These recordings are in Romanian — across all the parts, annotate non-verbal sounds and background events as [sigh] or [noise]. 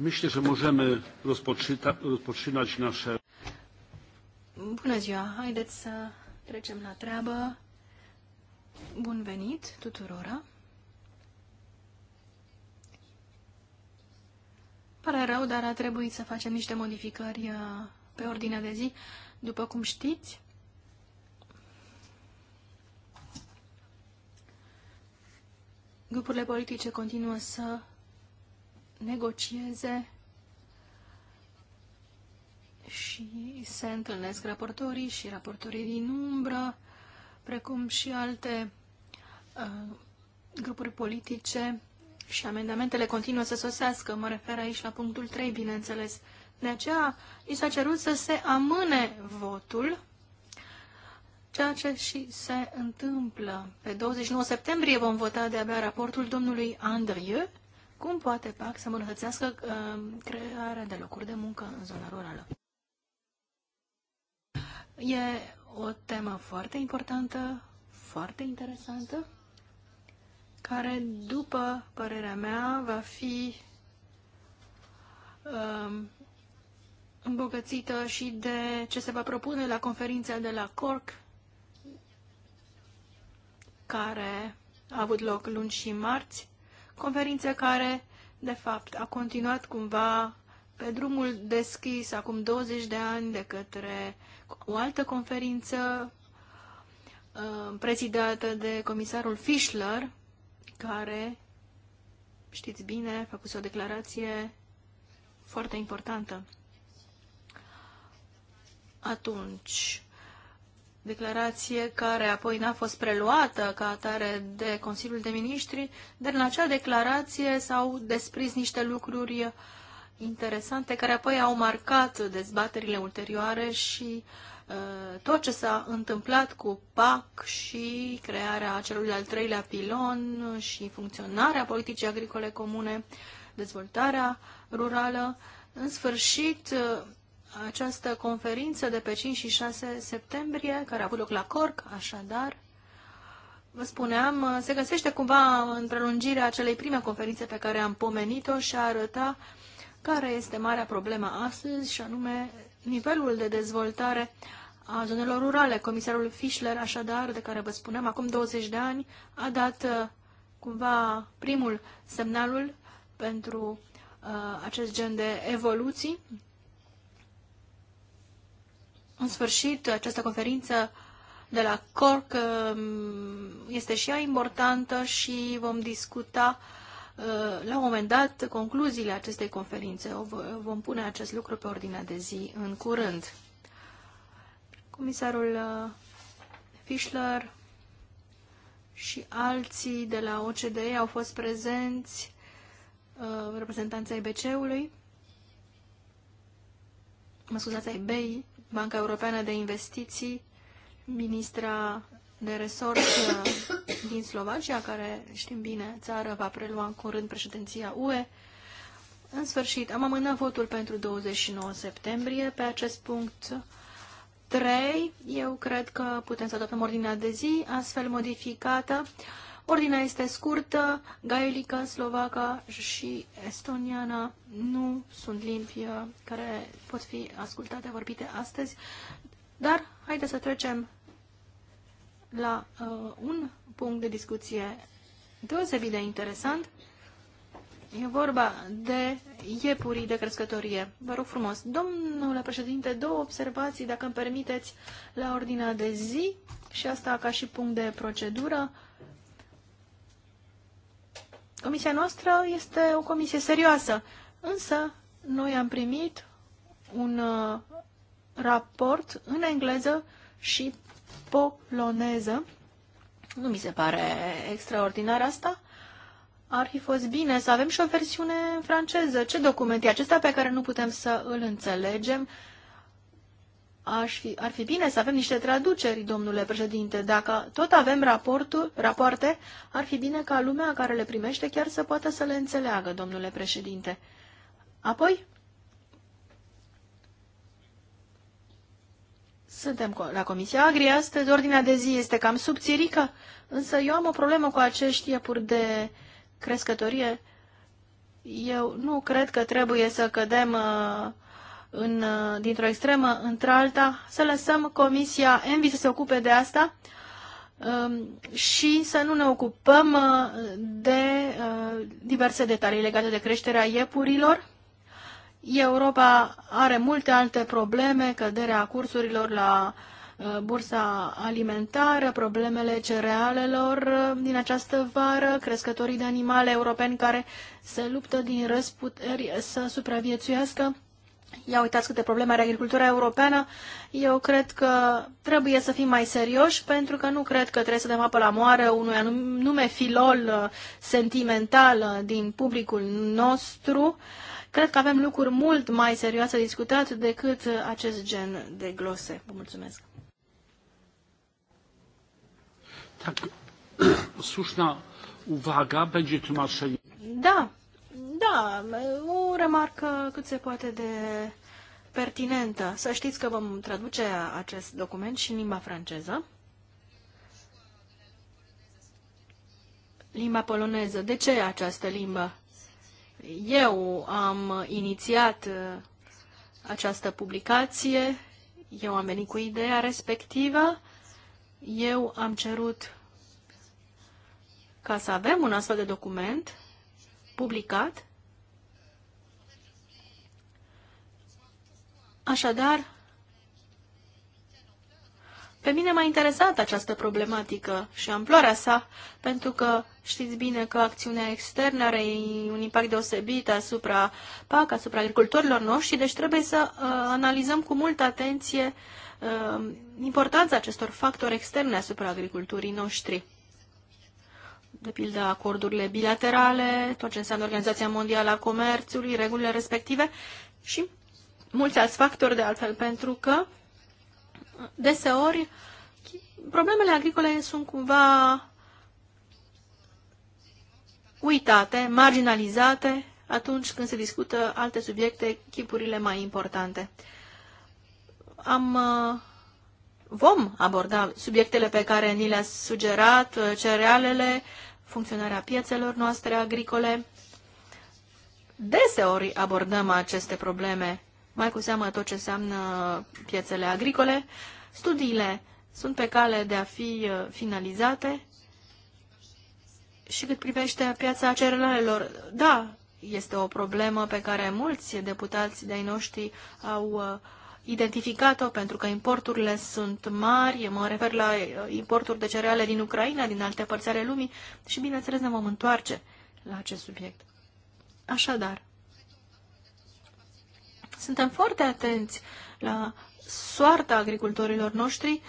Myślę, że możemy rozpoczynać nasze... Bună ziua! Haideți să trecem la treabă. Bun venit tuturora! Pare rău, dar a trebuit să facem niște modificări uh, pe ordinea de zi, după cum știți. Grupurile politice continuă să negocieze și se întâlnesc raportorii și raportorii din umbră, precum și alte uh, grupuri politice și amendamentele continuă să sosească. Mă refer aici la punctul 3, bineînțeles. De aceea i s-a cerut să se amâne votul, ceea ce și se întâmplă. Pe 29 septembrie vom vota de-abia raportul domnului Andrieu cum poate PAC să îmbunătățească uh, crearea de locuri de muncă în zona rurală? E o temă foarte importantă, foarte interesantă, care, după părerea mea, va fi uh, îmbogățită și de ce se va propune la conferința de la Cork, care a avut loc luni și marți, conferință care, de fapt, a continuat cumva pe drumul deschis acum 20 de ani de către o altă conferință uh, prezidată de comisarul Fischler, care, știți bine, a făcut o declarație foarte importantă. Atunci, declarație care apoi n-a fost preluată ca atare de Consiliul de Ministri, dar în acea declarație s-au desprins niște lucruri interesante care apoi au marcat dezbaterile ulterioare și uh, tot ce s-a întâmplat cu PAC și crearea celui al treilea pilon și funcționarea politicii agricole comune, dezvoltarea rurală. În sfârșit, această conferință de pe 5 și 6 septembrie, care a avut loc la Cork, așadar, vă spuneam, se găsește cumva în prelungirea acelei prime conferințe pe care am pomenit-o și a arăta care este marea problemă astăzi, și anume nivelul de dezvoltare a zonelor rurale. Comisarul Fischler, așadar, de care vă spuneam, acum 20 de ani, a dat uh, cumva primul semnalul pentru uh, acest gen de evoluții în sfârșit, această conferință de la Cork um, este și ea importantă și vom discuta uh, la un moment dat concluziile acestei conferințe. Vom pune acest lucru pe ordinea de zi în curând. Comisarul uh, Fischler și alții de la OCDE au fost prezenți, uh, reprezentanța IBC-ului, mă scuzați, ai BEI, Banca Europeană de Investiții, ministra de resort uh, din Slovacia, care știm bine, țară va prelua în curând președinția UE. În sfârșit, am amânat votul pentru 29 septembrie. Pe acest punct 3, eu cred că putem să adoptăm ordinea de zi, astfel modificată. Uh, Ordinea este scurtă, gaelica, slovaca și estoniana nu sunt limbi uh, care pot fi ascultate, vorbite astăzi, dar haideți să trecem la uh, un punct de discuție deosebit de interesant. E vorba de iepurii de crescătorie. Vă rog frumos, domnule președinte, două observații, dacă îmi permiteți, la ordinea de zi și asta ca și punct de procedură. Uh, Comisia noastră este o comisie serioasă, însă noi am primit un uh, raport în engleză și poloneză. Nu mi se pare extraordinar asta. Ar fi fost bine să avem și o versiune franceză. Ce document e acesta pe care nu putem să îl înțelegem? Aș fi, ar fi bine să avem niște traduceri, domnule președinte. Dacă tot avem raportul, rapoarte, ar fi bine ca lumea care le primește chiar să poată să le înțeleagă, domnule președinte. Apoi, Suntem la Comisia Agri astăzi, ordinea de zi este cam subțirică, însă eu am o problemă cu acești iepuri de crescătorie. Eu nu cred că trebuie să cădem uh, în, uh, dintr-o extremă într-alta, să lăsăm Comisia Envi să se ocupe de asta um, și să nu ne ocupăm uh, de uh, diverse detalii legate de creșterea iepurilor. Europa are multe alte probleme, căderea cursurilor la bursa alimentară, problemele cerealelor din această vară, crescătorii de animale europeni care se luptă din răsputeri să supraviețuiască. Ia uitați câte probleme are agricultura europeană. Eu cred că trebuie să fim mai serioși pentru că nu cred că trebuie să dăm apă la moară unui anume filol uh, sentimental uh, din publicul nostru. Cred că avem lucruri mult mai serioase discutat decât uh, acest gen de glose. Vă mulțumesc. [clears throat] Da, da, o remarcă cât se poate de pertinentă. Să știți că vom traduce acest document și în limba franceză. Limba poloneză. De ce această limbă? Eu am inițiat uh, această publicație, eu am venit cu ideea respectivă, eu am cerut ca să avem un astfel de document publicat Așadar, pe mine m-a interesat această problematică și amploarea sa, pentru că știți bine că acțiunea externă are un impact deosebit asupra PAC, asupra agricultorilor noștri, deci trebuie să uh, analizăm cu multă atenție uh, importanța acestor factori externe asupra agriculturii noștri. De pildă, acordurile bilaterale, tot ce înseamnă Organizația Mondială a Comerțului, regulile respective și mulți alți factori de altfel, pentru că deseori problemele agricole sunt cumva uitate, marginalizate atunci când se discută alte subiecte, chipurile mai importante. Am, uh, vom aborda subiectele pe care ni le-a sugerat, uh, cerealele, funcționarea piețelor noastre agricole. Deseori abordăm aceste probleme mai cu seamă tot ce înseamnă piețele agricole. Studiile sunt pe cale de a fi uh, finalizate și cât privește piața cerelalelor, da, este o problemă pe care mulți deputați de-ai noștri au uh, identificat-o pentru că importurile sunt mari, mă refer la uh, importuri de cereale din Ucraina, din alte părți ale lumii și bineînțeles ne vom întoarce la acest subiect. Așadar, suntem foarte atenți la soarta agricultorilor noștri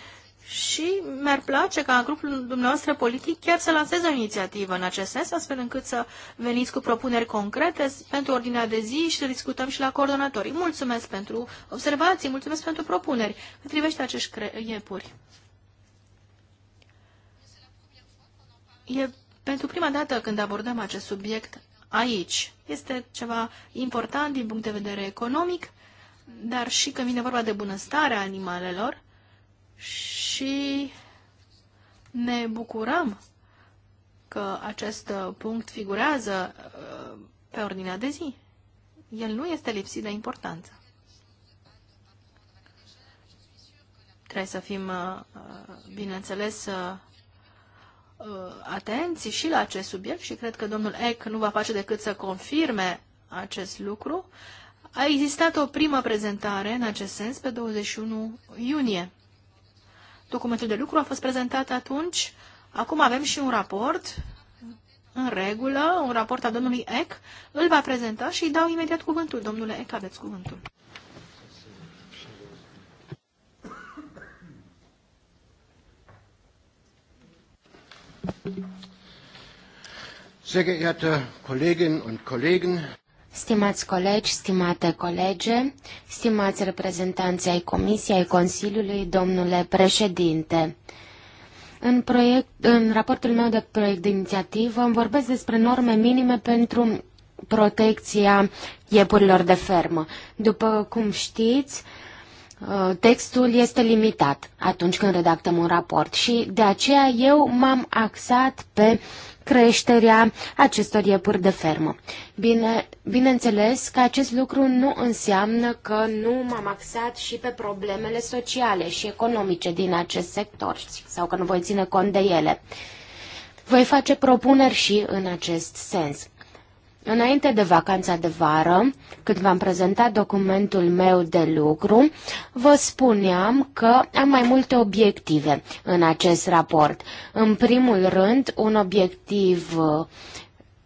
și mi-ar place ca grupul dumneavoastră politic chiar să lanseze o inițiativă în acest sens, astfel încât să veniți cu propuneri concrete pentru ordinea de zi și să discutăm și la coordonatorii. Mulțumesc pentru observații, mulțumesc pentru propuneri cât privește acești iepuri. E pentru prima dată când abordăm acest subiect aici. Este ceva important din punct de vedere economic, dar și când vine vorba de bunăstarea animalelor și ne bucurăm că acest punct figurează uh, pe ordinea de zi. El nu este lipsit de importanță. Trebuie să fim, uh, uh, bineînțeles, Uh, atenți și la acest subiect și cred că domnul Eck nu va face decât să confirme acest lucru. A existat o primă prezentare în acest sens pe 21 iunie. Documentul de lucru a fost prezentat atunci. Acum avem și un raport în regulă, un raport al domnului Eck. Îl va prezenta și îi dau imediat cuvântul. Domnule Eck, aveți cuvântul. Sehr geehrte Kolleginnen und Kollegen, Stimați colegi, stimate colege, stimați reprezentanți ai Comisiei, ai Consiliului, domnule președinte, în, proiect, în raportul meu de proiect de inițiativă îmi vorbesc despre norme minime pentru protecția iepurilor de fermă. După cum știți, Uh, textul este limitat atunci când redactăm un raport și de aceea eu m-am axat pe creșterea acestor iepuri de fermă. Bine, bineînțeles că acest lucru nu înseamnă că nu m-am axat și pe problemele sociale și economice din acest sector sau că nu voi ține cont de ele. Voi face propuneri și în acest sens. Înainte de vacanța de vară, când v-am prezentat documentul meu de lucru, vă spuneam că am mai multe obiective în acest raport. În primul rând, un obiectiv uh,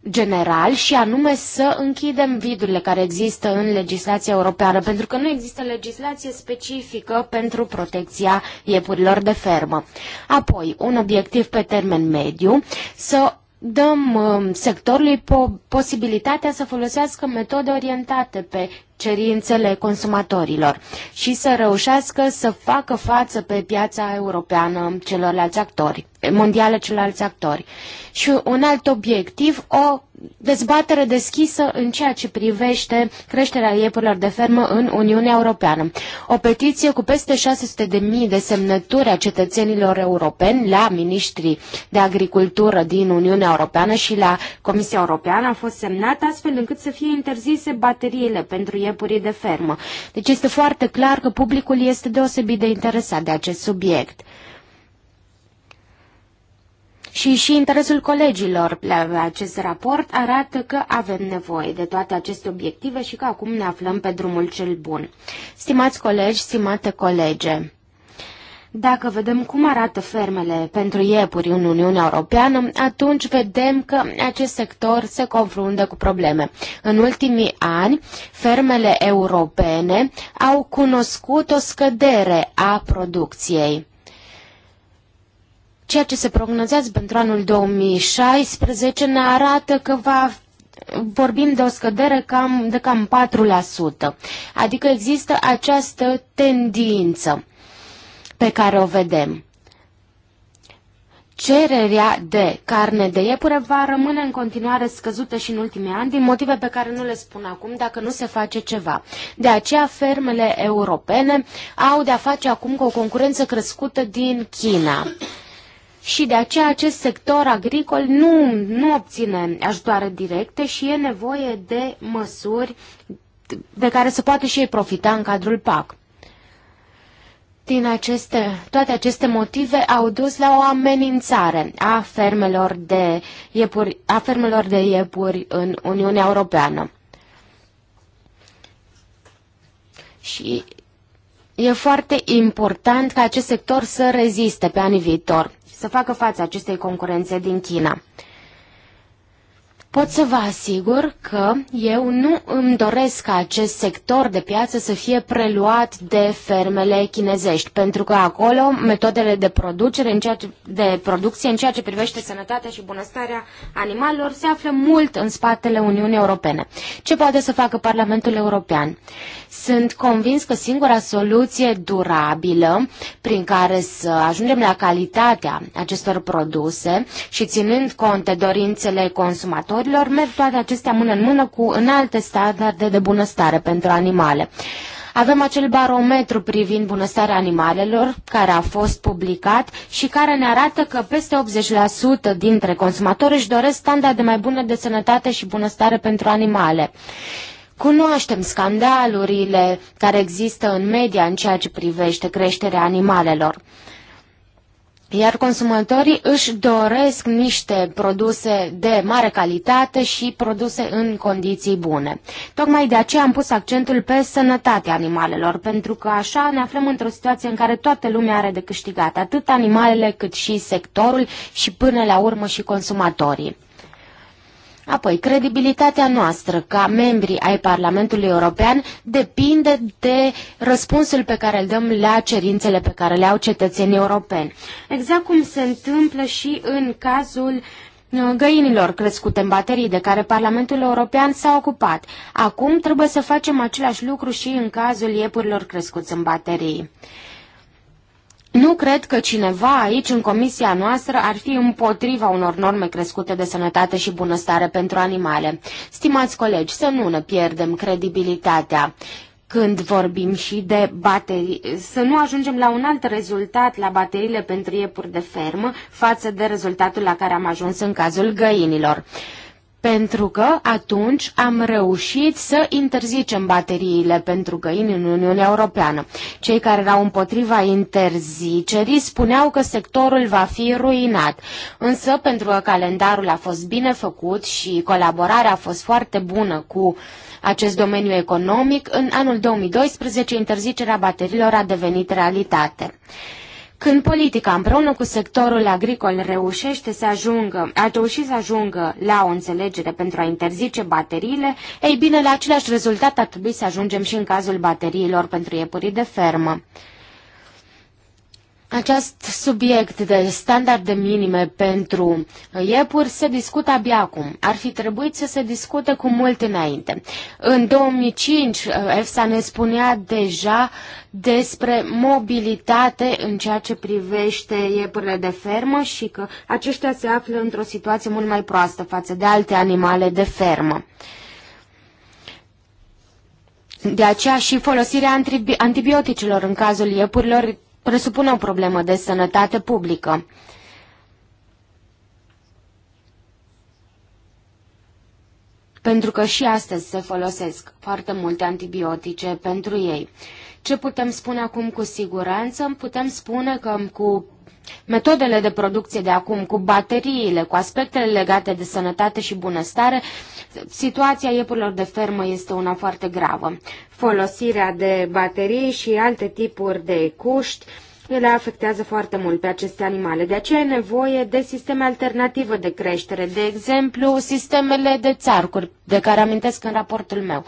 general și anume să închidem vidurile care există în legislația europeană, pentru că nu există legislație specifică pentru protecția iepurilor de fermă. Apoi, un obiectiv pe termen mediu, să dăm um, sectorului po- posibilitatea să folosească metode orientate pe cerințele consumatorilor și să reușească să facă față pe piața europeană celorlalți actori, mondială celorlalți actori. Și un alt obiectiv, o dezbatere deschisă în ceea ce privește creșterea iepurilor de fermă în Uniunea Europeană. O petiție cu peste 600.000 de, de semnături a cetățenilor europeni la ministrii de agricultură din Uniunea Europeană și la Comisia Europeană a fost semnată astfel încât să fie interzise bateriile pentru iepurii de fermă. Deci este foarte clar că publicul este deosebit de interesat de acest subiect și și interesul colegilor la acest raport arată că avem nevoie de toate aceste obiective și că acum ne aflăm pe drumul cel bun. Stimați colegi, stimate colege, dacă vedem cum arată fermele pentru iepuri în Uniunea Europeană, atunci vedem că acest sector se confruntă cu probleme. În ultimii ani, fermele europene au cunoscut o scădere a producției. Ceea ce se prognozează pentru anul 2016 ne arată că va vorbim de o scădere cam, de cam 4%. Adică există această tendință pe care o vedem. Cererea de carne de iepure va rămâne în continuare scăzută și în ultimii ani din motive pe care nu le spun acum dacă nu se face ceva. De aceea fermele europene au de-a face acum cu o concurență crescută din China și de aceea acest sector agricol nu, nu obține ajutoare directe și e nevoie de măsuri de care se poate și ei profita în cadrul PAC. Din aceste, toate aceste motive au dus la o amenințare a fermelor de iepuri, a fermelor de iepuri în Uniunea Europeană. Și E foarte important ca acest sector să reziste pe anii viitor, să facă față acestei concurențe din China. Pot să vă asigur că eu nu îmi doresc ca acest sector de piață să fie preluat de fermele chinezești, pentru că acolo metodele de, producere, în ceea ce, de producție în ceea ce privește sănătatea și bunăstarea animalelor se află mult în spatele Uniunii Europene. Ce poate să facă Parlamentul European? Sunt convins că singura soluție durabilă prin care să ajungem la calitatea acestor produse și ținând cont de dorințele consumatorilor, merg toate acestea mână în mână cu înalte standarde de bunăstare pentru animale. Avem acel barometru privind bunăstarea animalelor care a fost publicat și care ne arată că peste 80% dintre consumatori își doresc standarde mai bune de sănătate și bunăstare pentru animale. Cunoaștem scandalurile care există în media în ceea ce privește creșterea animalelor. Iar consumatorii își doresc niște produse de mare calitate și produse în condiții bune. Tocmai de aceea am pus accentul pe sănătatea animalelor, pentru că așa ne aflăm într-o situație în care toată lumea are de câștigat, atât animalele cât și sectorul și până la urmă și consumatorii. Apoi, credibilitatea noastră ca membri ai Parlamentului European depinde de răspunsul pe care îl dăm la cerințele pe care le au cetățenii europeni. Exact cum se întâmplă și în cazul uh, găinilor crescute în baterii de care Parlamentul European s-a ocupat. Acum trebuie să facem același lucru și în cazul iepurilor crescuți în baterii. Nu cred că cineva aici, în comisia noastră, ar fi împotriva unor norme crescute de sănătate și bunăstare pentru animale. Stimați colegi, să nu ne pierdem credibilitatea când vorbim și de baterii, să nu ajungem la un alt rezultat la bateriile pentru iepuri de fermă față de rezultatul la care am ajuns în cazul găinilor pentru că atunci am reușit să interzicem bateriile pentru găini în Uniunea Europeană. Cei care erau împotriva interzicerii spuneau că sectorul va fi ruinat, însă pentru că calendarul a fost bine făcut și colaborarea a fost foarte bună cu acest domeniu economic, în anul 2012 interzicerea bateriilor a devenit realitate. Când politica împreună cu sectorul agricol reușește să ajungă, a reușit să ajungă la o înțelegere pentru a interzice bateriile, ei bine, la același rezultat ar trebui să ajungem și în cazul bateriilor pentru iepurii de fermă. Acest subiect de standarde minime pentru uh, iepuri se discută abia acum. Ar fi trebuit să se discute cu mult înainte. În 2005, uh, EFSA ne spunea deja despre mobilitate în ceea ce privește iepurile de fermă și că aceștia se află într-o situație mult mai proastă față de alte animale de fermă. De aceea și folosirea antibioticelor în cazul iepurilor presupune o problemă de sănătate publică. Pentru că și astăzi se folosesc foarte multe antibiotice pentru ei. Ce putem spune acum cu siguranță? Putem spune că cu Metodele de producție de acum, cu bateriile, cu aspectele legate de sănătate și bunăstare, situația iepurilor de fermă este una foarte gravă. Folosirea de baterii și alte tipuri de cuști, ele afectează foarte mult pe aceste animale. De aceea e nevoie de sisteme alternative de creștere, de exemplu, sistemele de țarcuri, de care amintesc în raportul meu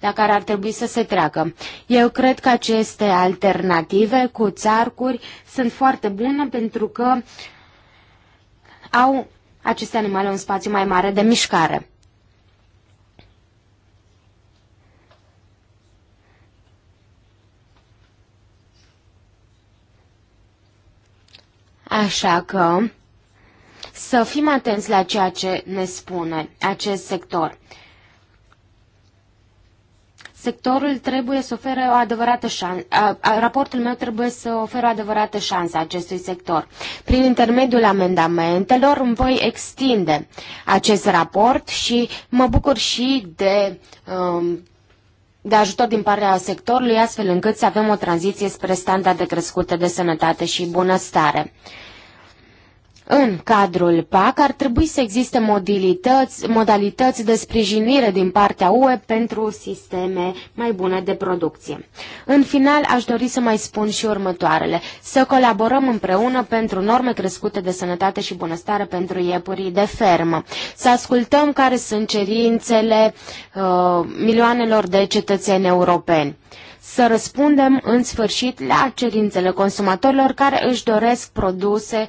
la care ar trebui să se treacă. Eu cred că aceste alternative cu țarcuri sunt foarte bune pentru că au aceste animale un spațiu mai mare de mișcare. Așa că să fim atenți la ceea ce ne spune acest sector sectorul trebuie să ofere o adevărată șansă, raportul meu trebuie să ofere o adevărată șansă acestui sector. Prin intermediul amendamentelor îmi voi extinde acest raport și mă bucur și de, um, de ajutor din partea sectorului, astfel încât să avem o tranziție spre standarde crescute de sănătate și bunăstare. În cadrul PAC ar trebui să existe modalități, modalități de sprijinire din partea UE pentru sisteme mai bune de producție. În final, aș dori să mai spun și următoarele. Să colaborăm împreună pentru norme crescute de sănătate și bunăstare pentru iepurii de fermă. Să ascultăm care sunt cerințele uh, milioanelor de cetățeni europeni să răspundem în sfârșit la cerințele consumatorilor care își doresc produse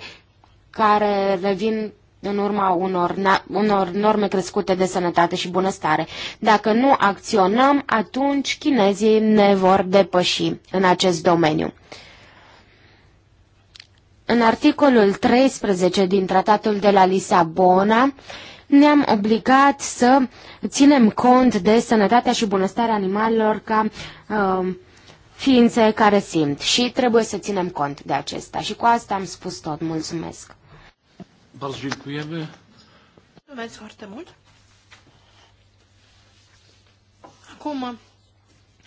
care revin în urma unor, unor norme crescute de sănătate și bunăstare. Dacă nu acționăm, atunci chinezii ne vor depăși în acest domeniu. În articolul 13 din Tratatul de la Lisabona ne-am obligat să ținem cont de sănătatea și bunăstarea animalelor ca uh, ființe care simt și trebuie să ținem cont de acesta. Și cu asta am spus tot. Mulțumesc! Mulțumesc foarte mult. Acum,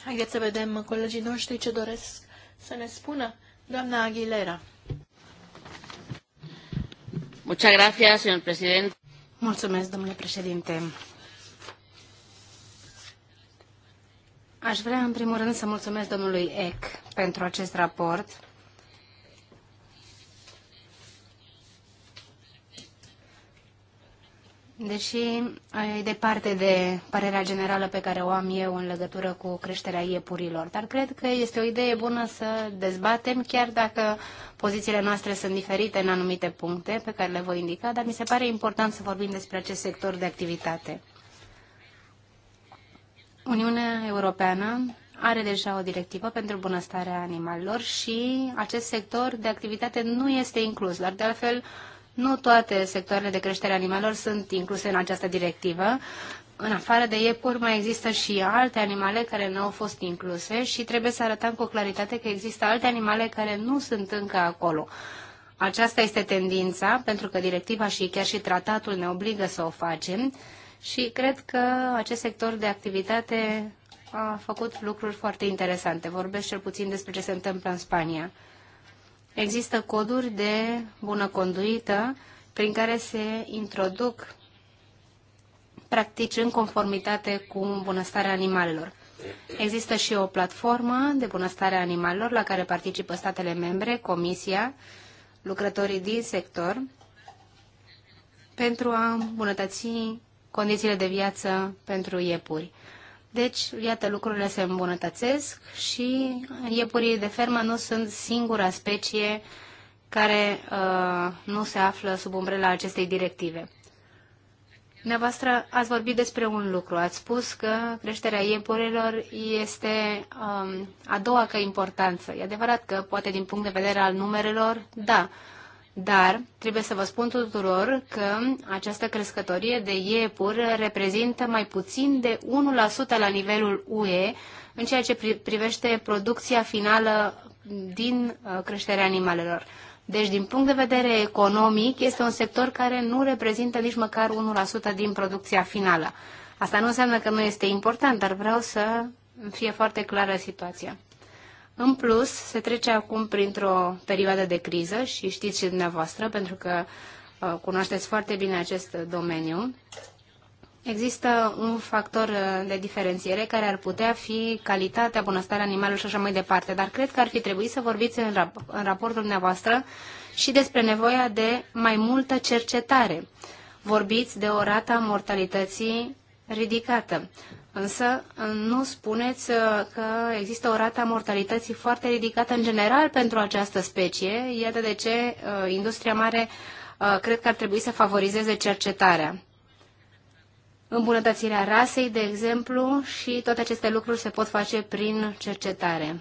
haideți să vedem colegii noștri ce doresc să ne spună. Doamna Aguilera. Muchas gracias, señor presidente. Mulțumesc, domnule președinte. Aș vrea, în primul rând, să mulțumesc domnului Eck pentru acest raport Deși eh, e departe de părerea generală pe care o am eu în legătură cu creșterea iepurilor, dar cred că este o idee bună să dezbatem, chiar dacă pozițiile noastre sunt diferite în anumite puncte pe care le voi indica, dar mi se pare important să vorbim despre acest sector de activitate. Uniunea Europeană are deja o directivă pentru bunăstarea animalelor și acest sector de activitate nu este inclus, dar de altfel nu toate sectoarele de creștere animalelor sunt incluse în această directivă. În afară de iepuri mai există și alte animale care nu au fost incluse și trebuie să arătăm cu claritate că există alte animale care nu sunt încă acolo. Aceasta este tendința, pentru că directiva și chiar și tratatul ne obligă să o facem și cred că acest sector de activitate a făcut lucruri foarte interesante. Vorbesc cel puțin despre ce se întâmplă în Spania. Există coduri de bună conduită prin care se introduc practici în conformitate cu bunăstarea animalelor. Există și o platformă de bunăstare a animalelor la care participă statele membre, Comisia, lucrătorii din sector, pentru a îmbunătăți condițiile de viață pentru iepuri. Deci, iată, lucrurile se îmbunătățesc și iepurii de fermă nu sunt singura specie care uh, nu se află sub umbrela acestei directive. Dumneavoastră ați vorbit despre un lucru. Ați spus că creșterea iepurilor este um, a doua ca importanță. E adevărat că, poate din punct de vedere al numerelor, da, uh, dar trebuie să vă spun tuturor că această crescătorie de iepuri reprezintă mai puțin de 1% la nivelul UE în ceea ce privește producția finală din uh, creșterea animalelor. Deci, din punct de vedere economic, este un sector care nu reprezintă nici măcar 1% din producția finală. Asta nu înseamnă că nu este important, dar vreau să fie foarte clară situația. În plus, se trece acum printr-o perioadă de criză și știți și dumneavoastră, pentru că uh, cunoașteți foarte bine acest domeniu. Există un factor uh, de diferențiere care ar putea fi calitatea, bunăstarea animalului și așa mai departe, dar cred că ar fi trebuit să vorbiți în, rap- în raportul dumneavoastră și despre nevoia de mai multă cercetare. Vorbiți de o rată a mortalității ridicată. Însă nu spuneți uh, că există o rată a mortalității foarte ridicată în general pentru această specie. Iată de ce uh, industria mare uh, cred că ar trebui să favorizeze cercetarea. Îmbunătățirea rasei, de exemplu, și toate aceste lucruri se pot face prin cercetare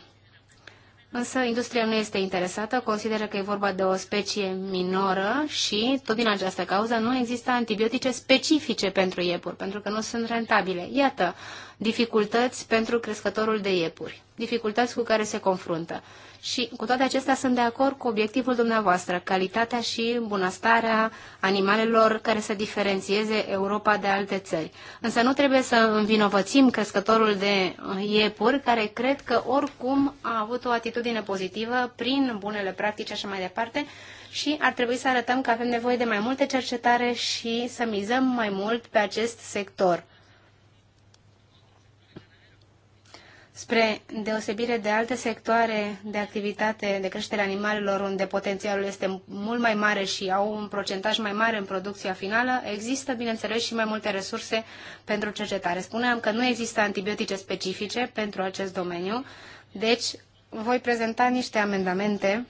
însă industria nu este interesată, consideră că e vorba de o specie minoră și, tot din această cauză, nu există antibiotice specifice pentru iepuri, pentru că nu sunt rentabile. Iată, dificultăți pentru crescătorul de iepuri, dificultăți cu care se confruntă. Și cu toate acestea sunt de acord cu obiectivul dumneavoastră, calitatea și bunăstarea animalelor care să diferențieze Europa de alte țări. Însă nu trebuie să învinovățim crescătorul de iepuri, care cred că oricum a avut o atitudine pozitivă prin bunele practici așa mai departe și ar trebui să arătăm că avem nevoie de mai multe cercetare și să mizăm mai mult pe acest sector. spre deosebire de alte sectoare de activitate de creștere animalelor, unde potențialul este mult mai mare și au un procentaj mai mare în producția finală, există, bineînțeles, și mai multe resurse pentru cercetare. Spuneam că nu există antibiotice specifice pentru acest domeniu, deci voi prezenta niște amendamente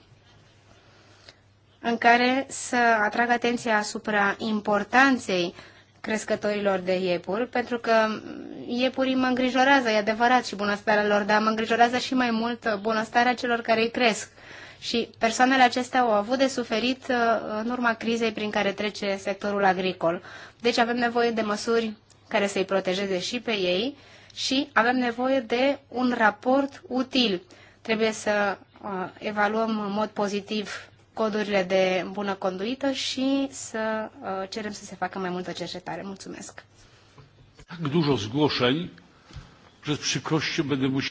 în care să atrag atenția asupra importanței uh, crescătorilor de iepuri, pentru că iepurii mă îngrijorează, e adevărat, și bunăstarea lor, dar mă îngrijorează și mai mult bunăstarea celor care îi cresc. Și persoanele acestea au avut de suferit uh, în urma crizei prin care trece sectorul agricol. Deci avem nevoie de măsuri care să-i protejeze și pe ei și avem nevoie de un raport util. Trebuie să uh, evaluăm în mod pozitiv codurile de bună conduită și să uh, cerem să se facă mai multă cercetare. Mulțumesc!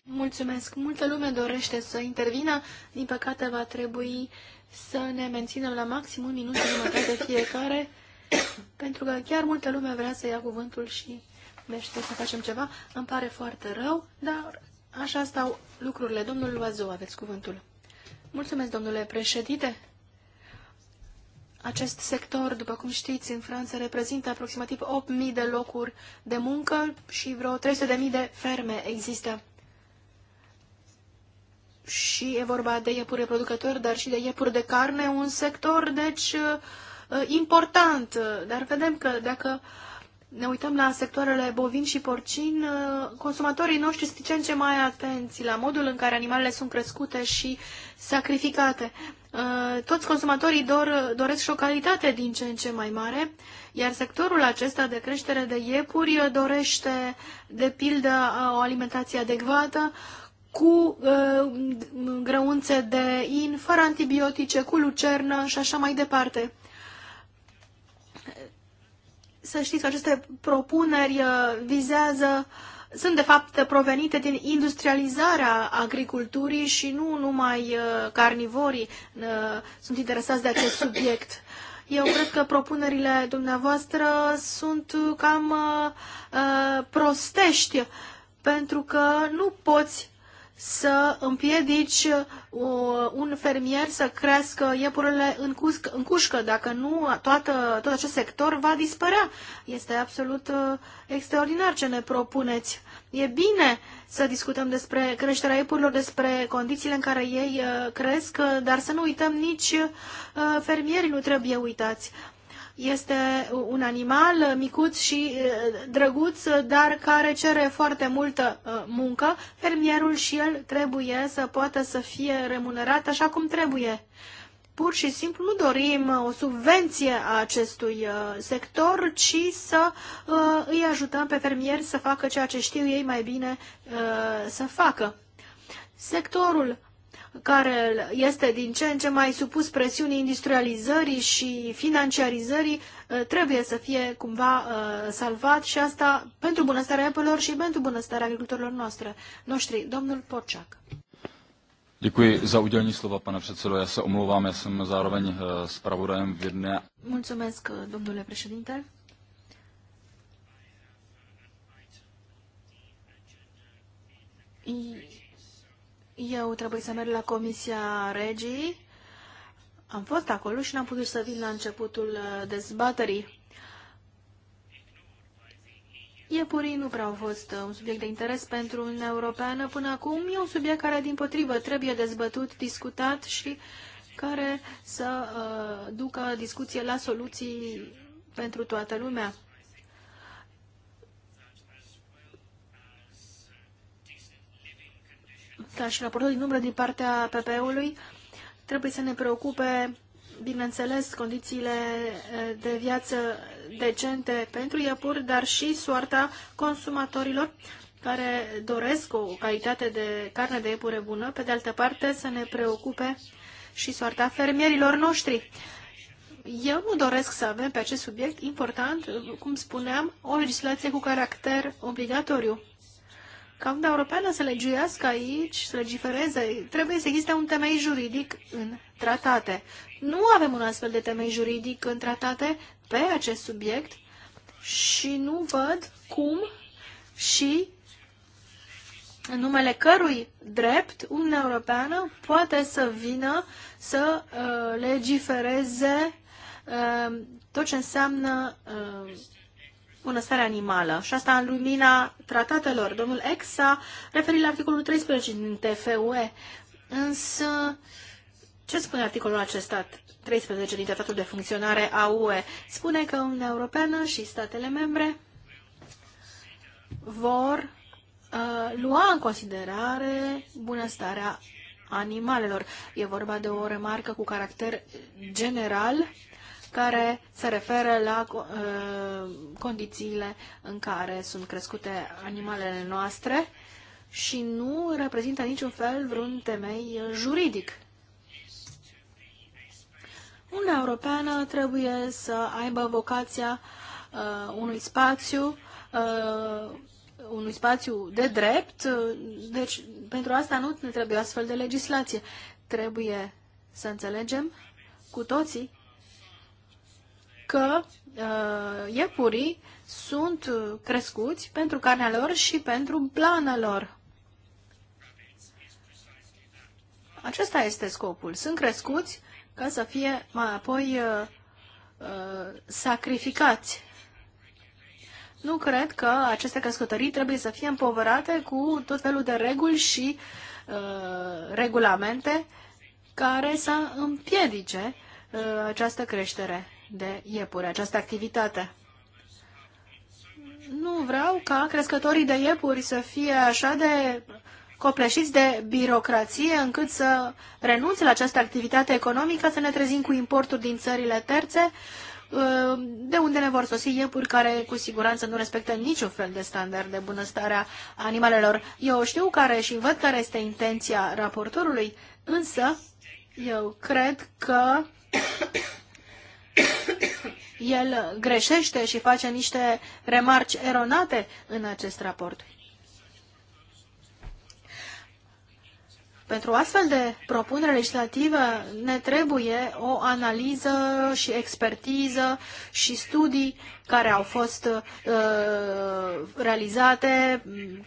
Mulțumesc! Multă lume dorește să intervină. Din păcate va trebui să ne menținem la maxim un minut și jumătate fiecare, pentru că chiar multă lume vrea să ia cuvântul și mește să facem ceva. Îmi pare foarte rău, dar așa stau lucrurile. Domnul Loazou, aveți cuvântul. Mulțumesc, domnule președinte. Acest sector, după cum știți, în Franța reprezintă aproximativ 8.000 de locuri de muncă și vreo 300.000 de ferme există. Și e vorba de iepuri reproducători, dar și de iepuri de carne, un sector, deci, uh, important. Dar vedem că dacă uh, ne uităm la sectoarele bovin și porcin, uh, consumatorii noștri sunt ce în ce mai atenți la modul în care animalele sunt crescute și sacrificate. Uh, toți consumatorii dor, doresc și o calitate din ce în ce mai mare, iar sectorul acesta de creștere de iepuri dorește, de pildă, o alimentație adecvată, cu uh, grăunțe de in, fără antibiotice, cu lucernă și așa mai departe să știți că aceste propuneri uh, vizează, sunt de fapt provenite din industrializarea agriculturii și nu numai uh, carnivorii uh, sunt interesați de acest subiect. Eu cred că propunerile dumneavoastră sunt cam prostești, pentru că nu poți să împiedici uh, un fermier să crească iepurele în, cusc, în cușcă. Dacă nu, toată, tot acest sector va dispărea. Este absolut uh, extraordinar ce ne propuneți. E bine să discutăm despre creșterea iepurilor, despre condițiile în care ei uh, cresc, dar să nu uităm nici fermierii, nu trebuie uitați este un animal micuț și drăguț, dar care cere foarte multă muncă. Fermierul și el trebuie să poată să fie remunerat așa cum trebuie. Pur și simplu nu dorim o subvenție a acestui sector, ci să îi ajutăm pe fermieri să facă ceea ce știu ei mai bine să facă. Sectorul care este din ce în ce mai supus presiunii industrializării și financiarizării, uh, trebuie să fie cumva uh, salvat și asta pentru bunăstarea apelor și pentru bunăstarea agricultorilor noastre, noștri. Domnul Porciac. Děkuji za udělení slova, pane předsedo. Já se omlouvám, já jsem zároveň eh, zpravodajem v jedné. Mulțumesc, eh, domnule președinte. I eu trebuie să merg la Comisia Regii. Am fost acolo și n-am putut să vin la începutul uh, dezbaterii. Iepurii nu prea au fost uh, un subiect de interes pentru Uniunea Europeană până acum. E un subiect care, din potrivă, trebuie dezbătut, discutat și care să uh, ducă discuție la soluții pentru toată lumea. ca și raportul din umbră din partea PP-ului, trebuie să ne preocupe, bineînțeles, condițiile de viață decente pentru iepuri, dar și soarta consumatorilor care doresc o calitate de carne de iepure bună, pe de altă parte să ne preocupe și soarta fermierilor noștri. Eu nu doresc să avem pe acest subiect important, cum spuneam, o legislație cu caracter obligatoriu ca Uniunea Europeană să legiuiască aici, să legifereze, trebuie să existe un temei juridic în tratate. Nu avem un astfel de temei juridic în tratate pe acest subiect și nu văd cum și în numele cărui drept Uniunea Europeană poate să vină să uh, legifereze uh, tot ce înseamnă uh, bunăstare animală. Și asta în lumina tratatelor. Domnul Exa referit la articolul 13 din TFUE. Însă, ce spune articolul acesta 13 din tratatul de funcționare a UE? Spune că Uniunea Europeană și statele membre vor uh, lua în considerare bunăstarea animalelor. E vorba de o remarcă cu caracter general care se referă la uh, condițiile în care sunt crescute animalele noastre și nu reprezintă niciun fel vreun temei juridic. Uniunea Europeană trebuie să aibă vocația uh, unui spațiu uh, unui spațiu de drept, uh, deci pentru asta nu ne trebuie astfel de legislație. Trebuie să înțelegem cu toții că uh, iepurii sunt uh, crescuți pentru carnea lor și pentru blană lor. Acesta este scopul. Sunt crescuți ca să fie mai apoi uh, uh, sacrificați. Nu cred că aceste căscătării trebuie să fie împovărate cu tot felul de reguli și uh, regulamente care să împiedice uh, această creștere de iepuri, această activitate. Nu vreau ca crescătorii de iepuri să fie așa de copleșiți de birocrație încât să renunțe la această activitate economică, să ne trezim cu importuri din țările terțe, de unde ne vor sosi iepuri care cu siguranță nu respectă niciun fel de standard de bunăstare a animalelor. Eu știu care și văd care este intenția raportorului, însă eu cred că [coughs] el greșește și face niște remarci eronate în acest raport. Pentru astfel de propunere legislativă ne trebuie o analiză și expertiză și studii care au fost uh, realizate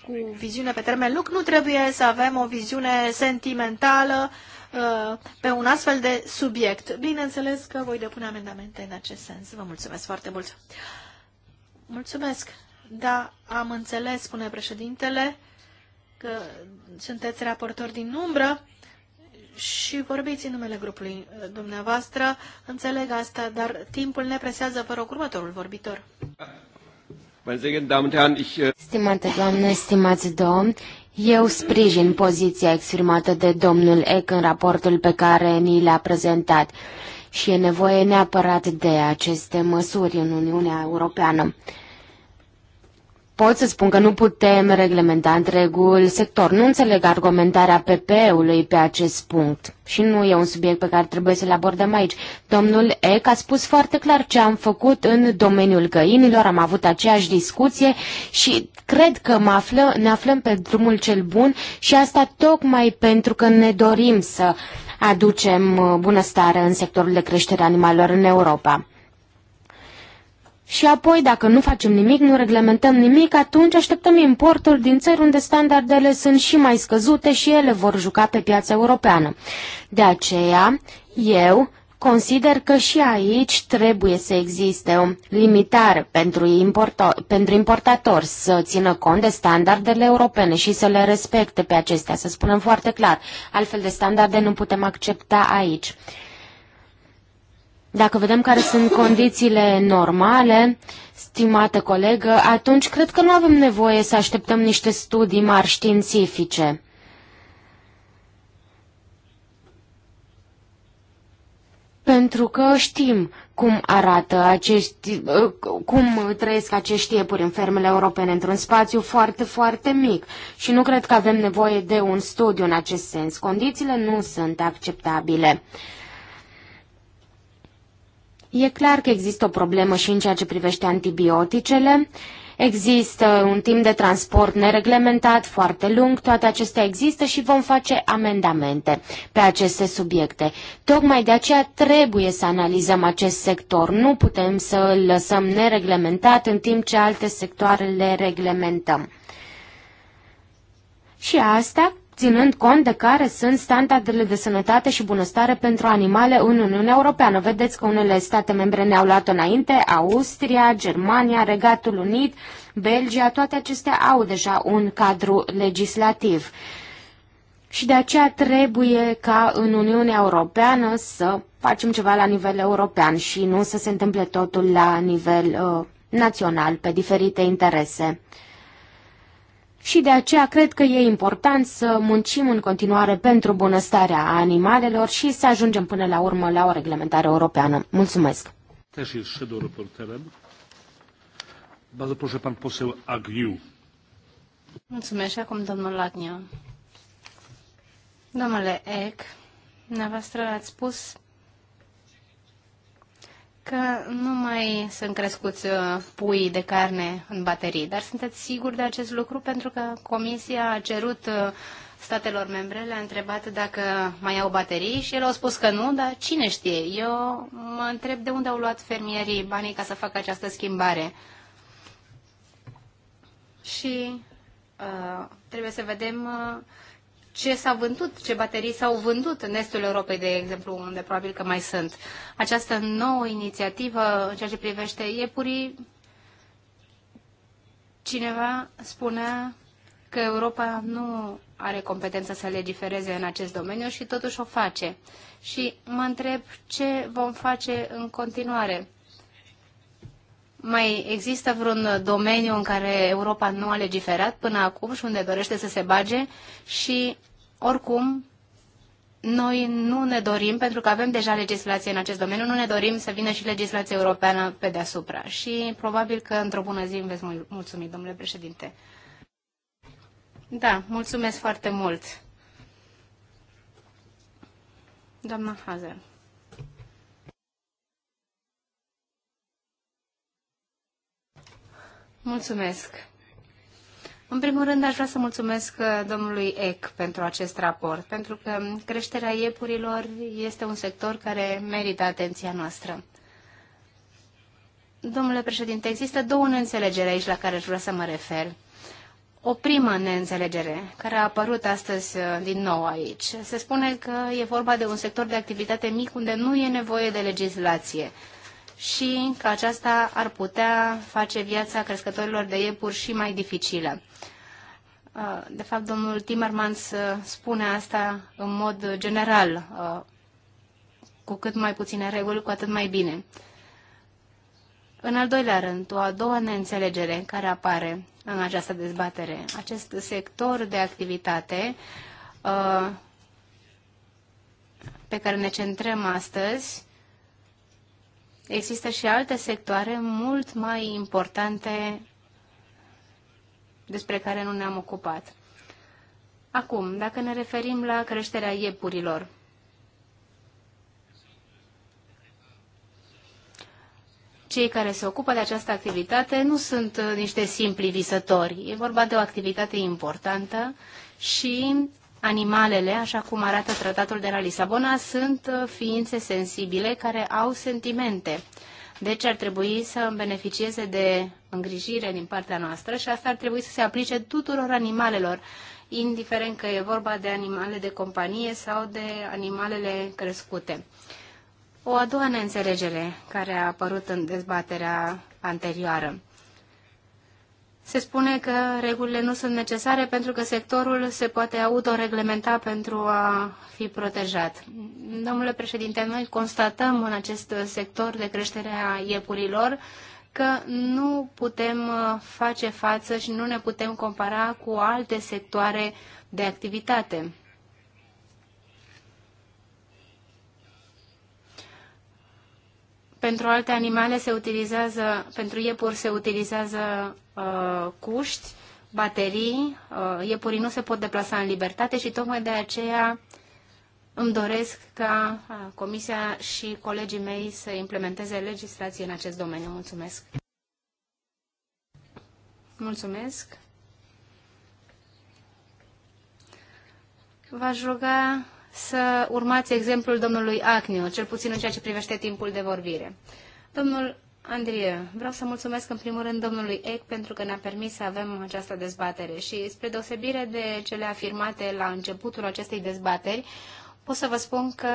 cu viziune pe termen lung. Nu trebuie să avem o viziune sentimentală Uh, pe un astfel de subiect. Bineînțeles că voi depune amendamente în acest sens. Vă mulțumesc foarte mult. Mulțumesc. Da, am înțeles, spune președintele, că sunteți raportor din umbră și vorbiți în numele grupului uh, dumneavoastră. Înțeleg asta, dar timpul ne presează. Vă rog, următorul vorbitor. Uh, Stimate doamne, stimați domn, eu sprijin poziția exprimată de domnul Eck în raportul pe care ni l-a prezentat și e nevoie neapărat de aceste măsuri în Uniunea Europeană pot să spun că nu putem reglementa întregul sector. Nu înțeleg argumentarea PP-ului pe acest punct și nu e un subiect pe care trebuie să-l abordăm aici. Domnul Ec a spus foarte clar ce am făcut în domeniul găinilor, am avut aceeași discuție și cred că mă află, ne aflăm pe drumul cel bun și asta tocmai pentru că ne dorim să aducem uh, bunăstare în sectorul de creștere animalelor în Europa. Și apoi, dacă nu facem nimic, nu reglementăm nimic, atunci așteptăm importuri din țări unde standardele sunt și mai scăzute și ele vor juca pe piața europeană. De aceea, eu consider că și aici trebuie să existe o limitare pentru, importo- pentru importatori să țină cont de standardele europene și să le respecte pe acestea, să spunem foarte clar. Altfel de standarde nu putem accepta aici. Dacă vedem care sunt condițiile normale, stimată colegă, atunci cred că nu avem nevoie să așteptăm niște studii mari științifice. Pentru că știm cum arată acești, uh, cum trăiesc acești iepuri în fermele europene într-un spațiu foarte, foarte mic și nu cred că avem nevoie de un studiu în acest sens. Condițiile nu sunt acceptabile. E clar că există o problemă și în ceea ce privește antibioticele. Există un timp de transport nereglementat, foarte lung, toate acestea există și vom face amendamente pe aceste subiecte. Tocmai de aceea trebuie să analizăm acest sector. Nu putem să îl lăsăm nereglementat în timp ce alte sectoare le reglementăm. Și asta ținând cont de care sunt standardele de sănătate și bunăstare pentru animale în Uniunea Europeană. Vedeți că unele state membre ne-au luat înainte, Austria, Germania, Regatul Unit, Belgia, toate acestea au deja un cadru legislativ. Și de aceea trebuie ca în Uniunea Europeană să facem ceva la nivel european și nu să se întâmple totul la nivel uh, național, pe diferite interese și de aceea cred că e important să muncim în continuare pentru bunăstarea animalelor și să ajungem până la urmă la o reglementare europeană. Mulțumesc! Też jest Mulțumesc acum domnul Lagnia. Domnule Eck, dumneavoastră ați spus că nu mai sunt crescuți uh, pui de carne în baterii, dar sunteți siguri de acest lucru pentru că Comisia a cerut uh, statelor membre, le-a întrebat dacă mai au baterii și el au spus că nu, dar cine știe? Eu mă întreb de unde au luat fermierii banii ca să facă această schimbare. Și uh, trebuie să vedem uh, ce s-a vândut, ce baterii s-au vândut în estul Europei, de exemplu, unde probabil că mai sunt. Această nouă inițiativă în ceea ce privește iepurii, cineva spunea că Europa nu are competența să legifereze în acest domeniu și totuși o face. Și mă întreb ce vom face în continuare. Mai există vreun domeniu în care Europa nu a legiferat până acum și unde dorește să se bage și oricum, noi nu ne dorim, pentru că avem deja legislație în acest domeniu, nu ne dorim să vină și legislația europeană pe deasupra. Și probabil că într-o bună zi îmi veți mulțumi, domnule președinte. Da, mulțumesc foarte mult. Doamna Hazel. Mulțumesc. În primul rând, aș vrea să mulțumesc uh, domnului Eck pentru acest raport, pentru că creșterea iepurilor este un sector care merită atenția noastră. Domnule președinte, există două neînțelegeri aici la care aș vrea să mă refer. O primă neînțelegere care a apărut astăzi uh, din nou aici. Se spune că e vorba de un sector de activitate mic unde nu e nevoie de legislație și că aceasta ar putea face viața crescătorilor de iepuri și mai dificilă. Uh, de fapt, domnul Timmermans uh, spune asta în mod general. Uh, cu cât mai puține reguli, cu atât mai bine. În al doilea rând, o a doua neînțelegere care apare în această dezbatere. Acest sector de activitate pe care ne centrăm astăzi există și alte sectoare mult mai importante despre care nu ne-am ocupat. Acum, dacă ne referim la creșterea iepurilor, cei care se ocupă de această activitate nu sunt uh, niște simpli visători. E vorba de o activitate importantă și Animalele, așa cum arată tratatul de la Lisabona, sunt uh, ființe sensibile care au sentimente. Deci ar trebui să beneficieze de îngrijire din partea noastră și asta ar trebui să se aplice tuturor animalelor, indiferent că e vorba de animale de companie sau de animalele crescute. O a doua neînțelegere care a apărut în dezbaterea anterioară. Se spune că regulile nu sunt necesare pentru că sectorul se poate autoreglementa pentru a fi protejat. Domnule președinte, noi constatăm în acest sector de creștere a iepurilor că nu putem uh, face față și nu ne putem compara cu alte sectoare de activitate. Pentru alte animale se utilizează, pentru iepuri se utilizează uh, cuști, baterii, uh, iepurii nu se pot deplasa în libertate și tocmai de aceea îmi doresc ca uh, Comisia și colegii mei să implementeze legislație în acest domeniu. Mulțumesc! Mulțumesc! V-aș ruga să urmați exemplul domnului Acniu, cel puțin în ceea ce privește timpul de vorbire. Domnul Andrie, vreau să mulțumesc în primul rând domnului Eck pentru că ne-a permis să avem această dezbatere și spre deosebire de cele afirmate la începutul acestei dezbateri, pot să vă spun că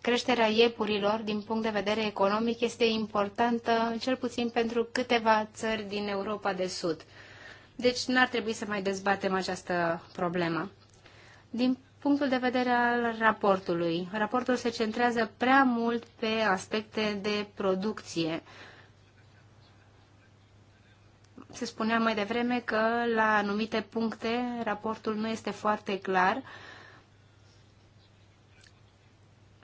creșterea iepurilor din punct de vedere economic este importantă, cel puțin pentru câteva țări din Europa de Sud. Deci n-ar trebui să mai dezbatem această problemă. Din punctul de vedere al raportului. Raportul se centrează prea mult pe aspecte de producție. Se spunea mai devreme că la anumite puncte raportul nu este foarte clar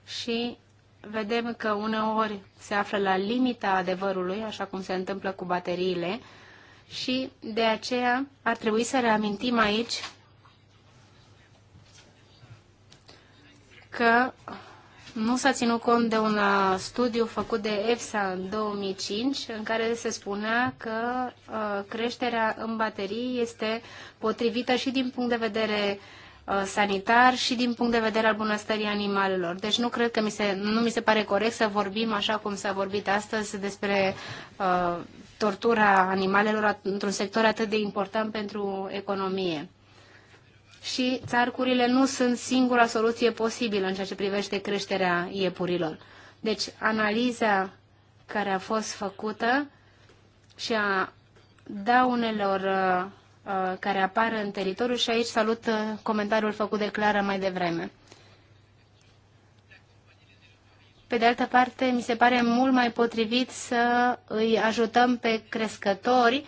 și vedem că uneori se află la limita adevărului, așa cum se întâmplă cu bateriile, și de aceea ar trebui să reamintim aici că nu s-a ținut cont de un uh, studiu făcut de EFSA în 2005, în care se spunea că uh, creșterea în baterii este potrivită și din punct de vedere uh, sanitar și din punct de vedere al bunăstării animalelor. Deci nu cred că mi se, nu mi se pare corect să vorbim așa cum s-a vorbit astăzi despre uh, tortura animalelor într-un sector atât de important pentru economie și țarcurile nu sunt singura soluție posibilă în ceea ce privește creșterea iepurilor. Deci, analiza care a fost făcută și a daunelor uh, uh care apar în teritoriu și aici salut uh, comentariul făcut de Clara mai devreme. Pe de altă parte, mi se pare mult mai potrivit să îi ajutăm pe crescători uh,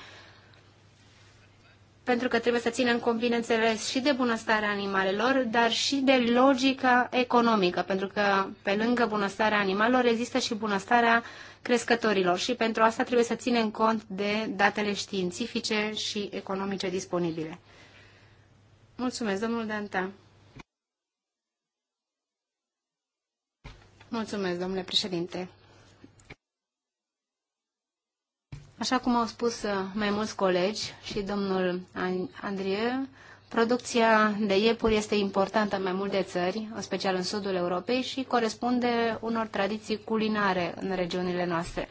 pentru că trebuie să ținem cont, bineînțeles, și de bunăstarea animalelor, dar și de logica economică, pentru că pe lângă bunăstarea animalelor există și bunăstarea crescătorilor și pentru asta trebuie să ținem cont de datele științifice și economice disponibile. Mulțumesc, domnul Danta. Mulțumesc, domnule președinte. Așa cum au spus uh, mai mulți colegi și domnul Andrie, producția de iepuri este importantă în mai multe țări, în special în sudul Europei, și corespunde unor tradiții culinare în regiunile noastre.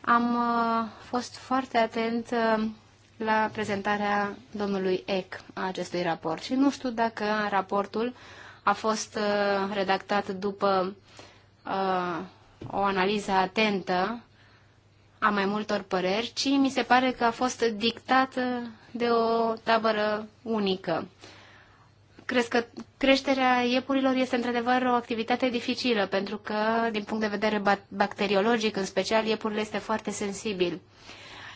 Am uh, fost foarte atent uh, la prezentarea domnului Eck a acestui raport și nu știu dacă raportul a fost redactat după o analiză atentă a mai multor păreri, ci mi se pare că a fost dictată de o tabără unică. Crezi că creșterea iepurilor este într-adevăr o activitate dificilă, pentru că, din punct de vedere bacteriologic, în special, iepurile este foarte sensibil.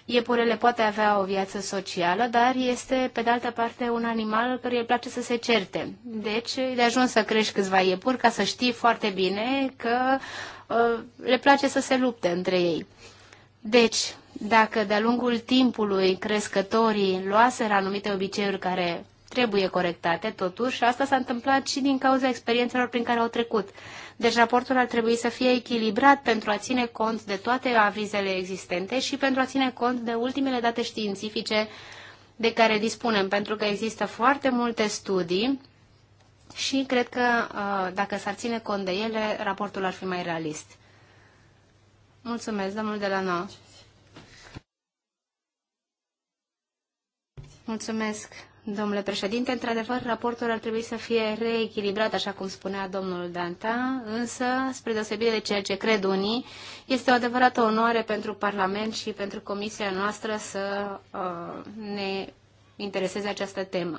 Iepurele poate avea o viață socială, dar este, pe de altă parte, un animal care îi place să se certe. Deci, de ajuns să crești câțiva iepuri ca să știi foarte bine că uh, le place să se lupte între ei. Deci, dacă de-a lungul timpului crescătorii luaseră anumite obiceiuri care trebuie corectate, totuși, asta s-a întâmplat și din cauza experiențelor prin care au trecut. Deci raportul ar trebui să fie echilibrat pentru a ține cont de toate avizele existente și pentru a ține cont de ultimele date științifice de care dispunem, pentru că există foarte multe studii și cred că uh, dacă s-ar ține cont de ele, raportul ar fi mai realist. Mulțumesc, domnul de la nou. Mulțumesc, domnule președinte. Într-adevăr, raportul ar trebui să fie reechilibrat, așa cum spunea domnul Danta, însă, spre deosebire de ceea ce cred unii, este o adevărată onoare pentru Parlament și pentru Comisia noastră să uh, ne intereseze această temă.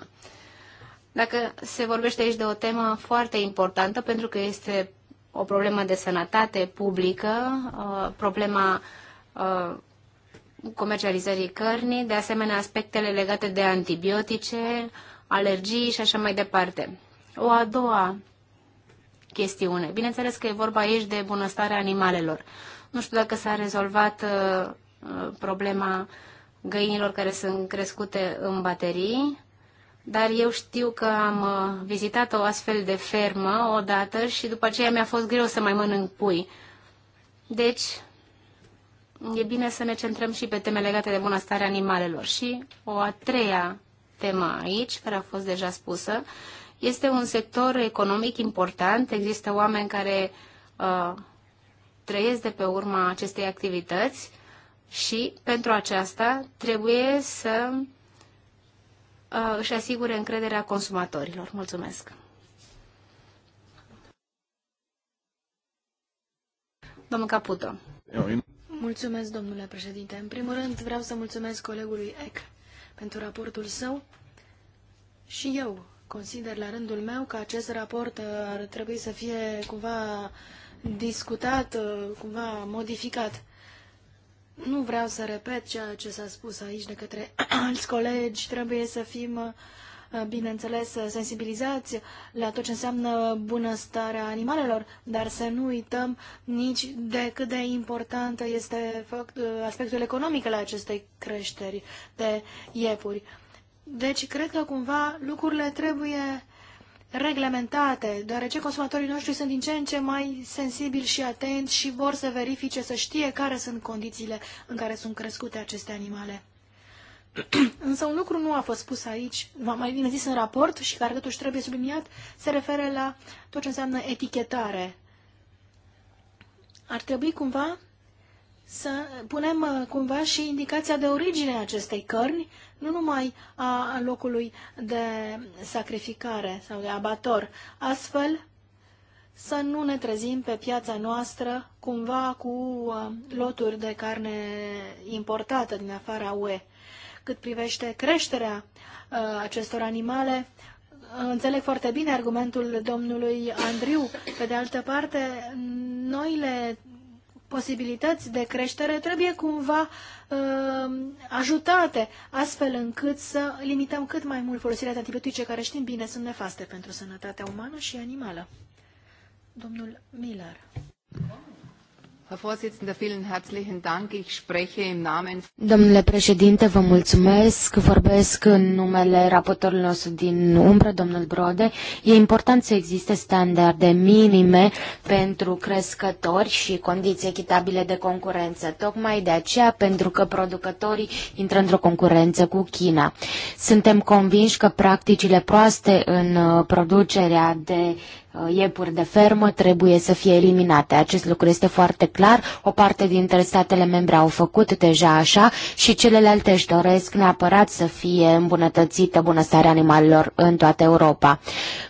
Dacă se vorbește aici de o temă foarte importantă, pentru că este o problemă de sănătate publică, uh, problema uh, comercializării cărnii, de asemenea aspectele legate de antibiotice, alergii și așa mai departe. O a doua chestiune. Bineînțeles că e vorba aici de bunăstarea animalelor. Nu știu dacă s-a rezolvat uh, problema găinilor care sunt crescute în baterii, dar eu știu că am uh, vizitat o astfel de fermă odată și după aceea mi-a fost greu să mai mănânc pui. Deci, e bine să ne centrăm și pe teme legate de bunăstarea animalelor. Și o a treia temă aici, care a fost deja spusă, este un sector economic important. Există oameni care uh, trăiesc de pe urma acestei activități și pentru aceasta trebuie să Uh, își asigure încrederea consumatorilor. Mulțumesc! Domnul Caputo. Mulțumesc, domnule președinte. În primul rând, vreau să mulțumesc colegului Eck pentru raportul său și eu consider la rândul meu că acest raport uh, ar trebui să fie cumva discutat, uh, cumva modificat. Nu vreau să repet ceea ce s-a spus aici de către [clears throat] alți colegi. Trebuie să fim, uh, bineînțeles, sensibilizați la tot ce înseamnă bunăstarea animalelor, dar să nu uităm nici de cât de important este uh, aspectul economic al acestei creșteri de iepuri. Deci, cred că cumva lucrurile trebuie reglementate, deoarece consumatorii noștri sunt din ce în ce mai sensibili și atenți și vor să verifice, să știe care sunt condițiile în care sunt crescute aceste animale. [clears throat] Însă un lucru nu a fost spus aici, v-am mai bine zis în raport și care totuși trebuie subliniat, se referă la tot ce înseamnă etichetare. Ar trebui cumva să punem uh, cumva și indicația de origine a acestei cărni, nu numai a locului de sacrificare sau de abator. Astfel, să nu ne trezim pe piața noastră cumva cu uh, loturi de carne importată din afara UE. Cât privește creșterea uh, acestor animale, înțeleg foarte bine argumentul domnului Andriu. Pe de altă parte, noile posibilități de creștere trebuie cumva uh, ajutate, astfel încât să limităm cât mai mult folosirea de antibiotice, care știm bine sunt nefaste pentru sănătatea umană și animală. Domnul Miller. Domnule președinte, vă mulțumesc. Vorbesc în numele raportorului nostru din umbră, domnul Brode. E important să existe standarde minime pentru crescători și condiții echitabile de concurență. Tocmai de aceea, pentru că producătorii intră într-o concurență cu China. Suntem convinși că practicile proaste în uh, producerea de Uh, iepuri de fermă trebuie să fie eliminate. Acest lucru este foarte clar. O parte dintre statele membre au făcut deja așa și celelalte își doresc neapărat să fie îmbunătățită bunăstarea animalelor în toată Europa.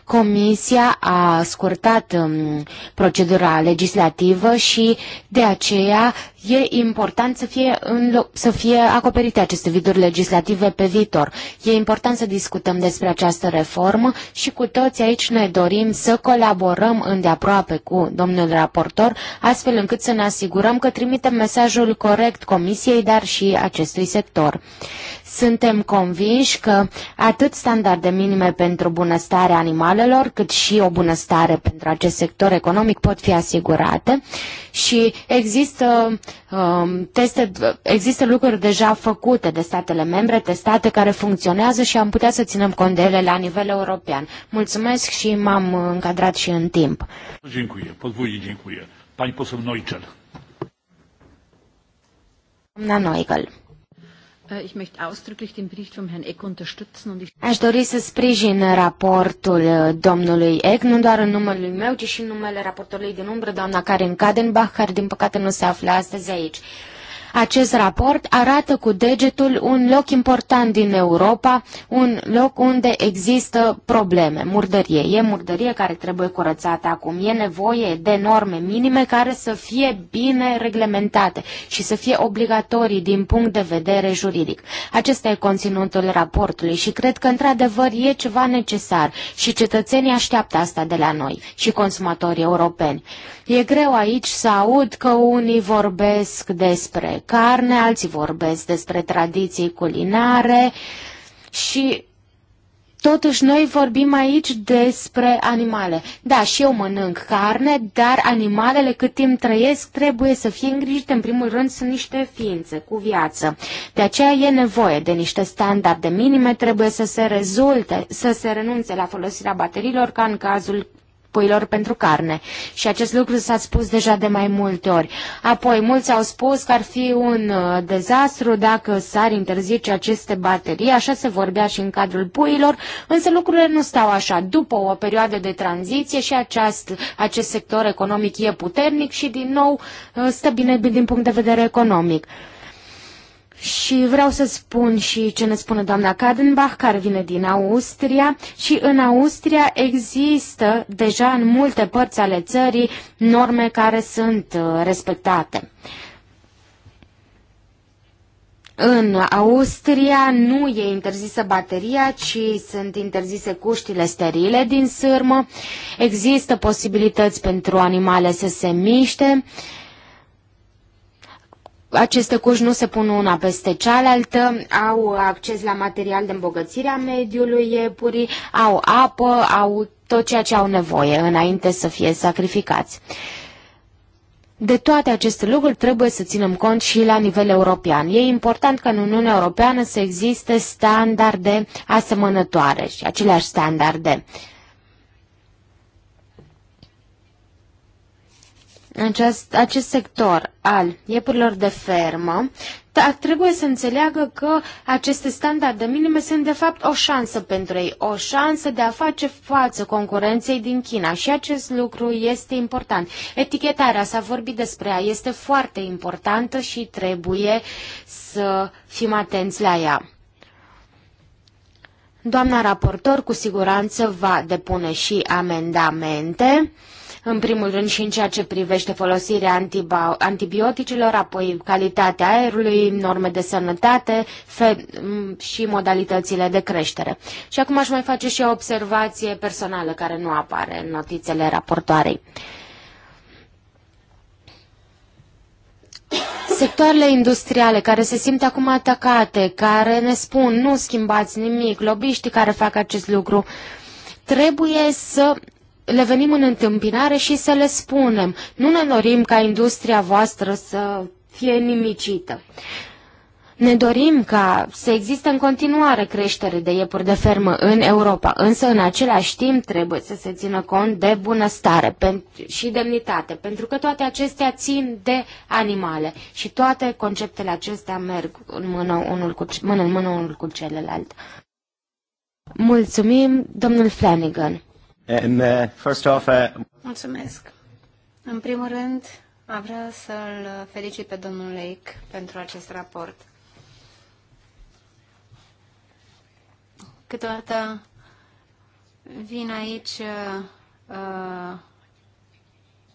Comisia a scurtat um, procedura legislativă și de aceea E important să fie, în, să fie acoperite aceste viduri legislative pe viitor. E important să discutăm despre această reformă și cu toți aici ne dorim să colaborăm îndeaproape cu domnul raportor, astfel încât să ne asigurăm că trimitem mesajul corect Comisiei, dar și acestui sector. Suntem convinși că atât standarde minime pentru bunăstarea animalelor, cât și o bunăstare pentru acest sector economic pot fi asigurate și există Um, teste, există lucruri deja făcute de statele membre, testate, care funcționează și am putea să ținem cont de ele la nivel european. Mulțumesc și m-am încadrat și în timp. Dziękuję, podwójnie dziękuję. Pani poseł Neuchel. Na Neuchel. Äh, Aș dori să sprijin raportul äh, domnului Eck, nu doar în numele meu, ci și în numele raportorului din umbră, doamna Karen Kadenbach, care din păcate nu se află astăzi aici. Acest raport arată cu degetul un loc important din Europa, un loc unde există probleme, murdărie. E murdărie care trebuie curățată acum. E nevoie de norme minime care să fie bine reglementate și să fie obligatorii din punct de vedere juridic. Acesta e conținutul raportului și cred că într-adevăr e ceva necesar și cetățenii așteaptă asta de la noi și consumatorii europeni. E greu aici să aud că unii vorbesc despre carne, alții vorbesc despre tradiții culinare și Totuși, noi vorbim aici despre animale. Da, și eu mănânc carne, dar animalele cât timp trăiesc trebuie să fie îngrijite. În primul rând, sunt niște ființe cu viață. De aceea e nevoie de niște standarde minime, trebuie să se rezulte, să se renunțe la folosirea bateriilor, ca în cazul locuilor pentru carne. Și acest lucru s-a spus deja de mai multe ori. Apoi, mulți au spus că ar fi un uh, dezastru dacă s-ar interzice aceste baterii, așa se vorbea și în cadrul puilor, însă lucrurile nu stau așa. După o perioadă de tranziție și aceast, acest sector economic e puternic și din nou uh, stă bine din punct de vedere economic. Și vreau să spun și ce ne spune doamna Kadenbach, care vine din Austria. Și în Austria există deja în multe părți ale țării norme care sunt uh, respectate. În Austria nu e interzisă bateria, ci sunt interzise cuștile sterile din sârmă. Există posibilități pentru animale să se miște. Uh, aceste cuși nu se pun una peste cealaltă, au acces la material de îmbogățire a mediului iepurii, au apă, au tot ceea ce au nevoie înainte să fie sacrificați. De toate aceste lucruri trebuie să ținem cont și la nivel european. E important că în Uniunea Europeană să existe standarde asemănătoare și aceleași standarde. Uh, acest, acest sector al iepurilor de fermă, dar trebuie să înțeleagă că aceste standarde minime sunt de fapt o șansă pentru ei, o șansă de a face față concurenței din China și acest lucru este important. Etichetarea, s-a vorbit despre ea, este foarte importantă și trebuie să fim atenți la ea. Doamna raportor cu siguranță va depune și amendamente în primul rând și în ceea ce privește folosirea antibioticelor, apoi calitatea aerului, norme de sănătate și modalitățile de creștere. Și acum aș mai face și o observație personală care nu apare în notițele raportoarei. sectoarele industriale care se simt acum atacate, care ne spun nu schimbați nimic, lobiștii care fac acest lucru, trebuie să le venim în întâmpinare și să le spunem. Nu ne dorim ca industria voastră să fie nimicită. Ne dorim ca să existe în continuare creștere de iepuri de fermă în Europa, însă în același timp trebuie să se țină cont de bunăstare și demnitate, pentru că toate acestea țin de animale și toate conceptele acestea merg în mână unul cu, mână în mână unul cu celălalt. Mulțumim, domnul Flanagan. And, uh, first off, uh... Mulțumesc. În primul rând, a vrea să-l felicit pe domnul Lake pentru acest raport. Câteodată vin aici uh, uh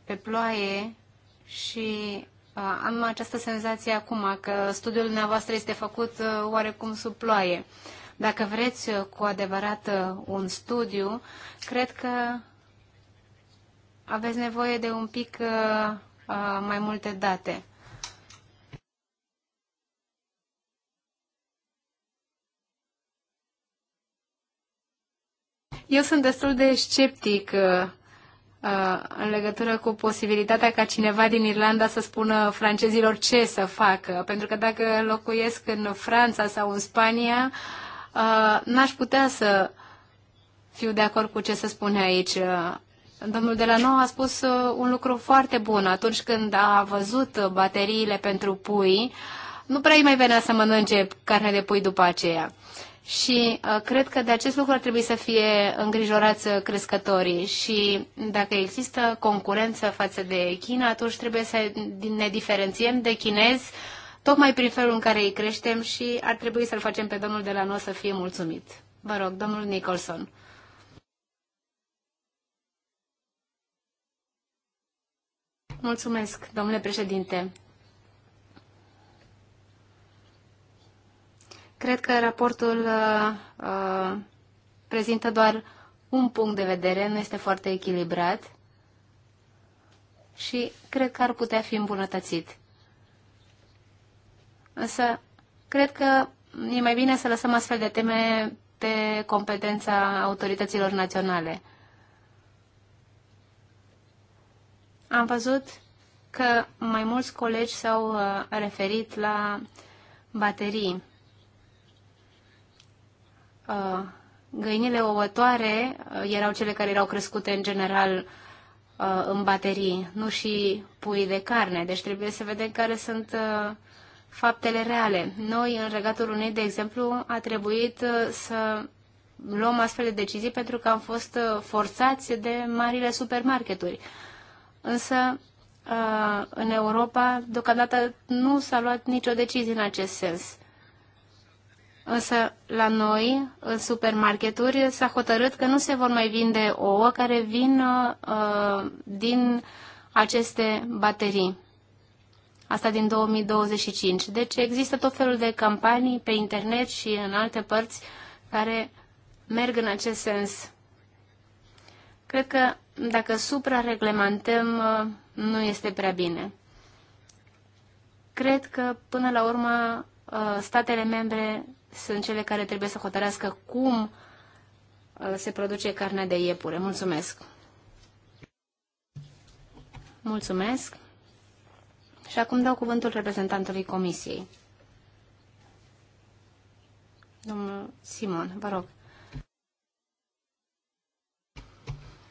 pe ploaie și uh, am această senzație acum că studiul dumneavoastră este făcut uh, oarecum sub ploaie. Uh, dacă vreți uh, cu adevărat uh, un studiu, cred că aveți nevoie de un pic uh, mai multe date. Eu sunt destul de sceptic în legătură cu posibilitatea ca cineva din Irlanda să spună francezilor ce să facă. Pentru că dacă locuiesc în Franța sau în Spania, uh, Uh, n-aș putea să fiu de acord cu ce se spune aici. Uh, domnul de la Nou a spus uh, un lucru foarte bun atunci când a văzut bateriile pentru pui. Nu prea îi mai venea să mănânce carne de pui după aceea. Și uh, cred că de acest lucru ar trebui să fie îngrijorați crescătorii și dacă există concurență față de China, atunci trebuie să ne diferențiem de chinezi uh, Tocmai prin felul în care îi creștem și ar trebui să-l facem pe domnul de la noi să fie mulțumit. Vă rog, domnul Nicholson. Mulțumesc, domnule președinte. Cred că raportul uh, uh prezintă doar un punct de vedere, nu este foarte echilibrat și cred că ar putea fi îmbunătățit. Însă, cred că e mai bine să lăsăm astfel de teme pe competența autorităților naționale. Am văzut că mai mulți colegi s-au uh, referit la baterii. Uh, găinile ouătoare uh, erau cele care erau crescute în general în baterii, nu și pui de carne. Deci trebuie să vedem care sunt faptele reale. Noi, în Regatul Unit, de exemplu, a trebuit uh, să luăm astfel de decizii pentru că am fost uh, forțați de marile supermarketuri. Însă, uh, în Europa, deocamdată nu s-a luat nicio decizie în acest sens. Însă, la noi, în supermarketuri, s-a hotărât că nu se vor mai vinde ouă care vin uh, din aceste baterii asta din 2025. Deci există tot felul de campanii pe internet și în alte părți care merg în acest sens. Cred că dacă suprareglementăm, nu este prea bine. Cred că, până la urmă, statele membre sunt cele care trebuie să hotărească cum uh, se produce carnea de iepure. Mulțumesc! Mulțumesc! Și acum dau cuvântul reprezentantului Comisiei. Domnul Simon, vă rog.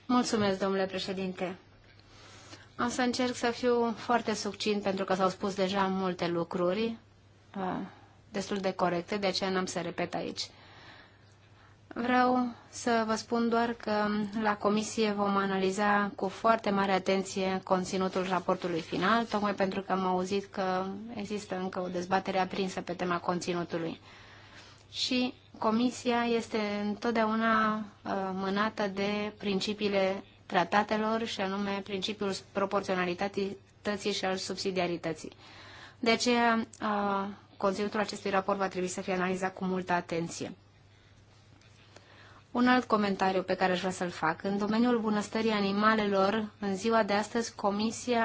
Mulțumesc, domnule președinte. Am să încerc să fiu foarte succint pentru că s-au spus deja multe lucruri uh, destul de corecte, de aceea n-am să repet aici. Vreau să vă spun doar că la comisie vom analiza cu foarte mare atenție conținutul raportului final, tocmai pentru că am auzit că există încă o dezbatere aprinsă pe tema conținutului. Și comisia este întotdeauna uh, mânată de principiile tratatelor și anume principiul proporționalității și al subsidiarității. De aceea, uh, conținutul acestui raport va trebui să fie analizat cu multă atenție. Un alt comentariu pe care aș vrea să-l fac. În domeniul bunăstării animalelor, în ziua de astăzi, Comisia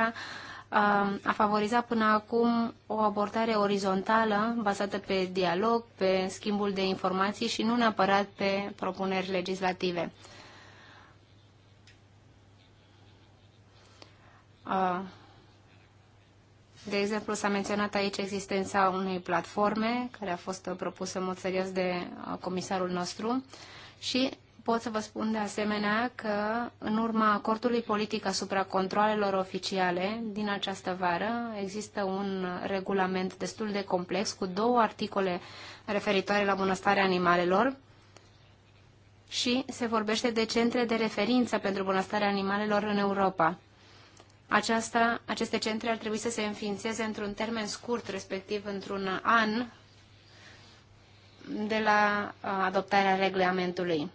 um, a favorizat până acum o abordare orizontală bazată pe dialog, pe schimbul de informații și nu neapărat pe propuneri legislative. Uh, de exemplu, s-a menționat aici existența unei platforme care a fost propusă în mod serios de uh, comisarul nostru. Și pot să vă spun de asemenea că în urma acordului politic asupra controlelor oficiale din această vară există un regulament destul de complex cu două articole referitoare la bunăstarea animalelor și se vorbește de centre de referință pentru bunăstarea animalelor în Europa. Aceasta, aceste centre ar trebui să se înființeze într-un termen scurt, respectiv într-un an, de la uh, adoptarea regulamentului.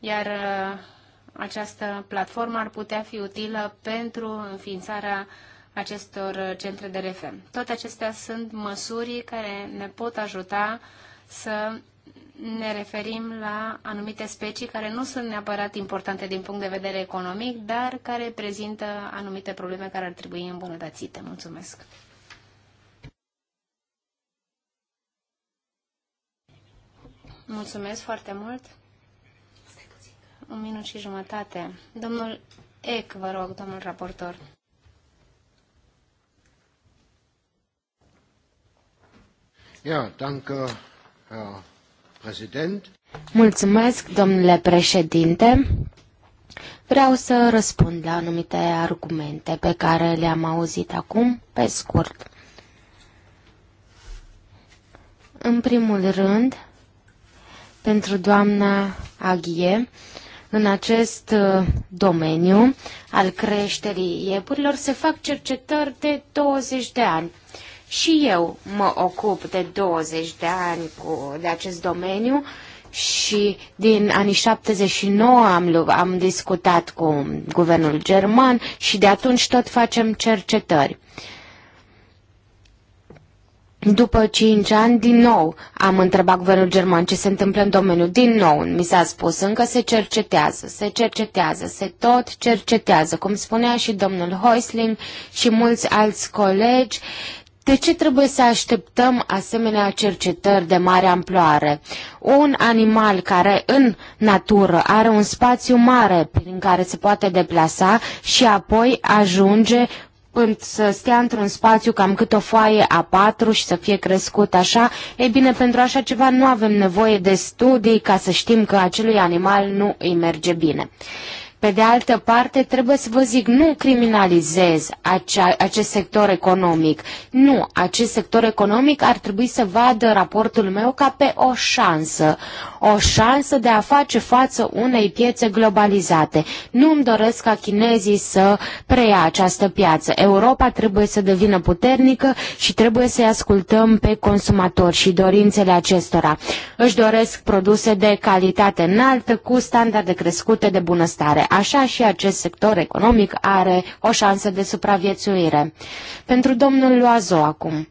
Iar uh, această platformă ar putea fi utilă pentru înființarea acestor uh, centre de refer. Toate acestea sunt măsuri care ne pot ajuta să ne referim la anumite specii care nu sunt neapărat importante din punct de vedere economic, dar care prezintă anumite probleme care ar trebui îmbunătățite. Mulțumesc! Mulțumesc foarte mult. Un minut și jumătate. Domnul Ec, vă rog, domnul raportor. Ja, danke, Herr Mulțumesc, domnule președinte. Vreau să răspund la anumite argumente pe care le-am auzit acum, pe scurt. În primul rând, pentru doamna Aghie. În acest uh, domeniu al creșterii iepurilor se fac cercetări de 20 de ani. Și eu mă ocup de 20 de ani cu, de acest domeniu și din anii 79 am, am discutat cu guvernul german și de atunci tot facem cercetări. Uh, după cinci ani, din nou, am întrebat guvernul german ce se întâmplă în domeniu. Din nou, mi s-a spus, încă se cercetează, se cercetează, se tot cercetează, cum spunea și domnul Heusling și mulți alți colegi. De ce trebuie să așteptăm asemenea cercetări de mare amploare? Un animal care în natură are un spațiu mare prin care se poate deplasa și apoi ajunge să stea într-un spațiu cam cât o foaie a patru și să fie crescut așa, e bine, pentru așa ceva nu avem nevoie de studii ca să știm că acelui animal nu îi merge bine. Pe de altă parte, trebuie să vă zic, nu criminalizez acea, acest sector economic. Nu, acest sector economic ar trebui să vadă raportul meu ca pe o șansă. O șansă de a face față unei piețe globalizate. Nu îmi doresc ca chinezii să preia această piață. Europa trebuie să devină puternică și trebuie să-i ascultăm pe consumatori și dorințele acestora. Își doresc produse de calitate înaltă, cu standarde crescute de bunăstare așa și acest sector economic are o șansă de supraviețuire. Pentru domnul Loazo acum.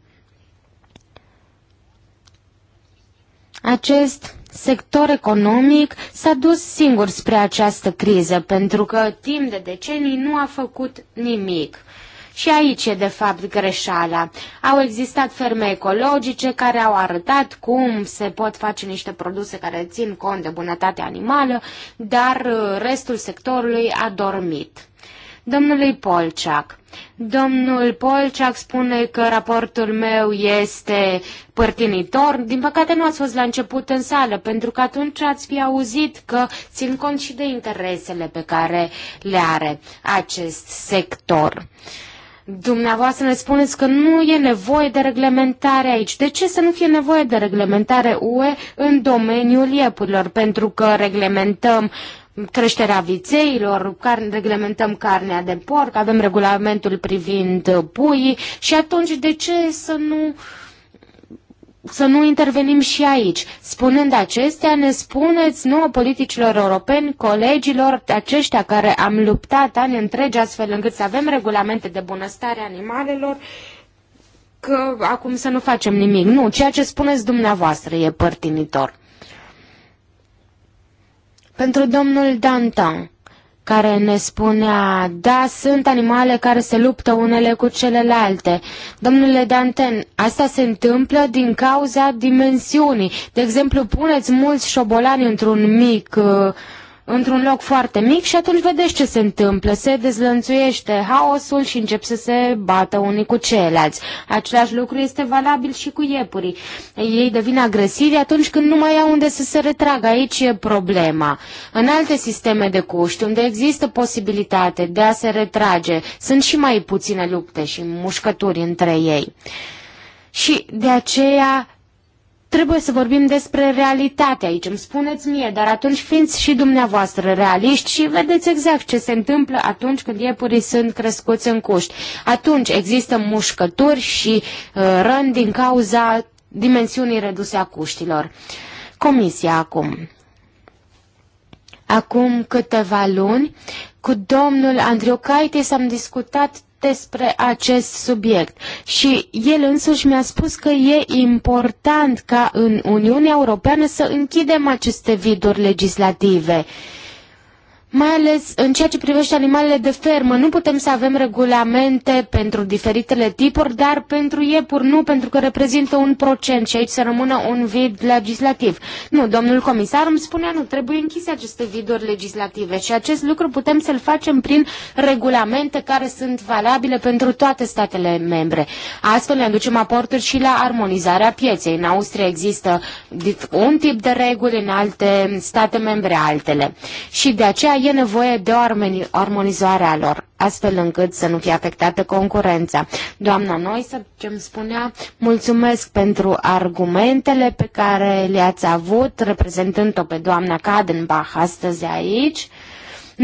Acest sector economic s-a dus singur spre această criză, pentru că timp de decenii nu a făcut nimic. Și aici e de fapt greșeala. Au existat ferme ecologice care au arătat cum se pot face niște produse care țin cont de bunătatea animală, dar uh, restul sectorului a dormit. Domnului Polciac. Domnul Polciac spune că raportul meu este părtinitor. Din păcate nu ați fost la început în sală, pentru că atunci ați fi auzit că țin cont și de interesele pe care le are acest sector. Uh, Dumneavoastră ne spuneți că nu e nevoie de reglementare aici. De ce să nu fie nevoie de reglementare UE în domeniul iepurilor? Pentru că reglementăm creșterea vițeilor, car- reglementăm carnea de porc, avem regulamentul privind puii și atunci de ce să nu uh, să nu intervenim și aici. Spunând acestea, ne spuneți nouă politicilor europeni, colegilor, aceștia care am luptat ani întregi astfel încât să avem regulamente de bunăstare animalelor, că acum să nu facem nimic. Nu, ceea ce spuneți dumneavoastră e părtinitor. Pentru domnul Dantan, care ne spunea, da, sunt animale care se luptă unele cu celelalte. Domnule Danten, asta se întâmplă din cauza dimensiunii. De exemplu, puneți mulți șobolani într-un mic uh, într-un loc foarte mic și atunci vedeți ce se întâmplă. Se dezlănțuiește haosul și încep să se bată unii cu ceilalți. Același lucru este valabil și cu iepurii. Ei devin agresivi atunci când nu mai au unde să se retragă. Aici e problema. În alte sisteme de cuști, unde există posibilitate de a se retrage, sunt și mai puține lupte și mușcături între ei. Și de aceea Trebuie să vorbim despre realitate aici, îmi spuneți mie, dar atunci fiți și dumneavoastră realiști și vedeți exact ce se întâmplă atunci când iepurii sunt crescuți în cuști. Atunci există mușcături și uh, răni din cauza dimensiunii reduse a cuștilor. Comisia acum. Acum câteva luni, cu domnul Andriocaitis am discutat despre acest subiect și el însuși mi-a spus că e important ca în Uniunea Europeană să închidem aceste viduri legislative. Uh, mai ales în ceea ce privește animalele de fermă. Nu putem să avem regulamente pentru diferitele tipuri, dar pentru iepuri nu, pentru că reprezintă un procent și aici să rămână un vid legislativ. Nu, domnul comisar îmi spunea, nu, trebuie închise aceste viduri legislative și acest lucru putem să-l facem prin regulamente care sunt valabile pentru toate statele membre. Astfel ne aducem aporturi și la armonizarea pieței. În Austria există un tip de reguli, în alte state membre altele. Și de aceea e nevoie de o armonizare a lor, astfel încât să nu fie afectată concurența. Doamna să ce îmi spunea, mulțumesc pentru argumentele pe care le-ați avut, reprezentând-o pe doamna Cadenbach astăzi aici.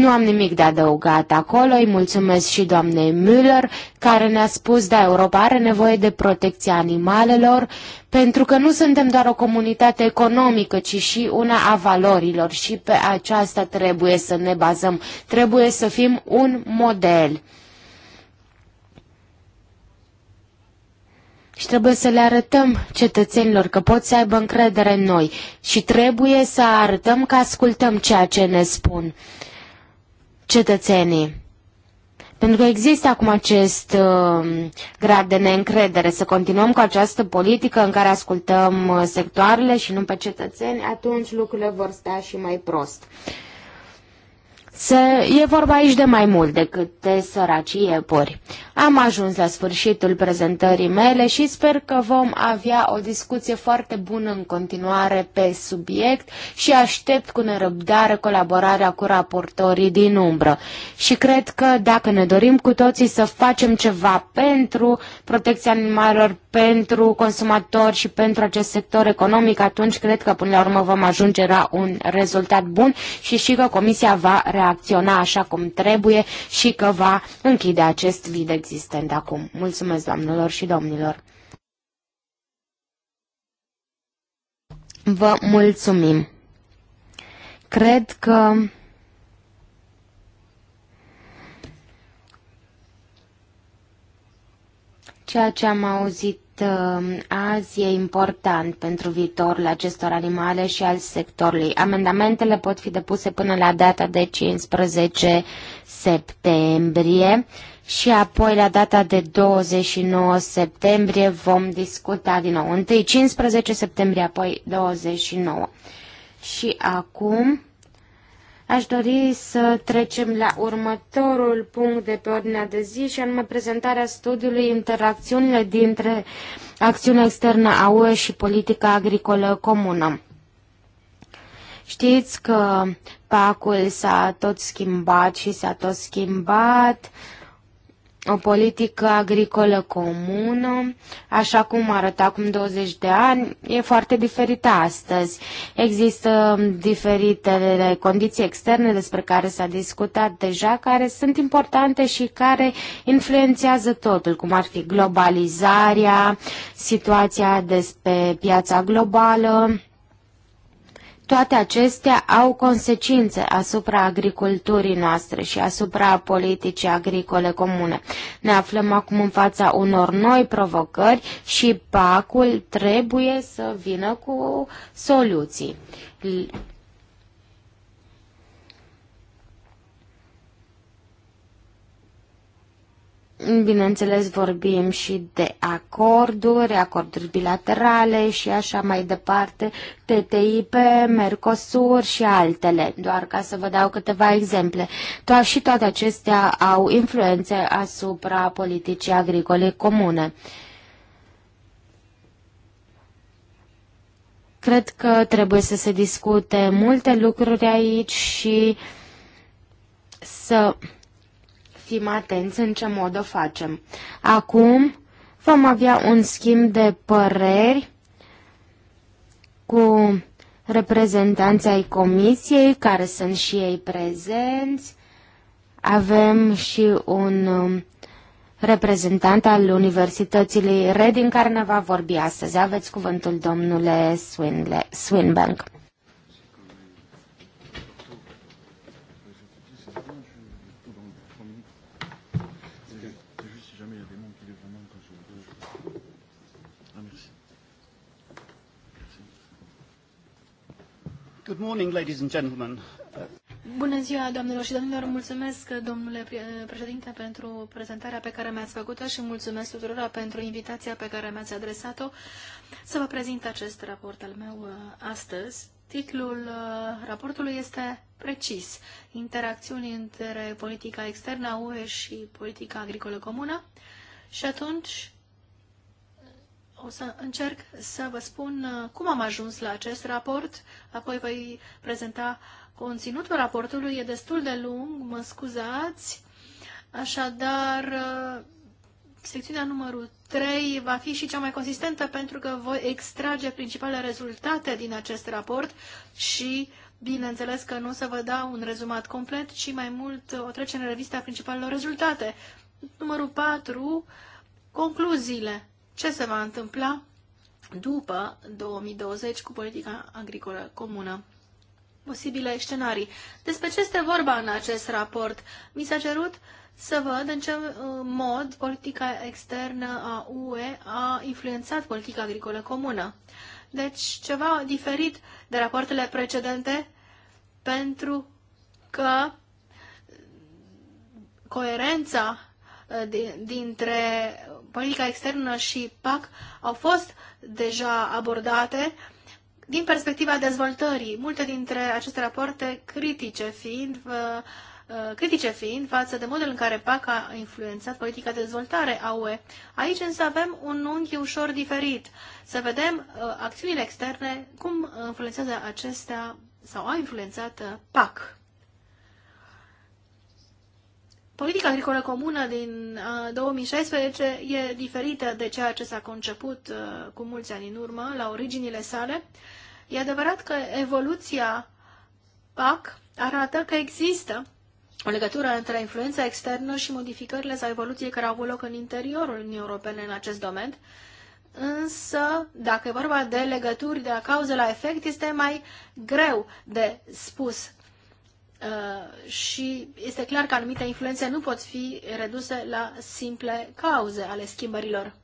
Nu am nimic de adăugat acolo, îi mulțumesc și doamnei Müller, care ne-a spus, da, Europa are nevoie de protecția animalelor, pentru că nu suntem doar o comunitate economică, ci și una a valorilor și pe aceasta trebuie să ne bazăm, trebuie să fim un model. Și trebuie să le arătăm cetățenilor că pot să aibă încredere în noi și trebuie să arătăm că ascultăm ceea ce ne spun cetățenii. Pentru că există acum acest uh, grad de neîncredere, să continuăm cu această politică în care ascultăm uh, sectoarele și nu pe cetățeni, atunci lucrurile vor sta și mai prost. Uh, se, e vorba aici de mai mult decât de săracii iepuri. Am ajuns la sfârșitul prezentării mele și sper că vom avea o discuție foarte bună în continuare pe subiect și aștept cu nerăbdare colaborarea cu raportorii din umbră. Și cred că dacă ne dorim cu toții să facem ceva pentru protecția animalelor, pentru consumatori și pentru acest sector economic, atunci cred că până la urmă vom ajunge la un rezultat bun și și că Comisia va rea a acționa așa cum trebuie și că va închide acest vid existent acum. Mulțumesc, doamnelor și domnilor! Vă mulțumim! Cred că... ceea ce am auzit Uh, azi e important pentru viitorul acestor animale și al sectorului. Amendamentele pot fi depuse până la data de 15 septembrie și apoi la data de 29 septembrie vom discuta din nou. Întâi 15 septembrie, apoi 29. Și acum Aș dori să trecem la următorul punct de pe ordinea de zi și anume prezentarea studiului interacțiunile dintre acțiunea externă a UE și politica agricolă comună. Știți că pacul s-a tot schimbat și s-a tot schimbat, o politică agricolă comună, așa cum arăta acum 20 de ani, e foarte diferită astăzi. Există diferitele condiții externe despre care s-a discutat deja, care sunt importante și care influențează totul, cum ar fi globalizarea, situația despre piața globală, toate acestea au consecințe asupra agriculturii noastre și asupra politicii agricole comune. Ne aflăm acum în fața unor noi provocări și PAC-ul trebuie să vină cu soluții. Bineînțeles, vorbim și de acorduri, acorduri bilaterale și așa mai departe, TTIP, Mercosur și altele, doar ca să vă dau câteva exemple. To- și toate acestea au influențe asupra politicii agricole comune. Cred că trebuie să se discute multe lucruri aici și să fim atenți în ce mod o facem. Acum vom avea un schimb de păreri cu reprezentanții ai comisiei, care sunt și ei prezenți. Avem și un um, reprezentant al Universității Reading care ne va vorbi astăzi. Aveți cuvântul domnule Swinbank. Good morning, ladies and gentlemen. Bună ziua, doamnelor și domnilor. Mulțumesc, domnule președinte, pentru prezentarea pe care mi-ați făcut-o și mulțumesc tuturor pentru invitația pe care mi-ați adresat-o să vă prezint acest raport al meu uh, astăzi. Titlul uh, raportului este precis. Interacțiuni între politica externă a UE și politica agricolă comună. Și atunci o să încerc să vă spun uh, cum am ajuns la acest raport, apoi voi prezenta conținutul raportului. E destul de lung, mă scuzați. Așadar, uh, secțiunea numărul 3 va fi și cea mai consistentă pentru că voi extrage principalele rezultate din acest raport și, bineînțeles că nu o să vă dau un rezumat complet, ci mai mult o trecere în revista principalelor rezultate. Numărul 4, concluziile ce se va întâmpla după 2020 cu politica agricolă comună. Posibile scenarii. Despre ce este vorba în acest raport? Mi s-a cerut să văd în ce uh, mod politica externă a UE a influențat politica agricolă comună. Deci ceva diferit de rapoartele precedente pentru că coerența Uh, dintre politica externă și PAC au fost deja abordate din perspectiva dezvoltării, multe dintre aceste rapoarte critice fiind, uh, uh, critice fiind față de modul în care PAC a influențat politica de dezvoltare a UE. Aici însă avem un unghi ușor diferit. Să vedem acțiunile externe, cum influențează acestea sau a influențat PAC. Politica agricolă comună din 2016 uh, e diferită de ceea ce s-a conceput uh, cu mulți ani în urmă, la originile sale. E adevărat că evoluția PAC arată că există o legătură între influența externă și modificările sau evoluției care au avut loc în interiorul Uniunii Europene în acest domeniu, însă, dacă e vorba de legături de la cauză la efect, este mai greu de spus Uh, și este clar că anumite influențe nu pot fi reduse la simple cauze ale schimbărilor.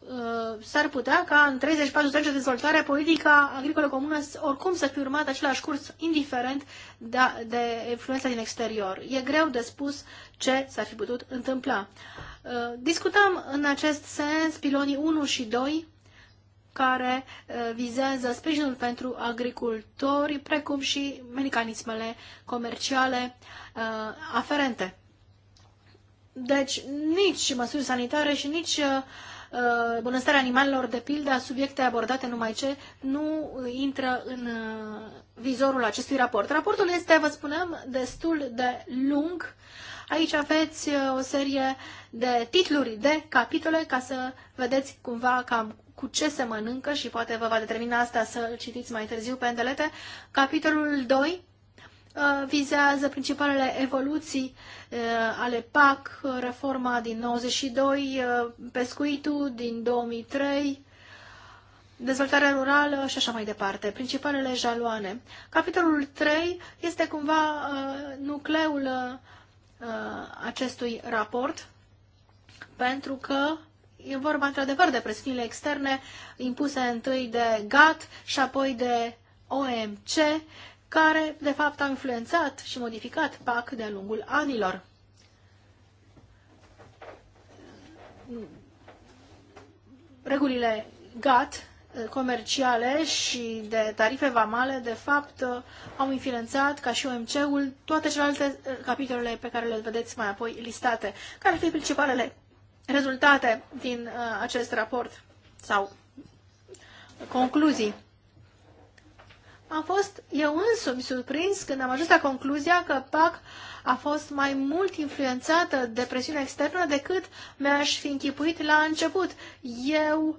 Uh, s-ar putea ca în de ani, de dezvoltare politica agricolă comună oricum să fie urmată același curs, indiferent de, da, de influența din exterior. E greu de spus ce s-ar fi putut întâmpla. Uh, discutam în acest sens pilonii 1 și 2 care eh, vizează sprijinul pentru agricultori, precum și mecanismele comerciale eh, aferente. Deci, nici măsuri sanitare și nici eh, bunăstarea animalelor, de pildă, subiecte abordate numai ce, nu intră în vizorul acestui raport. Raportul este, vă spunem, destul de lung. Aici aveți o serie de titluri, de capitole, ca să vedeți cumva cam cu ce se mănâncă și poate vă va determina asta să citiți mai târziu pe îndelete. Capitolul 2 uh, vizează principalele evoluții uh, ale PAC, reforma din 92, uh, pescuitul din 2003, dezvoltarea rurală și așa mai departe, principalele jaloane. Capitolul 3 este cumva nucleul acestui raport, pentru că e vorba într-adevăr de presiunile externe impuse întâi de GATT și apoi de OMC, care de fapt au influențat și modificat PAC de-a lungul anilor. Regulile GATT comerciale și de tarife vamale, de fapt, au influențat, ca și OMC-ul, toate celelalte eh, capitolele pe care le vedeți mai apoi listate. Care ar fi principalele rezultate din uh, acest raport sau concluzii. Am fost eu însumi surprins când am ajuns la concluzia că PAC a fost mai mult influențată de presiunea externă decât mi-aș fi închipuit la început. Eu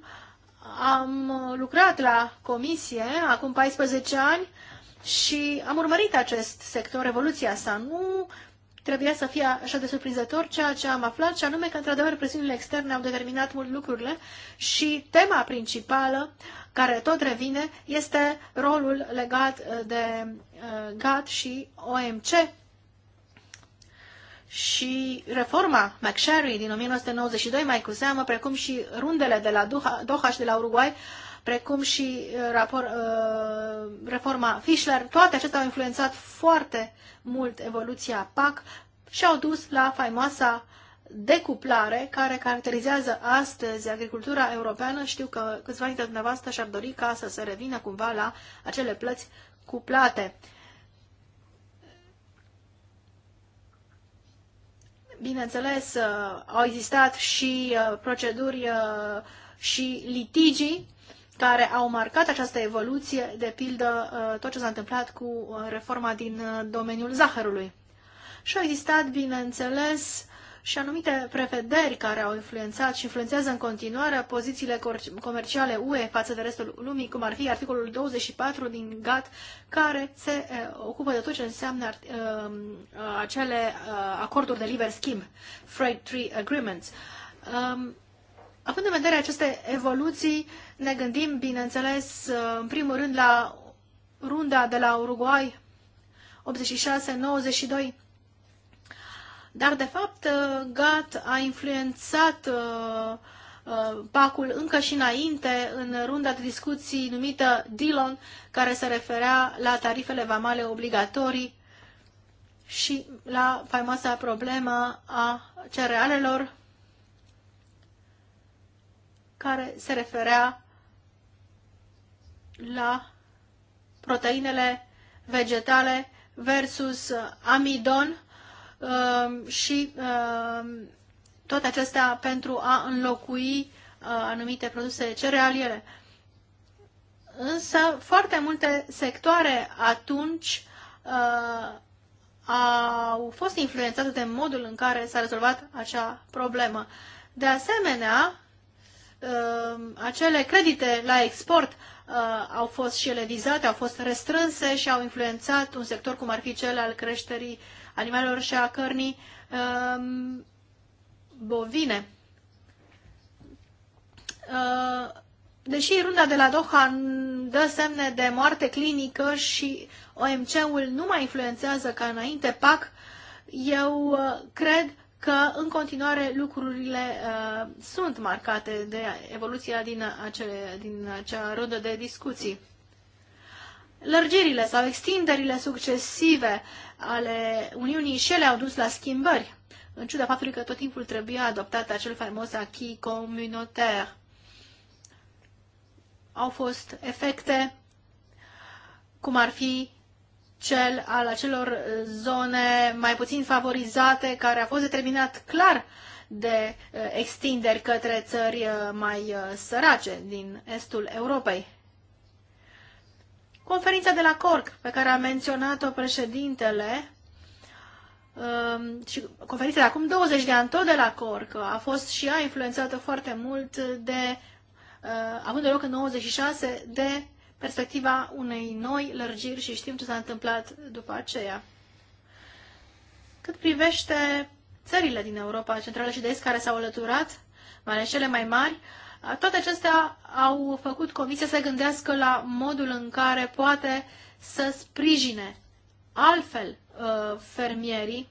am lucrat la comisie acum 14 ani și am urmărit acest sector, evoluția sa. Nu trebuia să fie așa de surprinzător ceea ce am aflat, și anume că, într-adevăr, presiunile externe au determinat mult lucrurile și tema principală care tot revine este rolul legat uh, de uh, GATT și OMC. Și reforma McSherry din 1992, mai cu seamă, precum și rundele de la Doha, Doha și de la Uruguay, precum și uh, rapor, uh, reforma Fischler, toate acestea au influențat foarte mult evoluția PAC și au dus la faimoasa decuplare care caracterizează astăzi agricultura europeană. Știu că câțiva dintre dumneavoastră și-ar dori ca să se revină cumva la acele plăți cuplate. Bineînțeles, uh, au existat și proceduri și litigii care au marcat această evoluție, de pildă uh, tot ce s-a întâmplat cu uh, reforma din uh, domeniul zahărului. Și au existat, bineînțeles, și anumite prevederi care au influențat și influențează în continuare pozițiile comerciale UE față de restul lumii, cum ar fi articolul 24 din GATT, care se ocupă de tot ce înseamnă acele acorduri de liber schimb, Freight Tree Agreements. Um, având în vedere aceste evoluții, ne gândim, bineînțeles, uh, în primul rând la runda de la Uruguay, 86-92. Dar, de fapt, uh, GAT a influențat uh, pacul încă și înainte, în runda de discuții numită Dillon, care se referea la tarifele vamale obligatorii și la faimoasa problemă a cerealelor, care se referea la proteinele vegetale versus amidon um, și um, toate acestea pentru a înlocui uh, anumite produse cerealiere. Însă foarte multe sectoare atunci uh, au fost influențate de modul în care s-a rezolvat acea problemă. De asemenea, uh, acele credite la export uh, au fost și ele vizate, au fost restrânse și au influențat un sector cum ar fi cel al creșterii animalelor și a cărnii uh, bovine. Uh, deși runda de la Doha dă semne de moarte clinică și OMC-ul nu mai influențează ca înainte PAC, eu uh, cred că în continuare lucrurile uh, sunt marcate de evoluția din, acele, din acea rândă de discuții. Lărgirile sau extinderile succesive ale Uniunii și ele au dus la schimbări, în ciuda faptului că tot timpul trebuia adoptat acel faimos acquis communautaire. Au fost efecte cum ar fi cel al acelor uh, zone mai puțin favorizate, care a fost determinat clar de uh, extinderi către țări uh, mai sărace din estul Europei. Conferința de la Cork, pe care a menționat-o președintele, um, și conferința de acum 20 de ani, tot de la Cork, a fost și ea influențată foarte mult de, având de loc în 96, de perspectiva unei noi lărgiri și știm ce s-a întâmplat după aceea. Cât privește țările din Europa Centrală și de Est care s-au alăturat, mai ales cele mai mari, toate acestea au făcut Comisia să gândească la modul în care poate să sprijine altfel uh, fermierii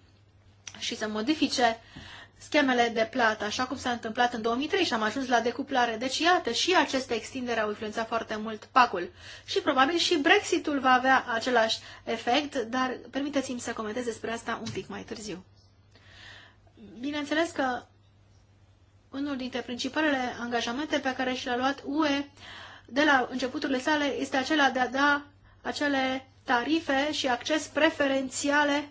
și să modifice schemele de plată, așa cum s-a întâmplat în 2003 și am ajuns la decuplare. Deci, iată, și aceste extindere au influențat foarte mult pacul. Și probabil și Brexitul va avea același efect, dar permiteți-mi să comentez despre asta un pic mai târziu. Bineînțeles că unul dintre principalele angajamente pe care și le-a luat UE de la începuturile sale este acela de a da acele tarife și acces preferențiale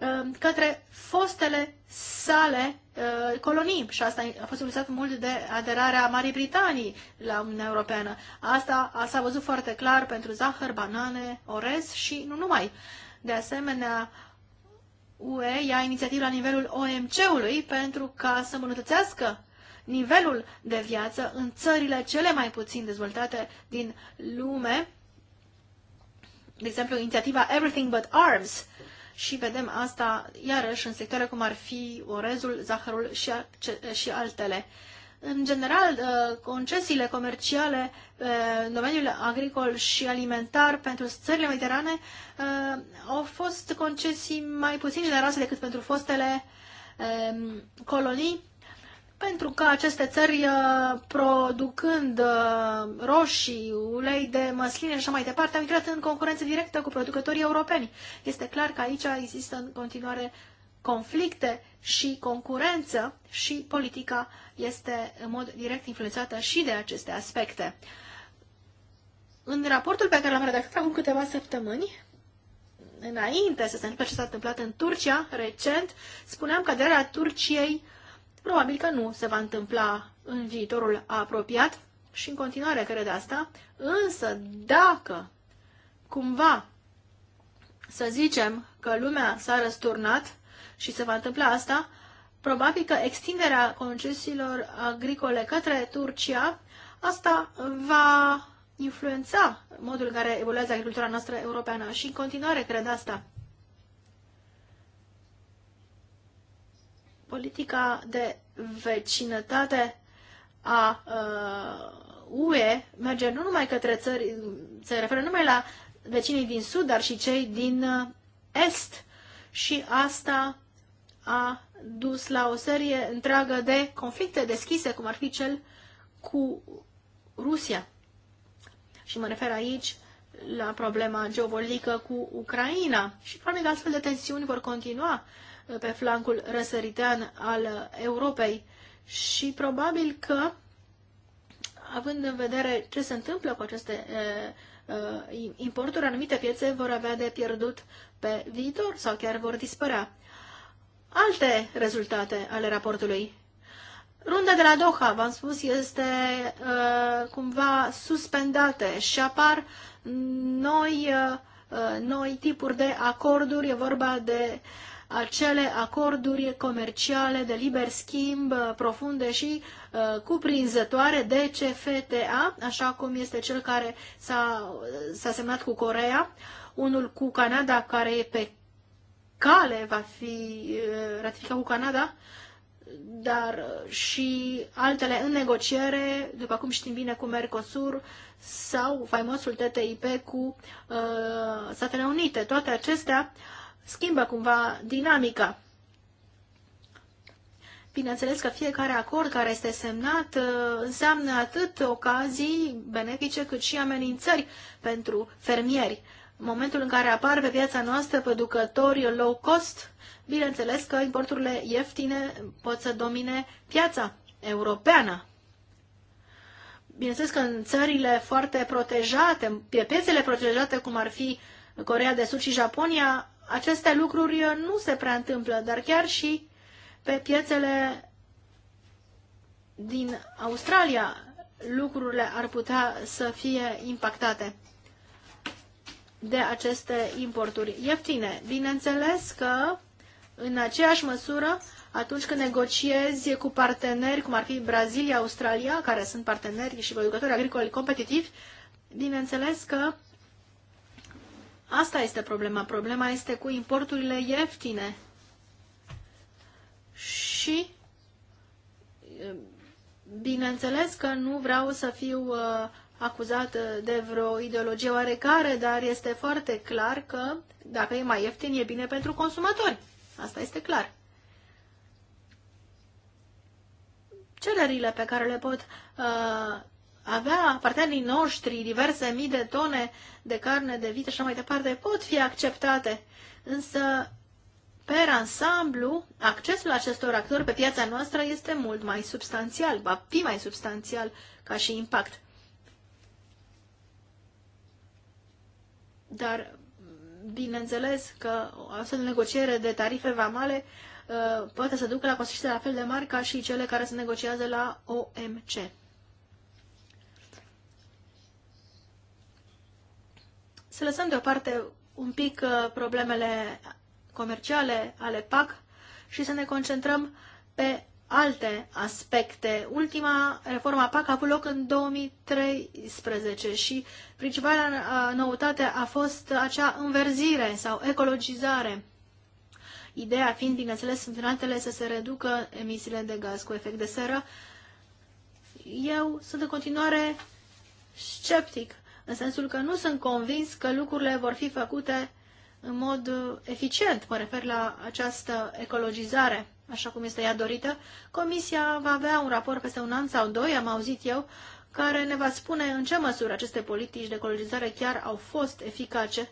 Um, către fostele sale uh, colonii și asta a fost utilizat mult de aderarea Marii Britanii la Uniunea Europeană. Asta s-a văzut foarte clar pentru zahăr, banane, orez și nu numai. De asemenea, UE ia inițiativa la nivelul OMC-ului pentru ca să îmbunătățească nivelul de viață în țările cele mai puțin dezvoltate din lume. De exemplu, inițiativa Everything But Arms și vedem asta iarăși în sectoare cum ar fi orezul, zahărul și, și altele. În general, uh, concesiile comerciale uh, în domeniul agricol și alimentar pentru țările mediterane uh, au fost concesii mai puțin generoase decât pentru fostele um, colonii pentru că aceste țări uh, producând uh, roșii, ulei de măsline și așa mai departe, au intrat în concurență directă cu producătorii europeni. Este clar că aici există în continuare conflicte și concurență și politica este în mod direct influențată și de aceste aspecte. În raportul pe care l-am redactat acum câteva săptămâni, înainte să se întâmple ce s-a întâmplat în Turcia recent, spuneam că aderarea Turciei Probabil că nu se va întâmpla în viitorul apropiat și în continuare cred asta, însă dacă cumva să zicem că lumea s-a răsturnat și se va întâmpla asta, probabil că extinderea concesiilor agricole către Turcia, asta va influența modul în care evoluează agricultura noastră europeană și în continuare cred asta. politica de vecinătate a uh, UE merge nu numai către țări, se referă numai la vecinii din sud, dar și cei din uh, est. Și asta a dus la o serie întreagă de conflicte deschise, cum ar fi cel cu Rusia. Și mă refer aici la problema geopolitică cu Ucraina. Și probabil astfel de tensiuni vor continua pe flancul răsăritean al Europei și probabil că, având în vedere ce se întâmplă cu aceste importuri, anumite piețe vor avea de pierdut pe viitor sau chiar vor dispărea. Alte rezultate ale raportului. Runda de la Doha, v-am spus, este uh, cumva suspendată și apar noi, uh, noi tipuri de acorduri. E vorba de uh, acele acorduri comerciale de liber schimb uh, profunde și uh, cuprinzătoare de CFTA, așa cum este cel care uh, s-a semnat cu Corea, unul cu Canada care e pe cale, va fi ratificat cu Canada, dar și altele în negociere, după cum știm bine, cu Mercosur sau faimosul TTIP cu uh, Statele Unite. Toate acestea uh, schimbă cumva dinamica. Bineînțeles că fiecare acord care este semnat uh, înseamnă atât ocazii benefice cât și amenințări pentru fermieri. În momentul în care apar pe viața noastră producători low cost, bineînțeles că importurile ieftine pot să domine piața europeană. Bineînțeles că în țările foarte protejate, pe piețele protejate, cum ar fi Corea de Sud și Japonia, aceste lucruri uh, nu se prea întâmplă, dar chiar și pe piețele din Australia lucrurile ar putea să fie impactate de aceste importuri ieftine. Bineînțeles că în aceeași măsură, atunci când negociezi cu parteneri, cum ar fi Brazilia, Australia, care sunt parteneri și producători agricoli competitivi, bineînțeles că Asta este problema. Problema este cu importurile ieftine. Și eh, bineînțeles că nu vreau să fiu uh, acuzat de vreo ideologie oarecare, dar este foarte clar că dacă e mai ieftin, e bine pentru consumatori. Asta este clar. Cererile pe care le pot uh, avea partenerii noștri diverse mii de tone de carne de vită și mai departe, pot fi acceptate. Însă, per ansamblu, accesul acestor actori pe piața noastră este mult mai substanțial, va fi mai substanțial ca și impact. Dar, bineînțeles că o astfel de negociere de tarife vamale uh, poate să ducă la consiste la fel de mari ca și cele care se negociază la OMC. să lăsăm deoparte un pic uh, problemele comerciale ale PAC și să ne concentrăm pe alte aspecte. Ultima a PAC a avut loc în 2013 și principala uh, noutate a fost acea înverzire sau ecologizare. Ideea fiind, bineînțeles, altele să se reducă emisiile de gaz cu efect de seră. Eu sunt în continuare sceptic în sensul că nu sunt convins că lucrurile vor fi făcute în mod uh, eficient, mă refer la această ecologizare, așa cum este ea dorită. Comisia va avea un raport peste un an sau doi, am auzit eu, care ne va spune în ce măsură aceste politici de ecologizare chiar au fost eficace.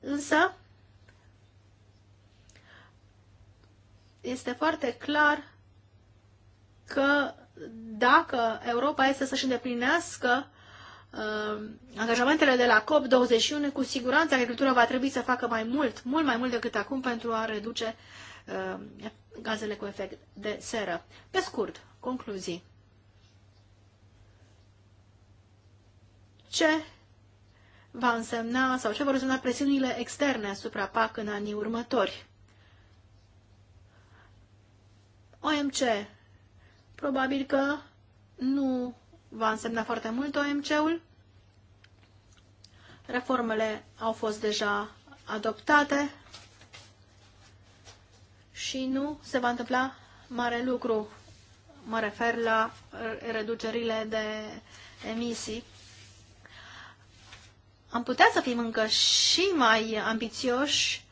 Însă, este foarte clar că dacă Europa este să-și îndeplinească Ehm, angajamentele de la COP21, cu siguranță agricultura va trebui să facă mai mult, mult mai mult decât acum pentru a reduce ehm, gazele cu efect de seră. Pe scurt, concluzii. Ce va însemna sau ce vor însemna presiunile externe asupra PAC în anii următori? OMC probabil că nu va însemna foarte mult OMC-ul. Reformele au fost deja adoptate și nu se va întâmpla mare lucru. Mă refer la reducerile de emisii. Am putea să fim încă și mai ambițioși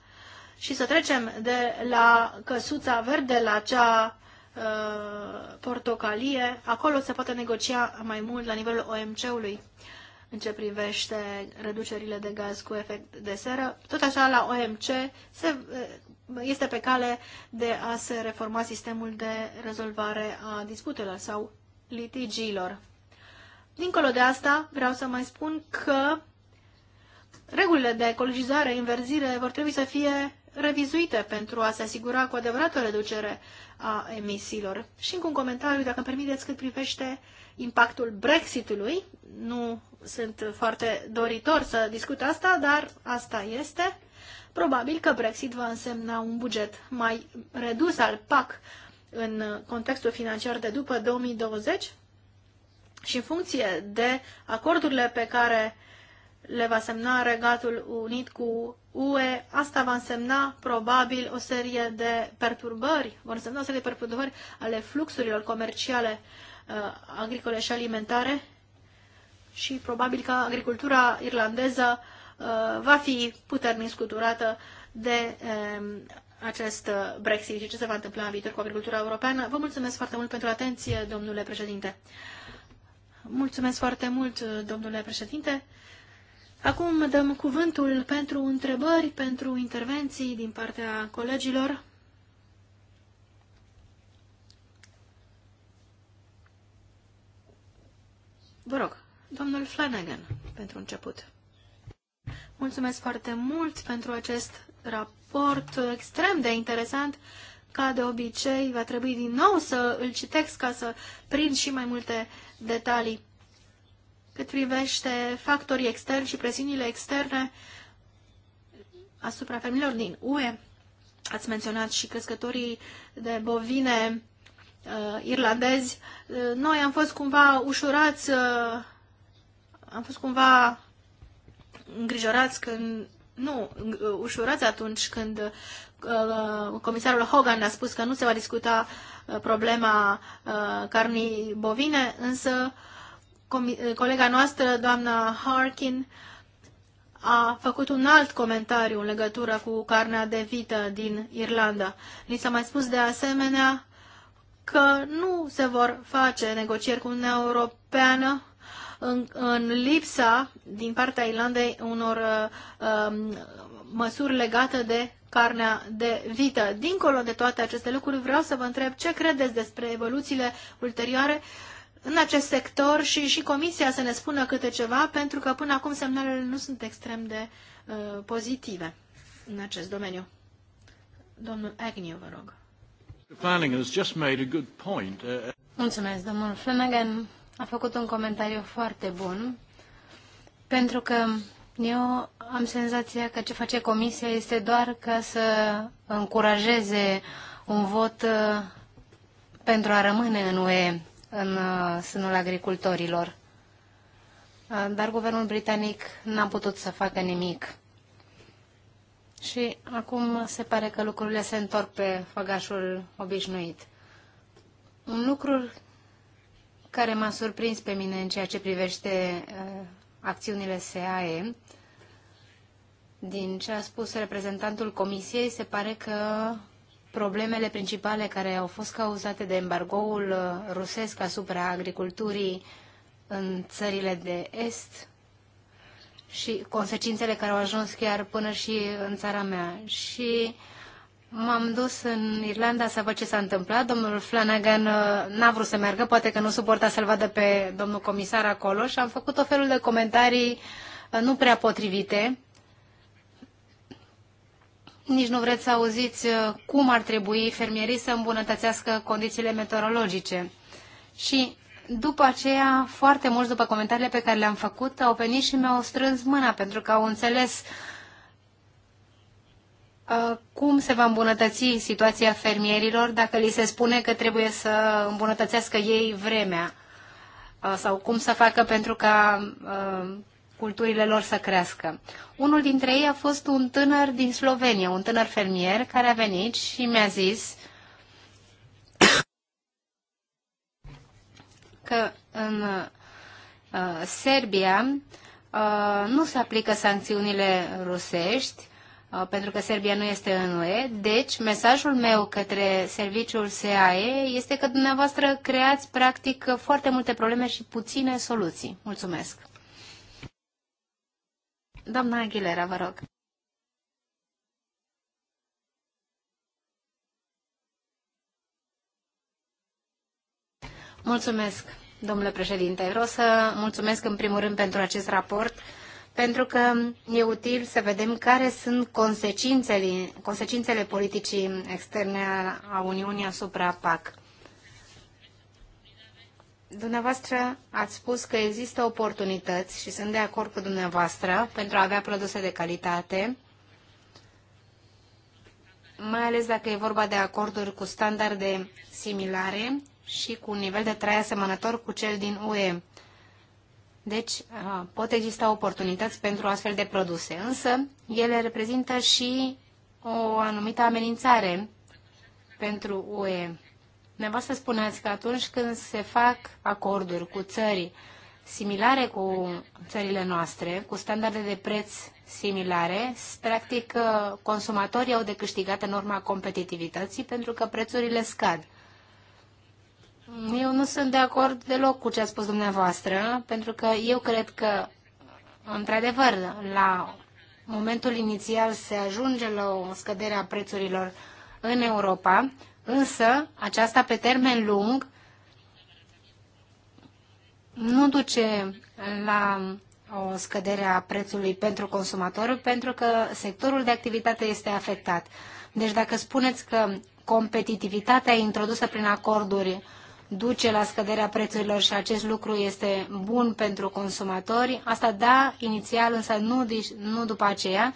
și să trecem de la căsuța verde la cea Uh, portocalie, acolo se poate negocia mai mult la nivelul OMC-ului în ce privește reducerile de gaz cu efect de seră. Tot așa, la OMC se, uh, este pe cale de a se reforma sistemul de rezolvare a disputelor sau litigiilor. Dincolo de asta, vreau să mai spun că regulile de ecologizare, inverzire, vor trebui să fie revizuite pentru a se asigura cu adevărat o reducere a emisiilor. Și încă un comentariu, dacă îmi permiteți, cât privește impactul Brexitului. Nu sunt foarte doritor să discut asta, dar asta este. Probabil că Brexit va însemna un buget mai redus al PAC în contextul financiar de după 2020 și în funcție de acordurile pe care le va semna Regatul Unit cu UE, asta va însemna probabil o serie de perturbări, vor însemna o serie de perturbări ale fluxurilor comerciale uh, agricole și alimentare și probabil că agricultura irlandeză uh, va fi puternic scuturată de um, uh, acest Brexit și ce se va întâmpla în viitor cu agricultura europeană. Vă mulțumesc foarte mult pentru atenție, domnule președinte. Mulțumesc foarte mult, domnule președinte. Acum dăm cuvântul pentru întrebări, pentru intervenții din partea colegilor. Vă rog, domnul Flanagan, pentru început. Mulțumesc foarte mult pentru acest raport extrem de interesant. Ca de obicei, va trebui din nou să îl citesc ca să prind și mai multe detalii cât privește factorii externi și presiunile externe asupra femeilor din UE. Ați menționat și crescătorii de bovine uh, irlandezi. Uh, noi am fost cumva ușurați, uh, am fost cumva îngrijorați când, nu, uh, ușurați atunci când uh, comisarul Hogan a spus că nu se va discuta uh, problema uh, carnii bovine, însă uh, Eh, colega noastră, doamna Harkin, a făcut un alt comentariu în legătură cu carnea de vită din Irlanda. Ni s-a mai spus de asemenea că nu se vor face negocieri cu Uniunea Europeană în, în lipsa din partea Irlandei unor uh, um, măsuri legate de carnea de vită. Dincolo de toate aceste lucruri, vreau să vă întreb ce credeți despre evoluțiile ulterioare uh, în acest sector și, și Comisia să ne spună câte ceva, pentru că până acum semnalele nu sunt extrem de uh, pozitive în acest domeniu. Domnul Agnew, vă rog. Uh, Mulțumesc, domnul Flanagan a făcut un comentariu foarte bun, pentru că eu am senzația că ce face Comisia este doar ca să încurajeze un vot uh, pentru a rămâne în UE în uh, sânul agricultorilor. Uh, dar guvernul britanic n-a putut să facă nimic. Și acum se pare că lucrurile se întorc pe făgașul obișnuit. Un lucru care m-a surprins pe mine în ceea ce privește uh, acțiunile SAE, din ce a spus reprezentantul Comisiei, se pare că problemele principale care au fost cauzate de embargoul uh, rusesc asupra agriculturii în țările de est și consecințele care au ajuns chiar până și în țara mea. Și m-am dus în Irlanda să văd ce s-a întâmplat. Domnul Flanagan uh, n-a vrut să meargă, poate că nu suporta să-l vadă pe domnul comisar acolo și am făcut o felul de comentarii uh, nu prea potrivite nici nu vreți să auziți uh, cum ar trebui fermierii să îmbunătățească condițiile meteorologice. Și după aceea, foarte mulți după comentariile pe care le-am făcut, au venit și mi-au strâns mâna pentru că au înțeles uh, cum se va îmbunătăți situația fermierilor dacă li se spune că trebuie să îmbunătățească ei vremea uh, sau cum să facă pentru ca culturile lor să crească. Unul dintre ei a fost un tânăr din Slovenia, un tânăr fermier care a venit și mi-a zis că în uh, Serbia uh, nu se aplică sancțiunile rusești uh, pentru că Serbia nu este în UE. Deci, mesajul meu către serviciul SAE este că dumneavoastră creați practic foarte multe probleme și puține soluții. Mulțumesc! Doamna Aguilera, vă rog. Mulțumesc, domnule președinte. Vreau să mulțumesc în primul rând pentru acest raport, pentru că e util să vedem care sunt consecințele, consecințele politicii externe a Uniunii asupra PAC. Dumneavoastră ați spus că există oportunități și sunt de acord cu dumneavoastră pentru a avea produse de calitate, mai ales dacă e vorba de acorduri cu standarde similare și cu un nivel de trai asemănător cu cel din UE. Deci pot exista oportunități pentru astfel de produse, însă ele reprezintă și o anumită amenințare pentru UE. Dumneavoastră spuneați că atunci când se fac acorduri cu țări similare cu țările noastre, cu standarde de preț similare, practic uh, consumatorii au de câștigat în urma competitivității pentru că prețurile scad. Eu nu sunt de acord deloc cu ce a spus dumneavoastră, pentru că eu cred că, într-adevăr, la momentul inițial se ajunge la o scădere a prețurilor în Europa, Însă, aceasta pe termen lung nu duce la o scădere a prețului pentru consumator, pentru că sectorul de activitate este afectat. Deci dacă spuneți că competitivitatea introdusă prin acorduri duce la scăderea prețurilor și acest lucru este bun pentru consumatori, asta da inițial, însă nu, nu după aceea,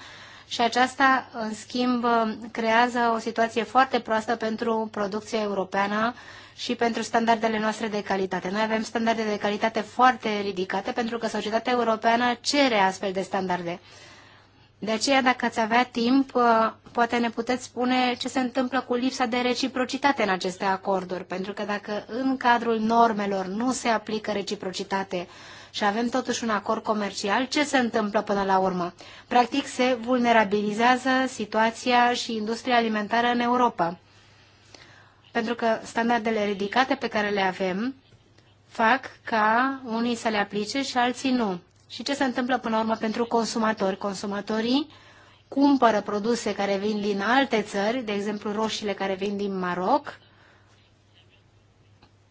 și aceasta, în schimb, creează o situație foarte proastă pentru producția europeană și pentru standardele noastre de calitate. Noi avem standarde de calitate foarte ridicate pentru că societatea europeană cere astfel de standarde. De aceea, dacă ați avea timp, poate ne puteți spune ce se întâmplă cu lipsa de reciprocitate în aceste acorduri, pentru că dacă în cadrul normelor nu se aplică reciprocitate, și avem totuși un acord comercial, ce se întâmplă până la urmă? Practic se vulnerabilizează situația și industria alimentară în Europa. Pentru că standardele ridicate pe care le avem fac ca unii să le aplice și alții nu. Și ce se întâmplă până la urmă pentru consumatori? Consumatorii cumpără produse care vin din alte țări, de exemplu roșiile care vin din Maroc,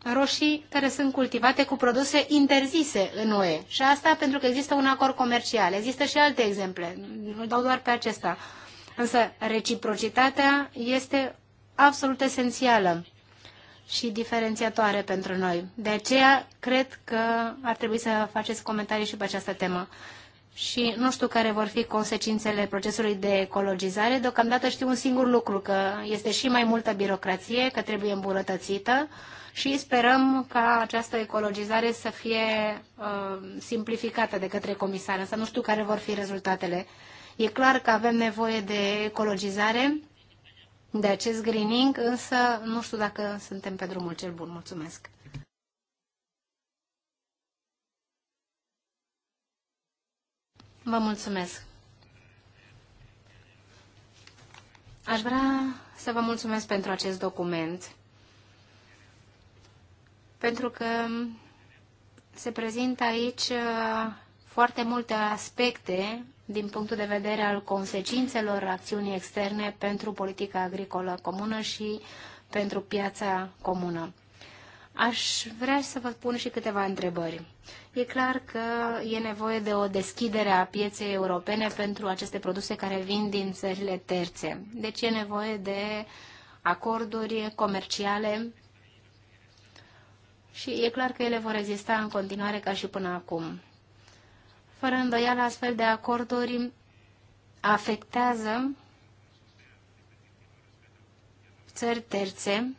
roșii care sunt cultivate cu produse interzise în UE. Și asta pentru că există un acord comercial. Există și alte exemple. Nu dau doar pe acesta. Însă reciprocitatea este absolut esențială și diferențiatoare pentru noi. De aceea, cred că ar trebui să faceți comentarii și pe această temă și nu știu care vor fi consecințele procesului de ecologizare. Deocamdată știu un singur lucru, că este și mai multă birocrație, că trebuie îmbunătățită și sperăm ca această ecologizare să fie uh, simplificată de către comisar, însă nu știu care vor fi rezultatele. E clar că avem nevoie de ecologizare, de acest greening, însă nu știu dacă suntem pe drumul cel bun. Mulțumesc! Vă mulțumesc. Aș vrea să vă mulțumesc pentru acest document, pentru că se prezintă aici uh, foarte multe aspecte din punctul de vedere al consecințelor acțiunii externe pentru politica agricolă comună și pentru piața comună. Aș vrea să vă pun și câteva întrebări. E clar că e nevoie de o deschidere a pieței europene pentru aceste produse care vin din țările terțe. Deci e nevoie de acorduri comerciale și e clar că ele vor rezista în continuare ca și până acum. Fără îndoială, astfel de acorduri afectează țări terțe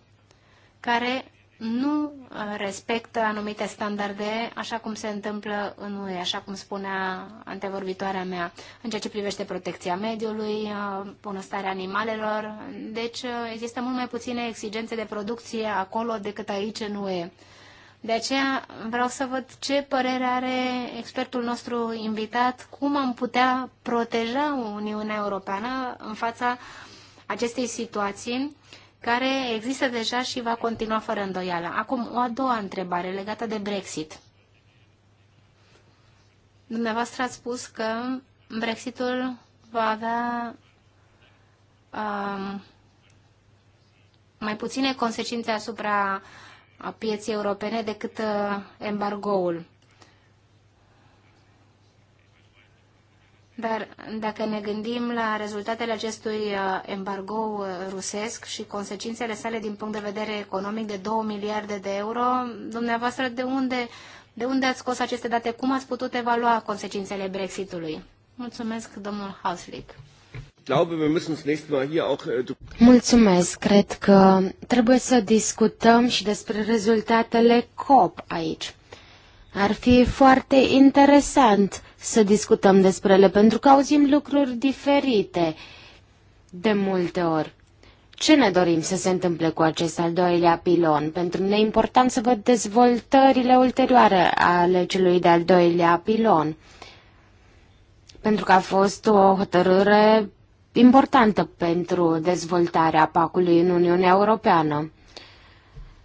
care nu uh, respectă anumite standarde, așa cum se întâmplă în UE, așa cum spunea antevorbitoarea mea, în ceea ce privește protecția mediului, uh, bunăstarea animalelor. Deci uh, există mult mai puține exigențe de producție acolo decât aici în UE. De aceea vreau să văd ce părere are expertul nostru invitat, cum am putea proteja Uniunea Europeană în fața acestei situații care există deja și va continua fără îndoială. Acum, o a doua întrebare legată de Brexit. Dumneavoastră ați spus că Brexitul va avea um, mai puține consecințe asupra pieței europene decât uh, embargoul. Dar dacă ne gândim la rezultatele acestui uh, embargo uh, rusesc și consecințele sale din punct de vedere economic de 2 miliarde de euro, dumneavoastră de unde, de unde ați scos aceste date? Cum ați putut evalua consecințele Brexitului? Mulțumesc, domnul Hauslick. Äh, Mulțumesc, cred că trebuie să discutăm și despre rezultatele COP aici. Ar fi foarte interesant să discutăm despre ele, pentru că auzim lucruri diferite de multe ori. Ce ne dorim să se întâmple cu acest al doilea pilon? Pentru noi e important să văd dezvoltările ulterioare ale celui de-al doilea pilon. Pentru că a fost o hotărâre importantă pentru dezvoltarea pacului în Uniunea Europeană.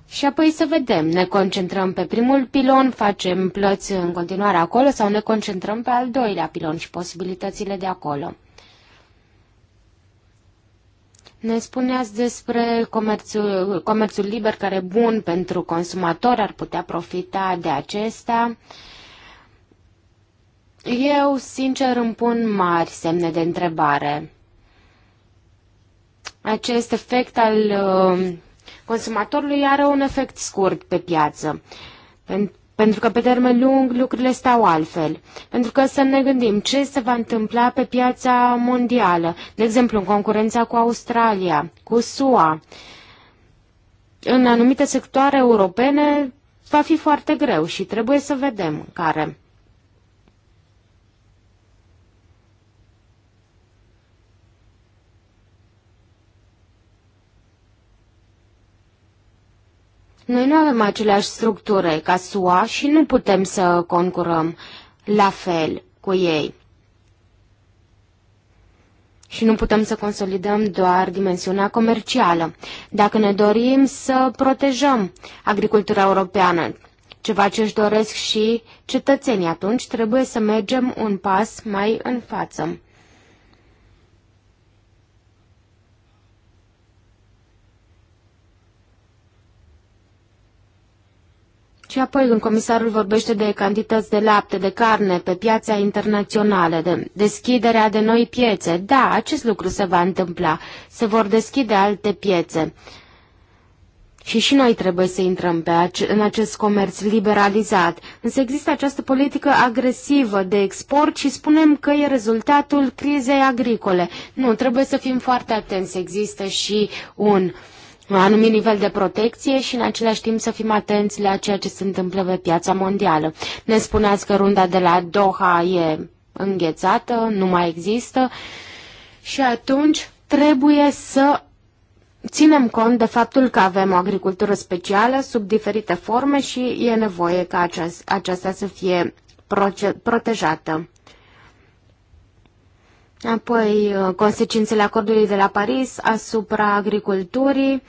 Și apoi să vedem, ne concentrăm pe primul pilon, facem plăți în continuare acolo sau ne concentrăm pe al doilea pilon și posibilitățile de acolo. Ne spuneați despre comerțul, comerțul liber care e bun pentru consumator, ar putea profita de acesta. Eu, sincer, îmi pun mari semne de întrebare. Acest efect al uh, consumatorului are un efect scurt pe piață. Pentru că pe termen lung lucrurile stau altfel. Pentru că să ne gândim ce se va întâmpla pe piața mondială, de exemplu în concurența cu Australia, cu SUA. În anumite sectoare europene va fi foarte greu și trebuie să vedem care. Noi nu avem aceleași structură ca SUA și nu putem să concurăm la fel cu ei. Și nu putem să consolidăm doar dimensiunea comercială. Dacă ne dorim să protejăm agricultura europeană, ceva ce își doresc și cetățenii, atunci trebuie să mergem un pas mai în față. Și apoi când comisarul vorbește de cantități de lapte, de carne pe piața internațională, de deschiderea de noi piețe, da, acest lucru se va întâmpla. Se vor deschide alte piețe. Și și noi trebuie să intrăm pe ac- în acest comerț liberalizat. Însă există această politică agresivă de export și spunem că e rezultatul crizei agricole. Nu, trebuie să fim foarte atenți. Există și un uh, un anumit nivel de protecție și în același timp să fim atenți la ceea ce se întâmplă pe piața mondială. Ne spuneați că runda de la Doha e înghețată, nu mai există și atunci trebuie să ținem cont de faptul că avem o agricultură specială sub diferite forme și e nevoie ca aceasta să fie protejată. Apoi, uh, consecințele acordului de la Paris asupra agriculturii.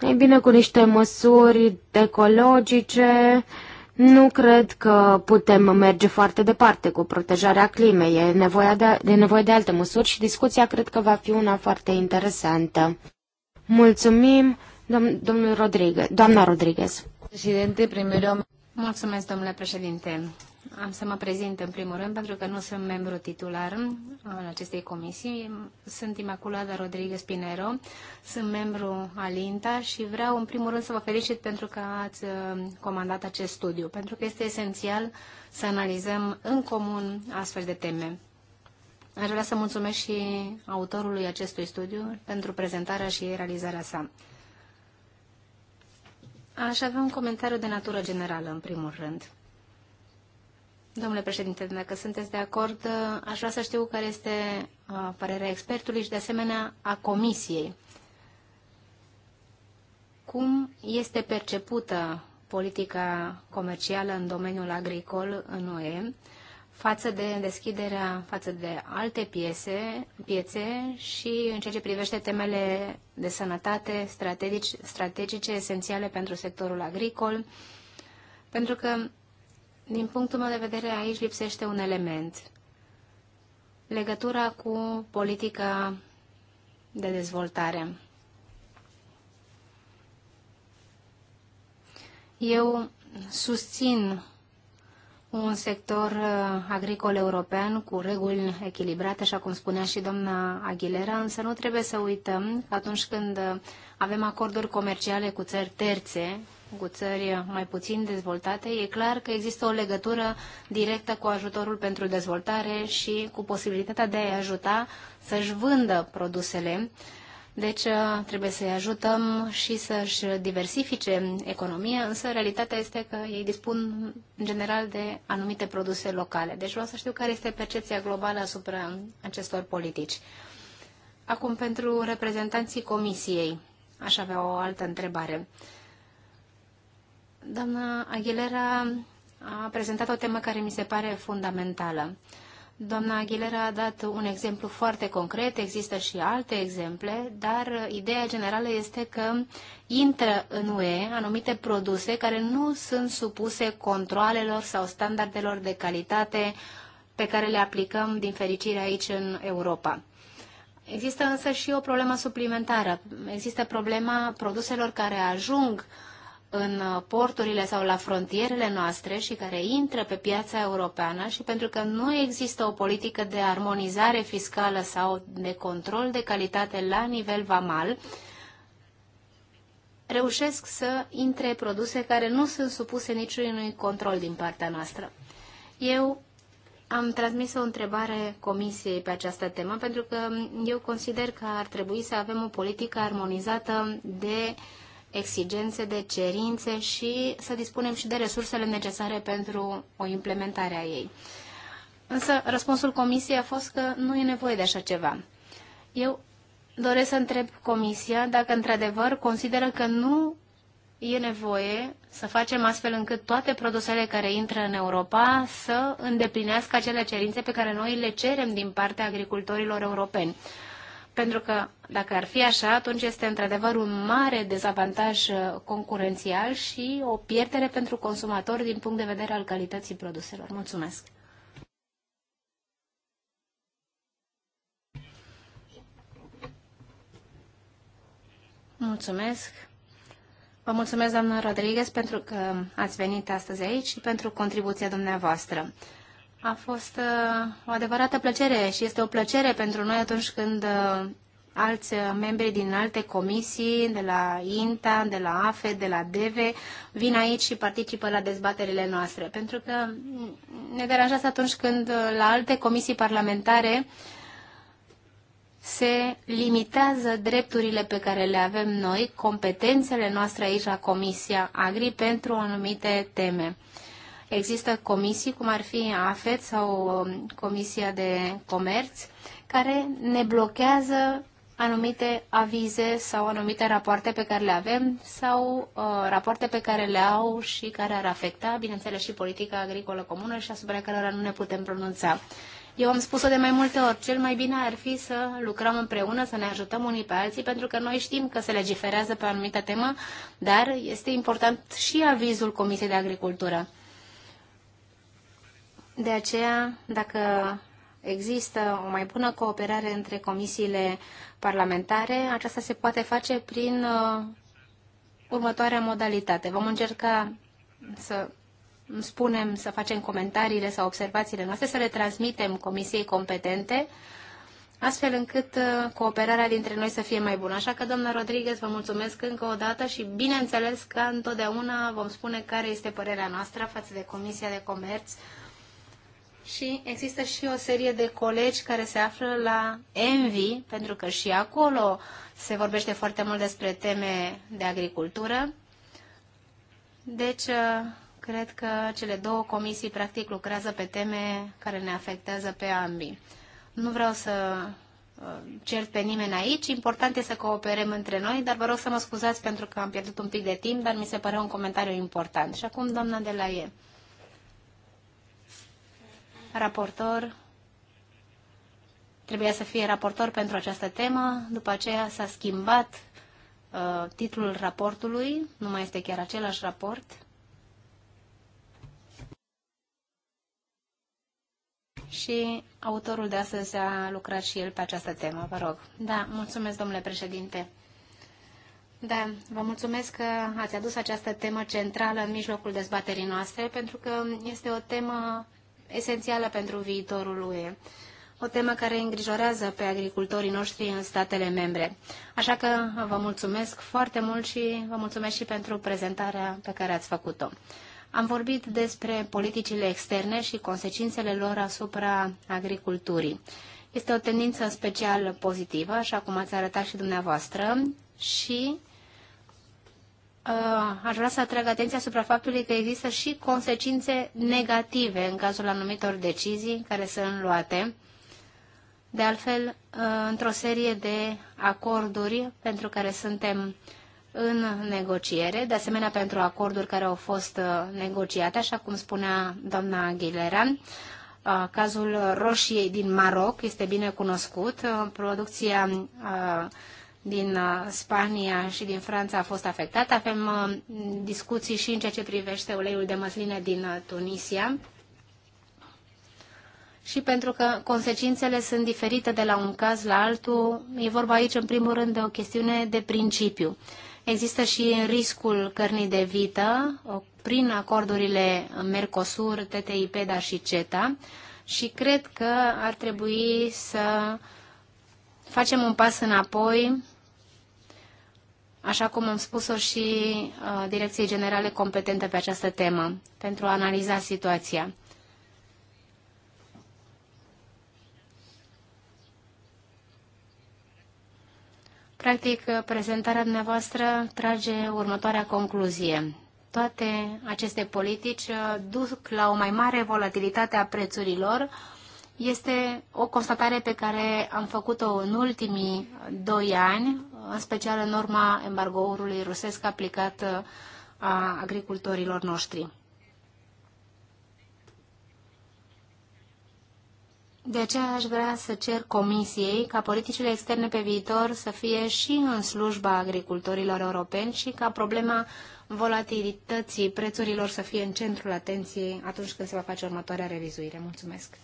Ei bine, cu niște măsuri ecologice, nu cred că putem merge foarte departe cu protejarea climei. E nevoie de, e nevoie de alte măsuri și discuția cred că va fi una foarte interesantă. Mulțumim, dom- domnul Rodriguez, doamna Rodriguez. Președinte, primul Mulțumesc, domnule președinte. Am să mă prezint în primul rând, pentru că nu sunt membru titular al acestei comisii. Sunt Imaculada Rodriguez Pinero, sunt membru al INTA și vreau în primul rând să vă felicit pentru că ați uh, comandat acest studiu, pentru că este esențial să analizăm în comun astfel de teme. Aș vrea să mulțumesc și autorului acestui studiu pentru prezentarea și realizarea sa. Aș avea un comentariu de natură generală, în primul rând. Domnule președinte, dacă sunteți de acord, aș vrea să știu care este uh, părerea expertului și, de asemenea, a comisiei. Cum este percepută politica comercială în domeniul agricol în UE față de deschiderea față de alte piese, piețe și în ceea ce privește temele de sănătate strategice, strategice esențiale pentru sectorul agricol, pentru că din punctul meu de vedere, aici lipsește un element. Legătura cu politica de dezvoltare. Eu susțin un sector uh, agricol european cu reguli echilibrate, așa cum spunea și doamna Aguilera, însă nu trebuie să uităm că atunci când uh, avem acorduri comerciale cu țări terțe, cu țări mai puțin dezvoltate, e clar că există o legătură directă cu ajutorul pentru dezvoltare și cu posibilitatea de a-i ajuta să-și vândă produsele. Deci uh, trebuie să-i ajutăm și să-și diversifice economia, însă realitatea este că ei dispun în general de anumite produse locale. Deci vreau să știu care este percepția globală asupra acestor politici. Acum, pentru reprezentanții Comisiei, aș avea o altă întrebare. Uh, Doamna Aguilera a prezentat o temă care mi se pare fundamentală. Doamna Aguilera a dat un exemplu foarte concret, există și alte exemple, dar ideea generală este că intră în UE anumite produse care nu sunt supuse controalelor sau standardelor de calitate pe care le aplicăm din fericire aici în Europa. Există însă și o problemă suplimentară. Există problema produselor care ajung uh, în uh, porturile sau la frontierele noastre și care intră pe piața europeană și pentru că nu există o politică de armonizare fiscală sau de control de calitate la nivel vamal, reușesc să intre produse care nu sunt supuse niciunui control din partea noastră. Eu am transmis o întrebare Comisiei pe această temă pentru că eu consider că ar trebui să avem o politică armonizată de uh, exigențe, de cerințe și să dispunem și de resursele necesare pentru o implementare a ei. Însă răspunsul comisiei a fost că nu e nevoie de așa ceva. Eu doresc să întreb comisia dacă într-adevăr consideră că nu e nevoie să facem astfel încât toate produsele care intră în Europa să îndeplinească acele cerințe pe care noi le cerem din partea agricultorilor europeni. Pentru că dacă ar fi așa, atunci este într-adevăr un mare dezavantaj uh, concurențial și o pierdere pentru consumatori din punct de vedere al calității produselor. Mulțumesc! Mulțumesc! Vă mulțumesc, doamnă Rodriguez, pentru că ați venit astăzi aici și pentru contribuția dumneavoastră. A fost uh, o adevărată plăcere și este o plăcere pentru noi atunci când uh, alți uh, membri din alte comisii, de la INTA, de la AFE, de la DEVE, vin aici și participă la dezbaterile noastre. Pentru că ne deranjează atunci când la alte comisii parlamentare se limitează drepturile pe care le avem noi, competențele noastre aici la Comisia Agri pentru anumite teme. Există comisii, cum ar fi AFET sau um, Comisia de Comerț, care ne blochează anumite avize sau anumite rapoarte pe care le avem sau uh, rapoarte pe care le au și care ar afecta, bineînțeles, și politica agricolă comună și asupra cărora nu ne putem pronunța. Eu am spus-o de mai multe ori, cel mai bine ar fi să lucrăm împreună, să ne ajutăm unii pe alții, pentru că noi știm că se legiferează pe o anumită temă, dar este important și avizul Comisiei de Agricultură. De aceea, dacă există o mai bună cooperare între comisiile parlamentare, aceasta se poate face prin uh, următoarea modalitate. Vom încerca să spunem, să facem comentariile sau observațiile noastre, să le transmitem comisiei competente, astfel încât uh, cooperarea dintre noi să fie mai bună. Așa că, doamna Rodriguez, vă mulțumesc încă o dată și, bineînțeles, că întotdeauna vom spune care este părerea noastră față de Comisia de Comerț și există și o serie de colegi care se află la Envi, pentru că și acolo se vorbește foarte mult despre teme de agricultură. Deci, uh, cred că cele două comisii practic lucrează pe teme care ne afectează pe ambii. Nu vreau să uh, cert pe nimeni aici. Important este să cooperăm între noi, dar vă rog să mă scuzați pentru că am pierdut un pic de timp, dar mi se pare un comentariu important. Și acum, doamna de la E raportor, trebuia să fie raportor pentru această temă, după aceea s-a schimbat uh, titlul raportului, nu mai este chiar același raport. Și autorul de astăzi a lucrat și el pe această temă, vă rog. Da, mulțumesc, domnule președinte. Da, vă mulțumesc că ați adus această temă centrală în mijlocul dezbaterii noastre, pentru că este o temă esențială pentru viitorul UE, o temă care îngrijorează pe agricultorii noștri în statele membre. Așa că vă mulțumesc foarte mult și vă mulțumesc și pentru prezentarea pe care ați făcut-o. Am vorbit despre politicile externe și consecințele lor asupra agriculturii. Este o tendință special pozitivă, așa cum ați arătat și dumneavoastră, și Uh, aș vrea să atrag atenția asupra faptului că există și consecințe negative în cazul anumitor decizii care sunt luate. De altfel, uh, într-o serie de acorduri pentru care suntem în negociere, de asemenea pentru acorduri care au fost uh, negociate, așa cum spunea doamna Aguilera, cazul roșiei din Maroc este bine cunoscut, producția din uh, Spania și din Franța a fost afectat. Avem uh, discuții și în ceea ce privește uleiul de măsline din uh, Tunisia și pentru că consecințele sunt diferite de la un caz la altul, e vorba aici în primul rând de o chestiune de principiu. Există și riscul cărnii de vită prin acordurile Mercosur, TTIP, dar și CETA și cred că ar trebui să facem un pas înapoi așa cum am spus-o și uh, Direcției Generale competente pe această temă, pentru a analiza situația. Practic, prezentarea dumneavoastră trage următoarea concluzie. Toate aceste politici uh, duc la o mai mare volatilitate a prețurilor. Este o constatare pe care am făcut-o în ultimii doi ani, în special în urma embargourului rusesc aplicat uh, a agricultorilor noștri. De aceea aș vrea să cer Comisiei ca politicile externe pe viitor să fie și în slujba agricultorilor europeni și ca problema volatilității prețurilor să fie în centrul atenției atunci când se va face următoarea revizuire. Mulțumesc!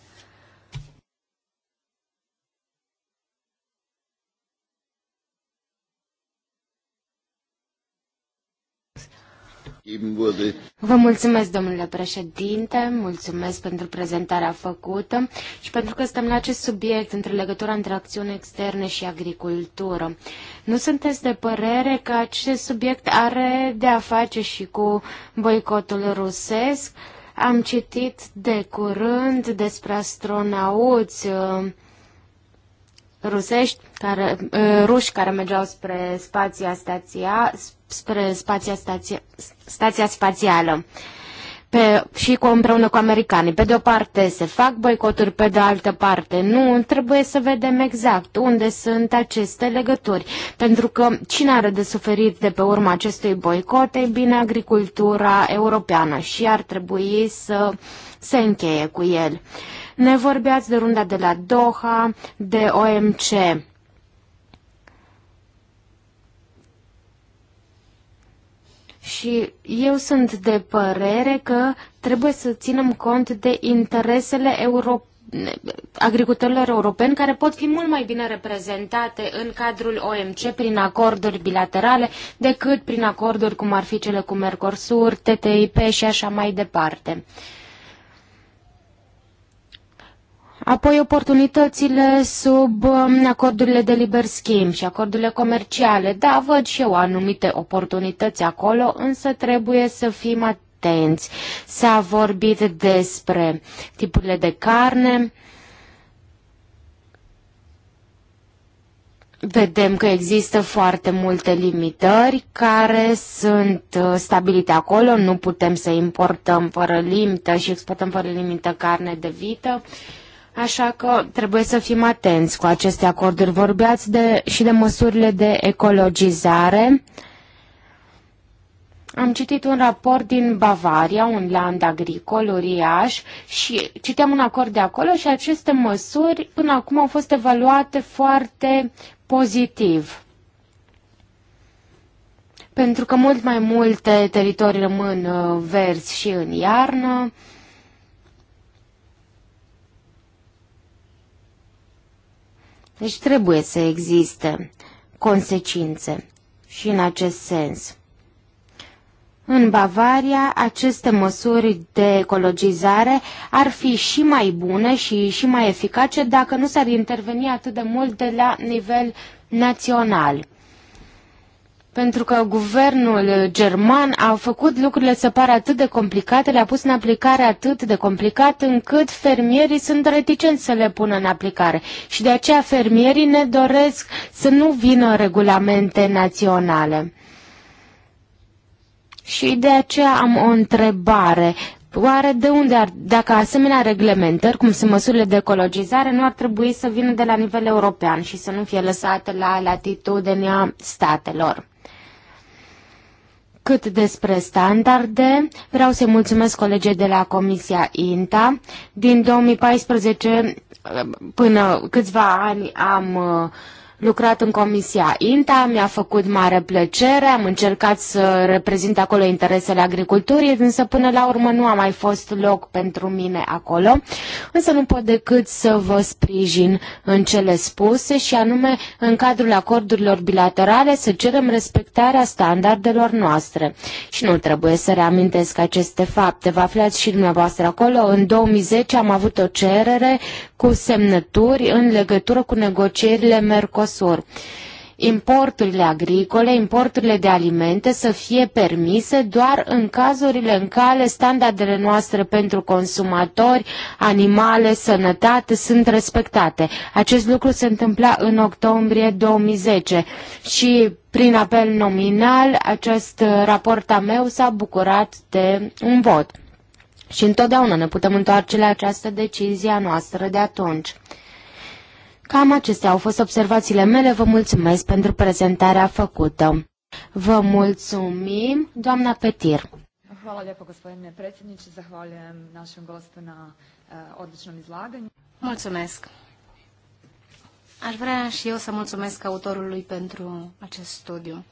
Vă mulțumesc, domnule președinte, mulțumesc pentru prezentarea făcută și pentru că stăm la acest subiect între legătura între acțiune externe și agricultură. Nu sunteți de părere că acest subiect are de a face și cu boicotul rusesc? Am citit de curând despre astronauți uh, rusești, care, uh, ruși care mergeau spre spația stația, spre spația stația, stația spațială pe, și cu, împreună cu americanii. Pe de o parte se fac boicoturi, pe de altă parte nu. Trebuie să vedem exact unde sunt aceste legături. Pentru că cine are de suferit de pe urma acestui boicot? E bine, agricultura europeană și ar trebui să se încheie cu el. Ne vorbeați de runda de la Doha, de OMC. Și eu sunt de părere că trebuie să ținem cont de interesele europene agricultorilor europeni care pot fi mult mai bine reprezentate în cadrul OMC prin acorduri bilaterale decât prin acorduri cum ar fi cele cu Mercosur, TTIP și așa mai departe. Uh, Apoi oportunitățile sub um, acordurile de liber schimb și acordurile comerciale. Da, văd și eu anumite oportunități acolo, însă trebuie să fim atenți. S-a vorbit despre tipurile de carne. Vedem că există foarte multe limitări care sunt uh, stabilite acolo. Nu putem să importăm fără limită și exportăm fără limită carne de vită. Uh, Așa că trebuie să fim atenți cu aceste acorduri. Vorbeați de, și de măsurile de ecologizare. Am citit un raport din Bavaria, un land agricol uriaș și citeam un acord de acolo și aceste măsuri până acum au fost evaluate foarte pozitiv. Pentru că mult mai multe teritorii rămân uh, verzi și în iarnă, Deci trebuie să existe consecințe și în acest sens. În Bavaria, aceste măsuri de ecologizare ar fi și mai bune și, și mai eficace dacă nu s-ar interveni atât de mult de la nivel național pentru că guvernul german a făcut lucrurile să pară atât de complicate, le-a pus în aplicare atât de complicat, încât fermierii sunt reticenți să le pună în aplicare. Și de aceea fermierii ne doresc să nu vină regulamente naționale. Și de aceea am o întrebare. Oare de unde ar, dacă asemenea reglementări, cum sunt măsurile de ecologizare, nu ar trebui să vină de la nivel european și să nu fie lăsate la latitudinea statelor? Cât despre standarde, vreau să-i mulțumesc colegii de la Comisia INTA. Din 2014 până câțiva ani am uh, lucrat în Comisia INTA, mi-a făcut mare plăcere, am încercat să reprezint acolo interesele agriculturii, însă până la urmă nu a mai fost loc pentru mine acolo, însă nu pot decât să vă sprijin în cele spuse și anume în cadrul acordurilor bilaterale să cerem respectarea standardelor noastre. Și nu trebuie să reamintesc aceste fapte, vă aflați și dumneavoastră acolo, în 2010 am avut o cerere cu semnături în legătură cu negocierile Mercosur măsuri importurile agricole, importurile de alimente să fie permise doar în cazurile în care standardele noastre pentru consumatori, animale, sănătate sunt respectate. Acest lucru se întâmpla în octombrie 2010 și prin apel nominal acest uh, raport a meu s-a bucurat de un vot. Și întotdeauna ne putem întoarce la această decizie a noastră de atunci. Cam acestea au fost observațiile mele. Vă mulțumesc pentru prezentarea făcută. Vă mulțumim, doamna Petir. Eh, mulțumesc. Aș vrea și eu să mulțumesc autorului pentru acest studiu.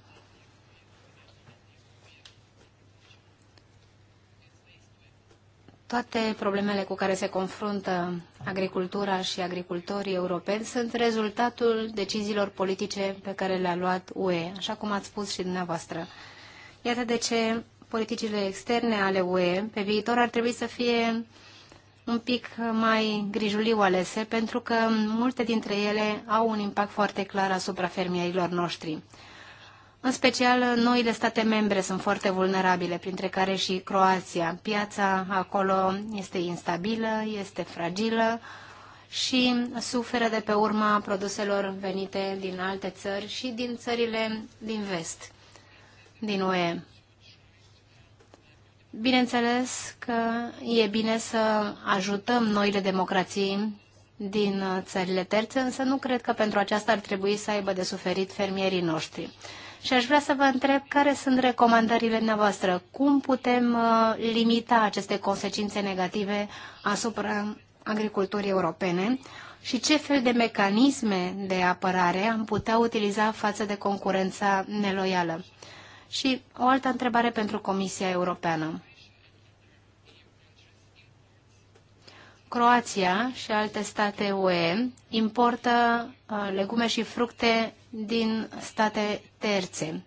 toate problemele cu care se confruntă agricultura și agricultorii europeni sunt rezultatul deciziilor politice pe care le-a luat UE, așa cum ați spus și dumneavoastră. Iată de ce politicile externe ale UE pe viitor ar trebui să fie un pic mai grijuliu alese, pentru că multe dintre ele au un impact foarte clar asupra fermierilor noștri. În special, noile state membre sunt foarte vulnerabile, printre care și Croația. Piața acolo este instabilă, este fragilă și suferă de pe urma produselor venite din alte țări și din țările din vest, din UE. Bineînțeles că e bine să ajutăm noile democrații din țările terțe, însă nu cred că pentru aceasta ar trebui să aibă de suferit fermierii noștri. Și aș vrea să vă întreb care sunt recomandările noastre. Cum putem uh, limita aceste consecințe negative asupra agriculturii europene și ce fel de mecanisme de apărare am putea utiliza față de concurența neloială? Și o altă întrebare pentru Comisia Europeană. Croația și alte state UE importă uh, legume și fructe din state terțe.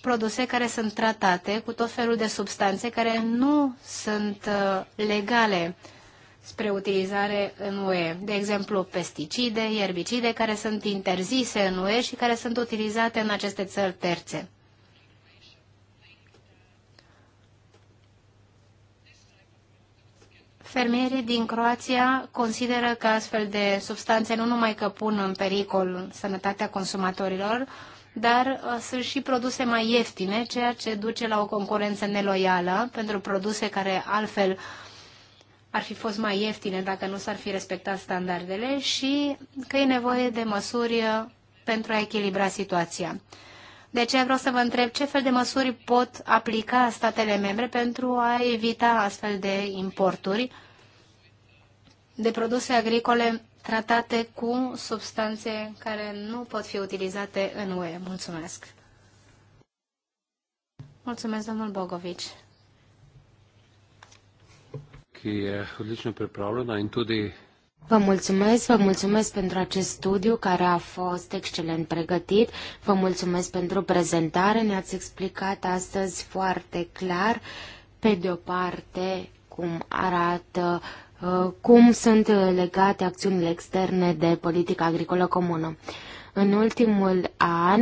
Produse care sunt tratate cu tot felul de substanțe care nu sunt uh, legale spre utilizare în UE. De exemplu, pesticide, ierbicide care sunt interzise în UE și care sunt utilizate în aceste țări terțe. Fermierii din Croația consideră că astfel de substanțe nu numai că pun în pericol sănătatea consumatorilor, dar uh, sunt și produse mai ieftine, ceea ce duce la o concurență neloială pentru produse care altfel ar fi fost mai ieftine dacă nu s-ar fi respectat standardele și că e nevoie de măsuri uh, pentru a echilibra situația. De ce vreau să vă întreb ce fel de măsuri pot aplica statele membre pentru a evita astfel de importuri de produse agricole tratate cu substanțe care nu pot fi utilizate în UE. Mulțumesc! Mulțumesc, domnul Bogovici! ki je odlično pripravljena in tudi Vă mulțumesc, vă mulțumesc pentru acest studiu care a fost excelent pregătit, vă mulțumesc pentru prezentare, ne-ați explicat astăzi foarte clar, pe de o parte, cum arată uh, cum sunt legate acțiunile externe de politica agricolă comună. În ultimul an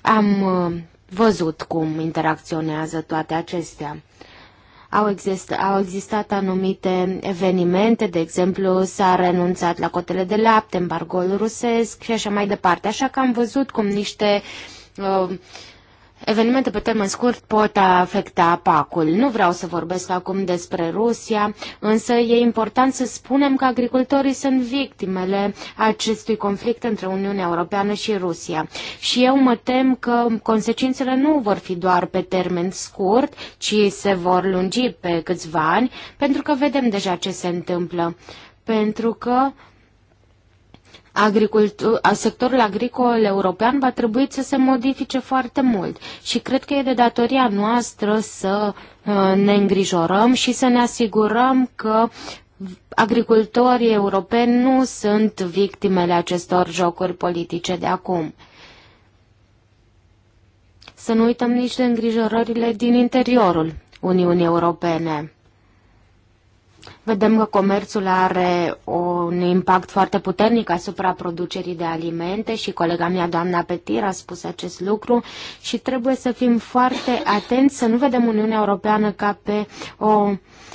am uh, văzut cum interacționează toate acestea. Au, exist, au existat anumite evenimente, de exemplu s-a renunțat la cotele de lapte, embargoul rusesc și așa mai departe. Așa că am văzut cum niște uh, Evenimente pe termen scurt pot afecta pacul. Nu vreau să vorbesc acum despre Rusia, însă e important să spunem că agricultorii sunt victimele acestui conflict între Uniunea Europeană și Rusia. Și eu mă tem că consecințele nu vor fi doar pe termen scurt, ci se vor lungi pe câțiva ani, pentru că vedem deja ce se întâmplă. Pentru că sectorul agricol european va trebui să se modifice foarte mult și cred că e de datoria noastră să uh, ne îngrijorăm și să ne asigurăm că agricultorii europeni nu sunt victimele acestor jocuri politice de acum. Să nu uităm nici de îngrijorările din interiorul Uniunii Europene. Vedem că comerțul are un impact foarte puternic asupra producerii de alimente și colega mea, doamna Petir, a spus acest lucru și trebuie să fim foarte atenți să nu vedem Uniunea Europeană ca pe o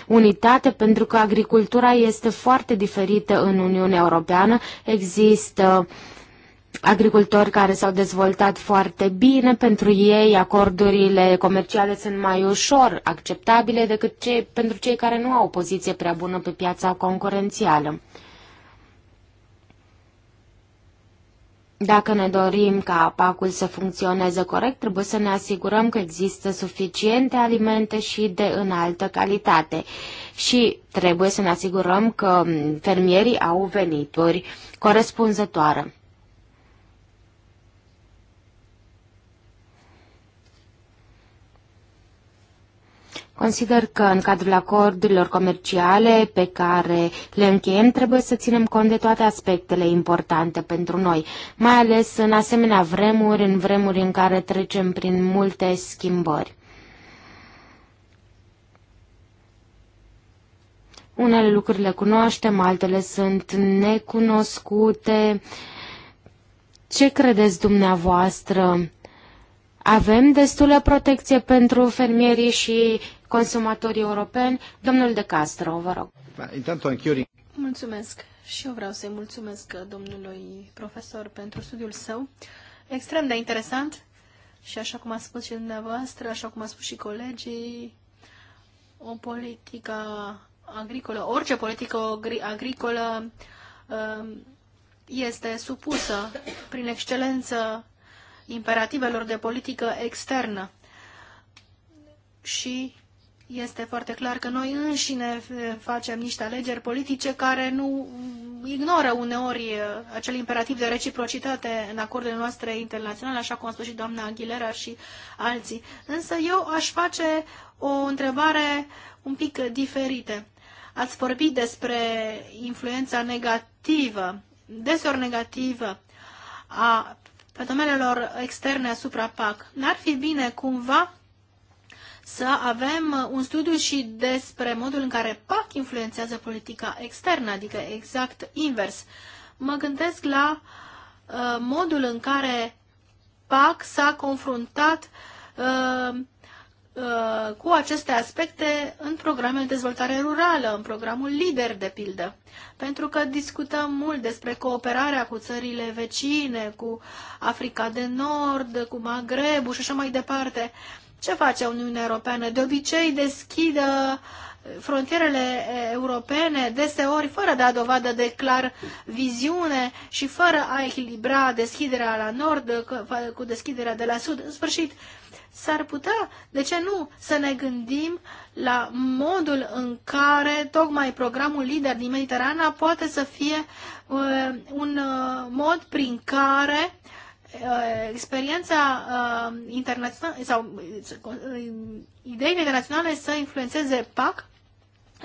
unitate, pentru că agricultura este foarte diferită în Uniunea Europeană. Există uh, agricultori care s-au dezvoltat foarte bine, pentru ei acordurile comerciale sunt mai ușor acceptabile decât cei, pentru cei care nu au o poziție prea bună pe piața concurențială. Dacă ne dorim ca pacul să funcționeze corect, trebuie să ne asigurăm că există suficiente alimente și de înaltă calitate. Și trebuie să ne asigurăm că fermierii au venituri corespunzătoare. Consider că în cadrul acordurilor comerciale pe care le încheiem trebuie să ținem cont de toate aspectele importante pentru noi, mai ales în asemenea vremuri, în vremuri în care trecem prin multe schimbări. Unele lucruri le cunoaștem, altele sunt necunoscute. Ce credeți dumneavoastră? Avem destulă protecție pentru fermierii și consumatorii europeni. Domnul De Castro, vă rog. Da, mulțumesc și eu vreau să-i mulțumesc domnului profesor pentru studiul său. Extrem de interesant și așa cum a spus și dumneavoastră, așa cum a spus și colegii, o politică agricolă, orice politică agricolă um, este supusă prin excelență imperativelor de politică externă și este foarte clar că noi înșine facem niște alegeri politice care nu ignoră uneori uh, acel imperativ de reciprocitate în acordurile noastre internaționale, așa cum a spus și doamna Aguilera și alții. Însă eu aș face o întrebare un pic diferită. Ați vorbit despre influența negativă, deseori negativă, a fenomenelor externe asupra PAC. N-ar fi bine cumva să avem uh, un studiu și despre modul în care PAC influențează politica externă, adică exact invers. Mă gândesc la uh, modul în care PAC s-a confruntat uh, uh, cu aceste aspecte în programul de dezvoltare rurală, în programul LIDER, de pildă. Pentru că discutăm mult despre cooperarea cu țările vecine, cu Africa de Nord, cu Maghrebul și așa mai departe. Uh, ce face Uniunea Europeană? De obicei deschidă eh, frontierele eh, europene deseori fără de a da dovadă de clar viziune și fără a echilibra deschiderea la nord cu deschiderea de la sud. În sfârșit, s-ar putea, de ce nu, să ne gândim la modul în care tocmai programul lider din Mediterana poate să fie eh, un mod prin care Uh, experiența uh, internațională sau uh, ideile internaționale să influențeze PAC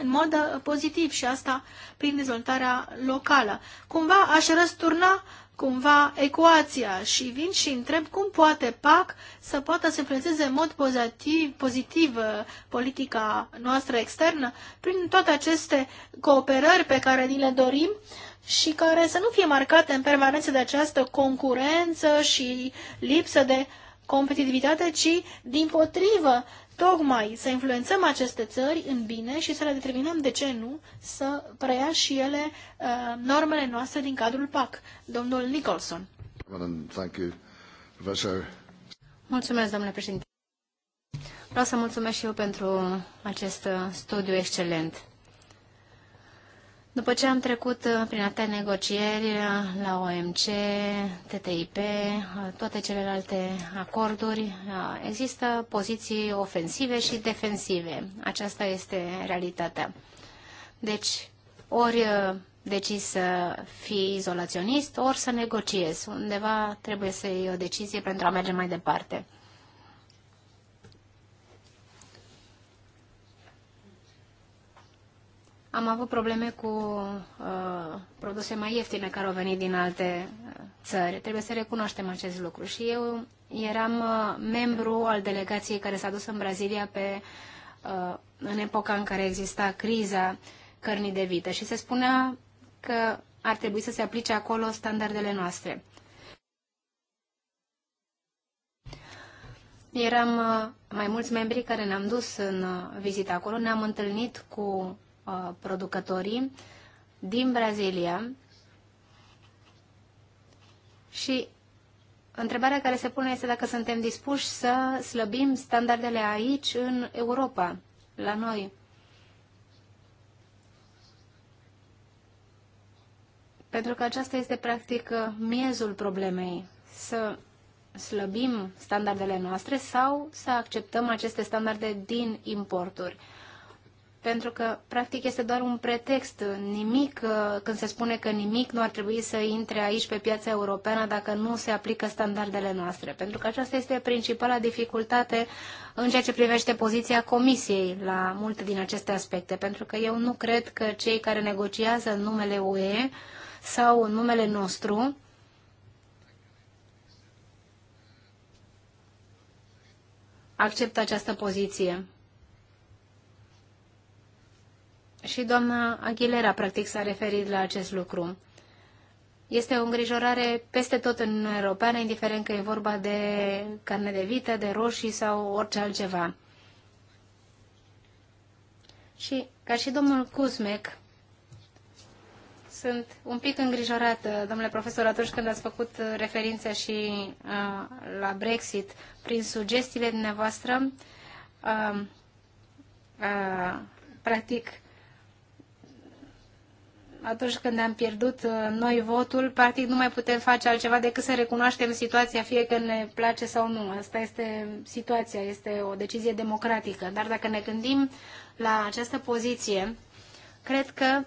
în mod pozitiv și asta prin dezvoltarea locală. Cumva aș răsturna cumva ecuația și vin și întreb cum poate PAC să poată să influențeze în mod pozitiv, pozitiv politica noastră externă prin toate aceste cooperări pe care ni le dorim și care să nu fie marcate în permanență de această concurență și lipsă de competitivitate, ci din potrivă, tocmai să influențăm aceste țări în bine și să le determinăm, de ce nu, să preia și ele uh, normele noastre din cadrul PAC. Domnul Nicholson. Mulțumesc, domnule președinte. Vreau să mulțumesc și eu pentru acest studiu excelent. După ce am trecut uh, prin atâtea negocieri uh, la OMC, TTIP, uh, toate celelalte acorduri, există poziții ofensive și defensive. Aceasta este realitatea. Deci, ori decizi să fii izolaționist, ori să negociezi. Undeva trebuie să iei o decizie pentru a merge mai departe. am avut probleme cu uh, produse mai ieftine care au venit din alte uh, țări. Trebuie să recunoaștem acest lucru. Și eu eram uh, membru al delegației care s-a dus în Brazilia pe, uh, în epoca în care exista criza cărnii de vită și se spunea că ar trebui să se aplice acolo standardele noastre. Eram uh, mai mulți membri care ne-am dus în uh, vizită acolo, ne-am întâlnit cu Uh, producătorii din Brazilia și întrebarea care se pune este dacă suntem dispuși să slăbim standardele aici, în Europa, la noi. Pentru că aceasta este practic miezul problemei, să slăbim standardele noastre sau să acceptăm aceste standarde din importuri pentru că practic este doar un pretext. Nimic, uh, când se spune că nimic nu ar trebui să intre aici pe piața europeană dacă nu se aplică standardele noastre, pentru că aceasta este principala dificultate în ceea ce privește poziția Comisiei la multe din aceste aspecte, pentru că eu nu cred că cei care negociază în numele UE sau în numele nostru acceptă această poziție. și doamna Aguilera, practic, s-a referit la acest lucru. Este o îngrijorare peste tot în Uniunea Europeană, indiferent că e vorba de carne de vită, de roșii sau orice altceva. Și, ca și domnul Kuzmek, sunt un pic îngrijorată, domnule profesor, atunci când ați făcut referință și uh, la Brexit, prin sugestiile dumneavoastră, uh, uh, practic, uh, atunci când am pierdut uh, noi votul, practic nu mai putem face altceva decât să recunoaștem situația, fie că ne place sau nu. Asta este situația, este o decizie democratică. Dar dacă ne gândim la această poziție, cred că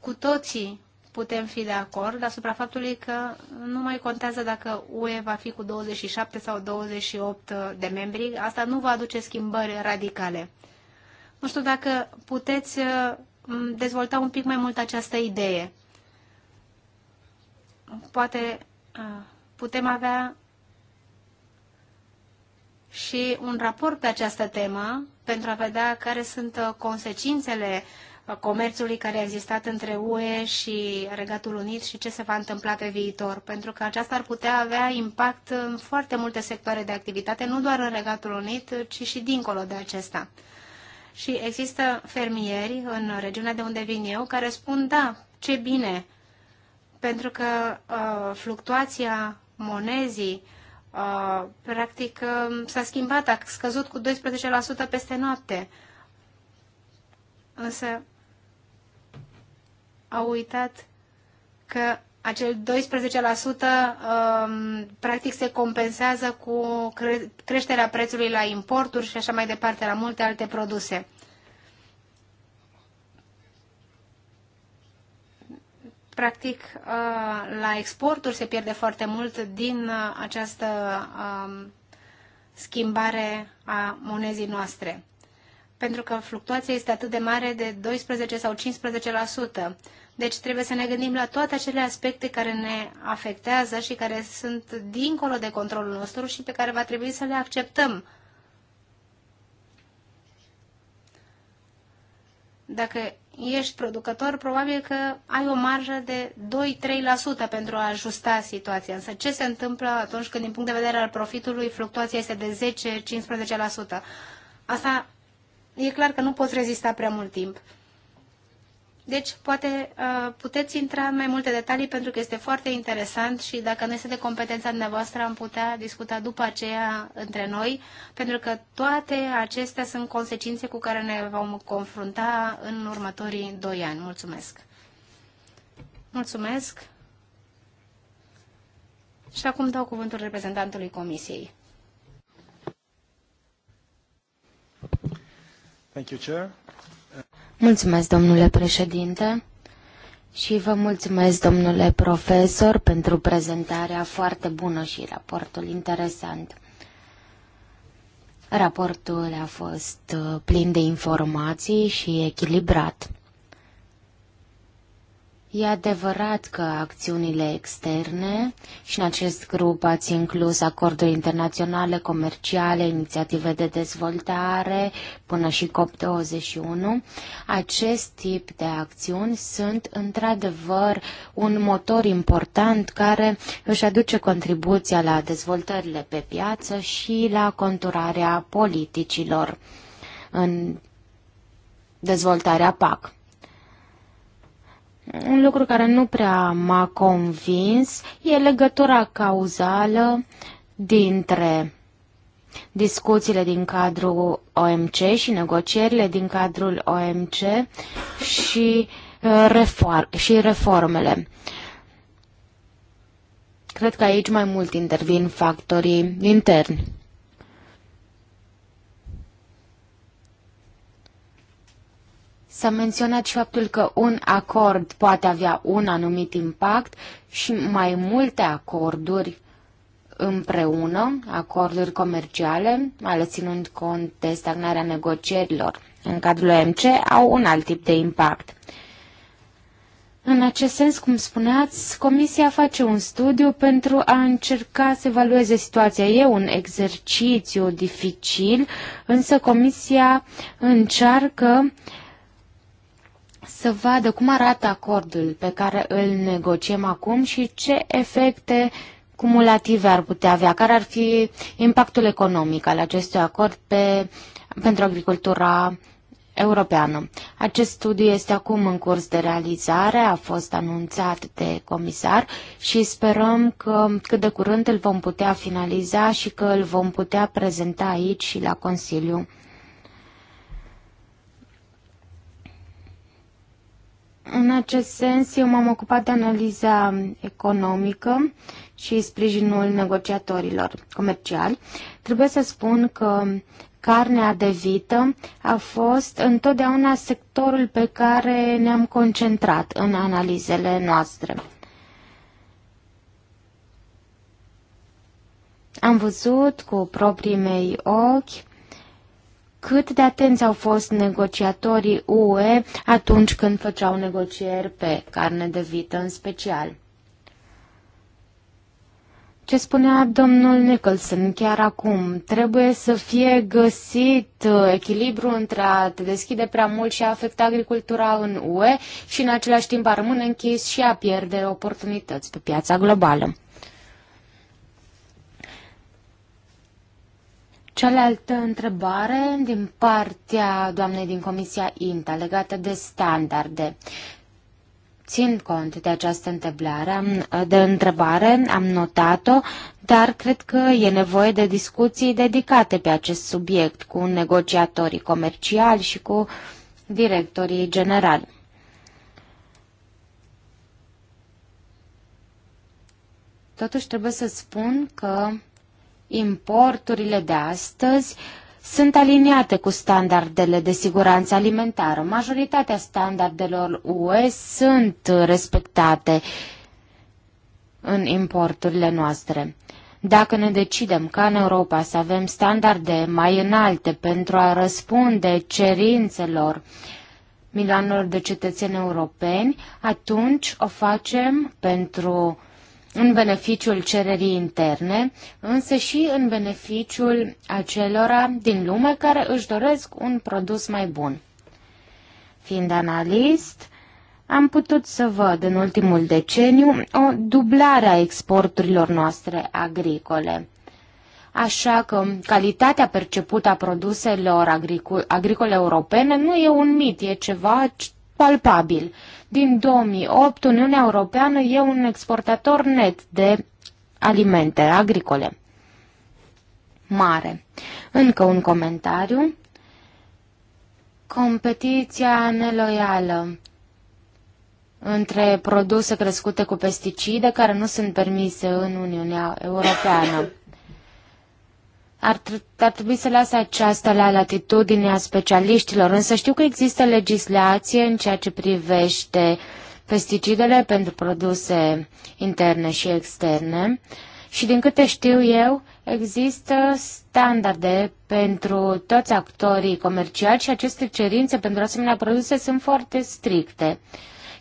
cu toții putem fi de acord asupra faptului că nu mai contează dacă UE va fi cu 27 sau 28 de membri, asta nu va aduce schimbări radicale. Nu știu dacă puteți uh, Mm, dezvolta un pic mai mult această idee. Poate putem avea și un raport pe această temă pentru a vedea care sunt uh, consecințele uh, comerțului care a existat între UE și Regatul Unit și ce se va întâmpla pe viitor, pentru că aceasta ar putea avea impact în foarte multe sectoare de activitate, nu doar în Regatul Unit, ci și dincolo de acesta. Și există fermieri în regiunea de unde vin eu care spun, da, ce bine, pentru că uh, fluctuația monezii uh, practic uh, s-a schimbat, a scăzut cu 12% peste noapte. Însă au uitat că acel 12% um, practic se compensează cu creșterea prețului la importuri și așa mai departe, la multe alte produse. Practic, uh, la exporturi se pierde foarte mult din uh, această um, schimbare a monezii noastre. Pentru că fluctuația este atât de mare de 12 sau 15%. Deci trebuie să ne gândim la toate acele aspecte care ne afectează și care sunt dincolo de controlul nostru și pe care va trebui să le acceptăm. Dacă ești producător, probabil că ai o marjă de 2-3% pentru a ajusta situația. Însă ce se întâmplă atunci când, din punct de vedere al profitului, fluctuația este de 10-15%? Asta e clar că nu poți rezista prea mult timp. Deci, poate uh, puteți intra în mai multe detalii pentru că este foarte interesant și dacă nu este de competența dumneavoastră am putea discuta după aceea între noi, pentru că toate acestea sunt consecințe cu care ne vom confrunta în următorii doi ani. Mulțumesc! Mulțumesc! Și acum dau cuvântul reprezentantului Comisiei. Thank you, Chair. Mulțumesc, domnule președinte, și vă mulțumesc, domnule profesor, pentru prezentarea foarte bună și raportul interesant. Raportul a fost uh, plin de informații și echilibrat. E adevărat că acțiunile externe și în acest grup ați inclus acorduri internaționale, comerciale, inițiative de dezvoltare, până și COP21. Acest tip de acțiuni sunt într-adevăr un motor important care își aduce contribuția la dezvoltările pe piață și la conturarea politicilor în dezvoltarea PAC un lucru care nu prea m-a convins e legătura cauzală dintre discuțiile din cadrul OMC și negocierile din cadrul OMC și, uh, reform- și reformele. Cred că aici mai mult intervin factorii interni. S-a menționat și faptul că un acord poate avea un anumit impact și mai multe acorduri împreună, acorduri comerciale, ales ținând cont de stagnarea negocierilor în cadrul OMC, au un alt tip de impact. În acest sens, cum spuneați, Comisia face un studiu pentru a încerca să evalueze situația. E un exercițiu dificil, însă Comisia încearcă să vadă cum arată acordul pe care îl negociem acum și ce efecte cumulative ar putea avea, care ar fi impactul economic al acestui acord pe, pentru agricultura europeană. Acest studiu este acum în curs de realizare, a fost anunțat de comisar și sperăm că cât de curând îl vom putea finaliza și că îl vom putea prezenta aici și la Consiliu. În acest sens, eu m-am ocupat de analiza economică și sprijinul negociatorilor comerciali. Trebuie să spun că carnea de vită a fost întotdeauna sectorul pe care ne-am concentrat în analizele noastre. Am văzut cu proprii mei ochi cât de atenți au fost negociatorii UE atunci când făceau negocieri pe carne de vită în special. Ce spunea domnul Nicholson chiar acum? Trebuie să fie găsit uh, echilibru între a te deschide prea mult și a afecta agricultura în UE și în același timp a rămâne închis și a pierde oportunități pe piața globală. Cealaltă întrebare din partea doamnei din Comisia INTA legată de standarde. Țin cont de această întâmplare, de întrebare, am notat-o, dar cred că e nevoie de discuții dedicate pe acest subiect cu negociatorii comerciali și cu directorii generali. Totuși trebuie să spun că Importurile de astăzi sunt aliniate cu standardele de siguranță alimentară. Majoritatea standardelor UE sunt respectate în importurile noastre. Dacă ne decidem ca în Europa să avem standarde mai înalte pentru a răspunde cerințelor milioanelor de cetățeni europeni, atunci o facem pentru în beneficiul cererii interne, însă și în beneficiul acelora din lume care își doresc un produs mai bun. Fiind analist, am putut să văd în ultimul deceniu o dublare a exporturilor noastre agricole. Așa că calitatea percepută a produselor agricole europene nu e un mit, e ceva palpabil. Din 2008, Uniunea Europeană e un exportator net de alimente agricole. Mare. Încă un comentariu. Competiția neloială între produse crescute cu pesticide care nu sunt permise în Uniunea Europeană ar, ar trebui să lasă aceasta la latitudinea specialiștilor, însă știu că există legislație în ceea ce privește pesticidele pentru produse interne și externe și din câte știu eu, există standarde pentru toți actorii comerciali și aceste cerințe pentru asemenea produse sunt foarte stricte,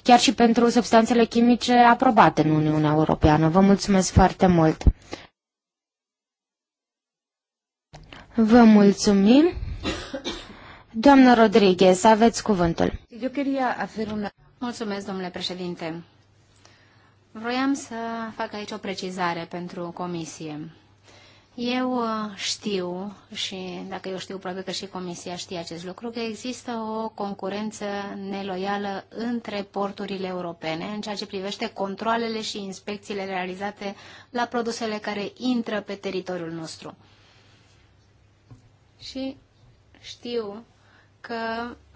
chiar și pentru substanțele chimice aprobate în Uniunea Europeană. Vă mulțumesc foarte mult! Vă mulțumim. Doamna Rodriguez, aveți cuvântul. Eu una... Mulțumesc, domnule președinte. Vroiam să fac aici o precizare pentru comisie. Eu uh, știu, și dacă eu știu, probabil că și Comisia știe acest lucru, că există o concurență neloială între porturile europene în ceea ce privește controlele și inspecțiile realizate la produsele care intră pe teritoriul nostru și știu că,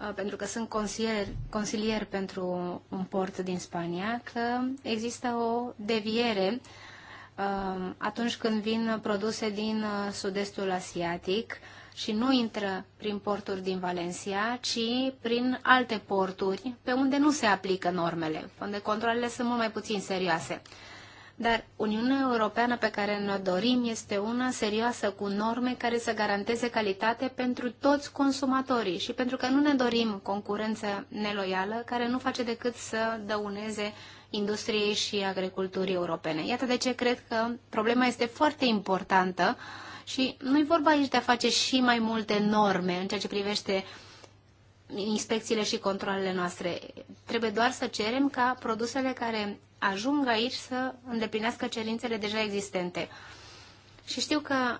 uh, pentru că sunt consilier, consilier pentru un port din Spania, că există o deviere um, atunci când vin produse din uh, sud-estul asiatic și nu intră prin porturi din Valencia, ci prin alte porturi pe unde nu se aplică normele, unde controlele sunt mult mai puțin serioase. Dar Uniunea Europeană pe care ne-o dorim este una serioasă cu norme care să garanteze calitate pentru toți consumatorii și pentru că nu ne dorim concurență neloială care nu face decât să dăuneze industriei și agriculturii europene. Iată de ce cred că problema este foarte importantă și nu-i vorba aici de a face și mai multe norme în ceea ce privește inspecțiile și controlele noastre. Trebuie doar să cerem ca produsele care ajungă aici să îndeplinească cerințele deja existente. Și știu că a,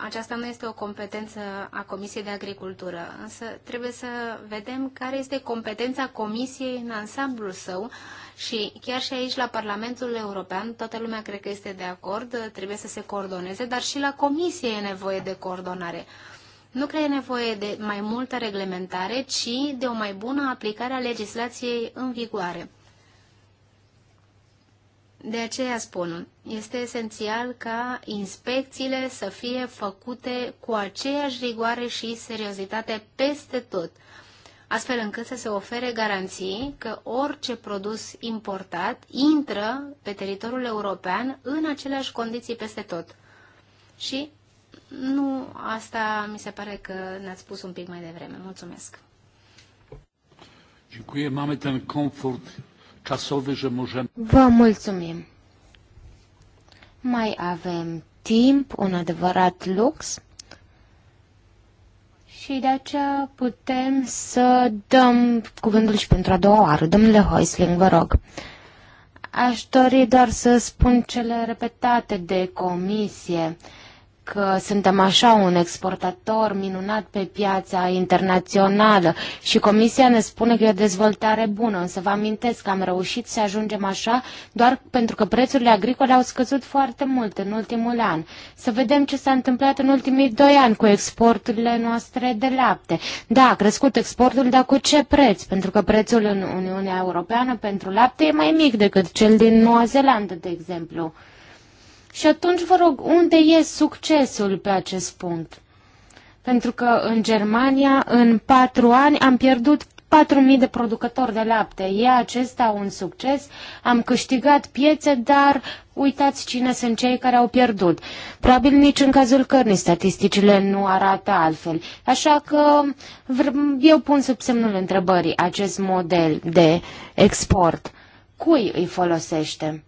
aceasta nu este o competență a Comisiei de Agricultură, însă trebuie să vedem care este competența Comisiei în ansamblul său și chiar și aici la Parlamentul European, toată lumea cred că este de acord, trebuie să se coordoneze, dar și la Comisie e nevoie de coordonare. Nu cred e nevoie de mai multă reglementare, ci de o mai bună aplicare a legislației în vigoare. De aceea spun, este esențial ca inspecțiile să fie făcute cu aceeași rigoare și seriozitate peste tot, astfel încât să se ofere garanții că orice produs importat intră pe teritoriul european în aceleași condiții peste tot. Și nu, asta mi se pare că ne-ați spus un pic mai devreme. Mulțumesc. Dziękuję. Mamy ten komfort Vă mulțumim! Mai avem timp, un adevărat lux și de aceea putem să dăm cuvântul și pentru a doua oară. Domnule Hoisling, vă rog. Aș dori doar să spun cele repetate de comisie că suntem așa un exportator minunat pe piața internațională și Comisia ne spune că e o dezvoltare bună, însă vă amintesc că am reușit să ajungem așa doar pentru că prețurile agricole au scăzut foarte mult în ultimul an. Să vedem ce s-a întâmplat în ultimii doi ani cu exporturile noastre de lapte. Da, a crescut exportul, dar cu ce preț? Pentru că prețul în Uniunea Europeană pentru lapte e mai mic decât cel din Noua Zeelandă, de exemplu. Și atunci, vă rog, unde e succesul pe acest punct? Pentru că în Germania, în patru ani, am pierdut 4.000 de producători de lapte. E acesta un succes? Am câștigat piețe, dar uitați cine sunt cei care au pierdut. Probabil nici în cazul cărnii statisticile nu arată altfel. Așa că eu pun sub semnul întrebării acest model de export. Cui îi folosește?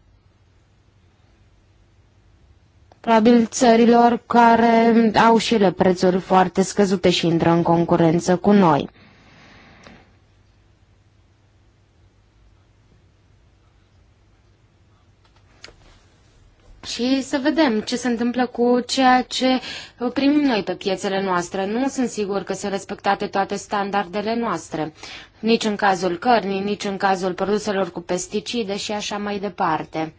probabil țărilor care au și ele prețuri foarte scăzute și intră în concurență cu noi. și să vedem ce se întâmplă cu ceea ce primim noi pe piețele noastre. Nu sunt sigur că sunt respectate toate standardele noastre, nici în cazul cărnii, nici în cazul produselor cu pesticide și așa mai departe.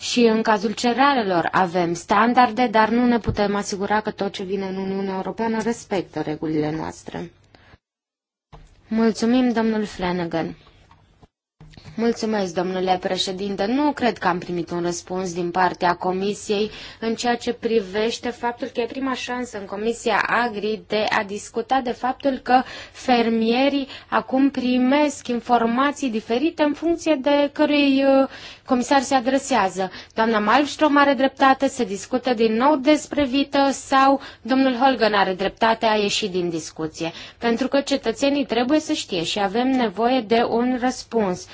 Și în cazul cerealelor avem standarde, dar nu ne putem asigura că tot ce vine în Uniunea Europeană respectă regulile noastre. Mulțumim, domnul Flanagan. Mulțumesc, domnule președinte. Nu cred că am primit un răspuns din partea Comisiei în ceea ce privește faptul că e prima șansă în Comisia Agri de a discuta de faptul că fermierii acum primesc informații diferite în funcție de cărui uh, comisar se adresează. Doamna Malmström are dreptate, se discută din nou despre vită sau domnul Holgan are dreptate, a ieșit din discuție. Pentru că cetățenii trebuie să știe și avem nevoie de un răspuns.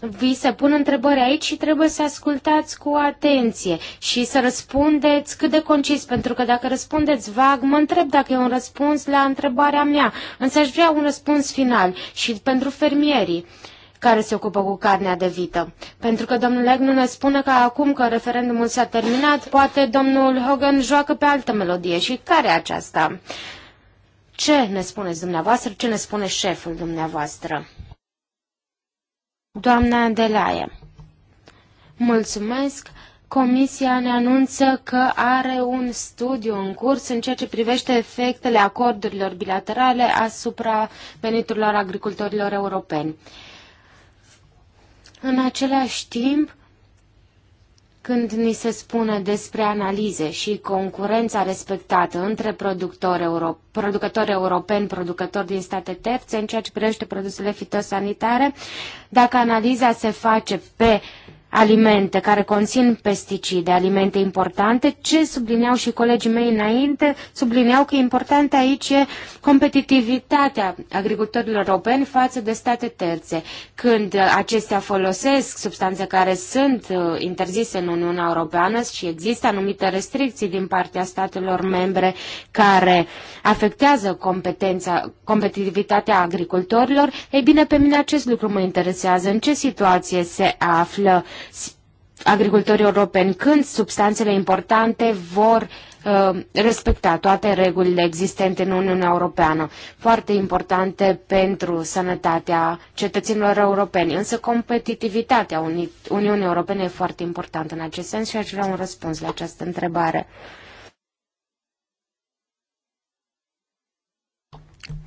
Vi se pun întrebări aici și trebuie să ascultați cu atenție și să răspundeți cât de concis, pentru că dacă răspundeți vag, mă întreb dacă e un răspuns la întrebarea mea, însă aș vrea un răspuns final și pentru fermierii. Uh, care se ocupă cu carnea de vită. Pentru că domnul Legnu ne spune că acum că referendumul s-a terminat, poate domnul Hogan joacă pe altă melodie. Și care e aceasta? Ce ne spuneți dumneavoastră? Ce ne spune șeful dumneavoastră? Doamna Andelaie, mulțumesc. Comisia ne anunță că are un studiu în curs în ceea ce privește efectele acordurilor bilaterale asupra veniturilor agricultorilor europeni. În același timp, când ni se spune despre analize și concurența respectată între producători, euro, producători europeni, producători din state terțe, în ceea ce privește produsele fitosanitare, dacă analiza se face pe uh, alimente care conțin pesticide, alimente importante, ce sublineau și colegii mei înainte, sublineau că important aici e competitivitatea agricultorilor europeni față de state terțe. Când acestea folosesc substanțe care sunt uh, interzise în Uniunea Europeană și există anumite restricții din partea statelor membre care afectează competența, competitivitatea agricultorilor, ei bine, pe mine acest lucru mă interesează. În ce situație se află agricultorii europeni când substanțele importante vor uh, respecta toate regulile existente în Uniunea Europeană, foarte importante pentru sănătatea cetățenilor europeni. Însă competitivitatea Uni Uniunii Europene e foarte importantă în acest sens și aș vrea un răspuns la această întrebare.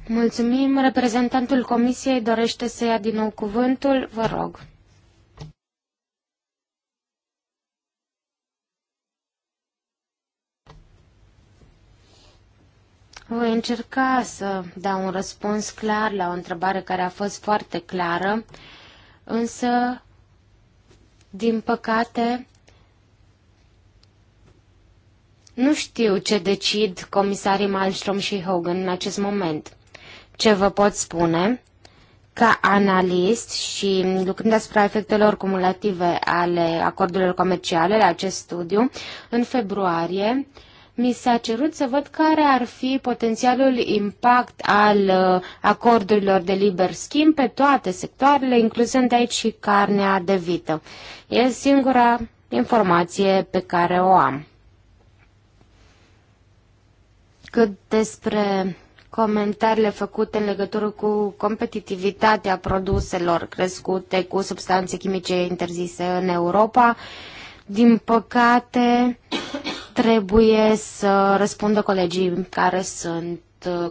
Mulțumim. Reprezentantul Comisiei dorește să ia din nou cuvântul. Vă rog. Voi încerca să dau un răspuns clar la o întrebare care a fost foarte clară, însă, din păcate, nu știu ce decid comisarii Malmström și Hogan în acest moment. Ce vă pot spune? Ca analist și lucrând asupra efectelor cumulative ale acordurilor comerciale la acest studiu, în februarie, mi s-a cerut să văd care ar fi potențialul impact al uh, acordurilor de liber schimb pe toate sectoarele, incluzând aici și carnea de vită. E singura informație pe care o am. Cât despre comentariile făcute în legătură cu competitivitatea produselor crescute cu substanțe chimice interzise în Europa, uh, din păcate, trebuie să răspundă colegii care, sunt,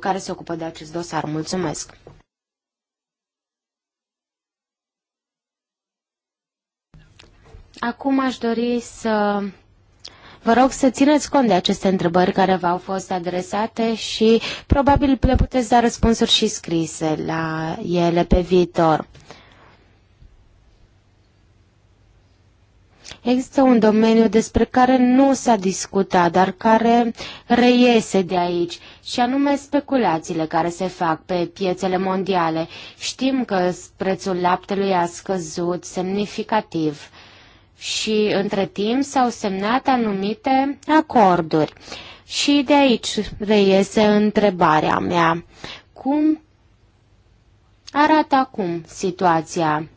care se ocupă de acest dosar. Mulțumesc! Acum aș dori să Vă rog să țineți cont de aceste întrebări care v-au fost adresate și probabil le puteți da răspunsuri și scrise la ele pe viitor. Există un domeniu despre care nu s-a discutat, dar care reiese de aici, și anume speculațiile care se fac pe piețele mondiale. Știm că prețul laptelui a scăzut semnificativ și între timp s-au semnat anumite acorduri. Și de aici reiese întrebarea mea. Cum arată acum situația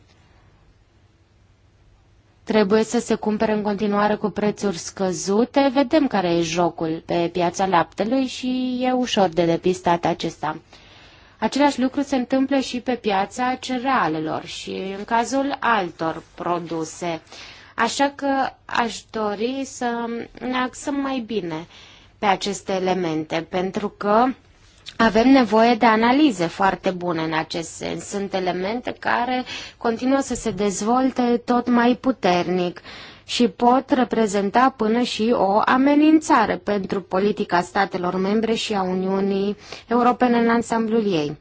Trebuie să se cumpere în continuare cu prețuri scăzute. Vedem care e jocul pe piața laptelui și e ușor de depistat acesta. Același lucru se întâmplă și pe piața cerealelor și în cazul altor produse. Așa că aș dori să ne axăm mai bine pe aceste elemente, pentru că avem nevoie de analize foarte bune în acest sens. Sunt elemente care continuă să se dezvolte tot mai puternic și pot reprezenta până și o amenințare pentru politica statelor membre și a Uniunii Europene în ansamblul ei.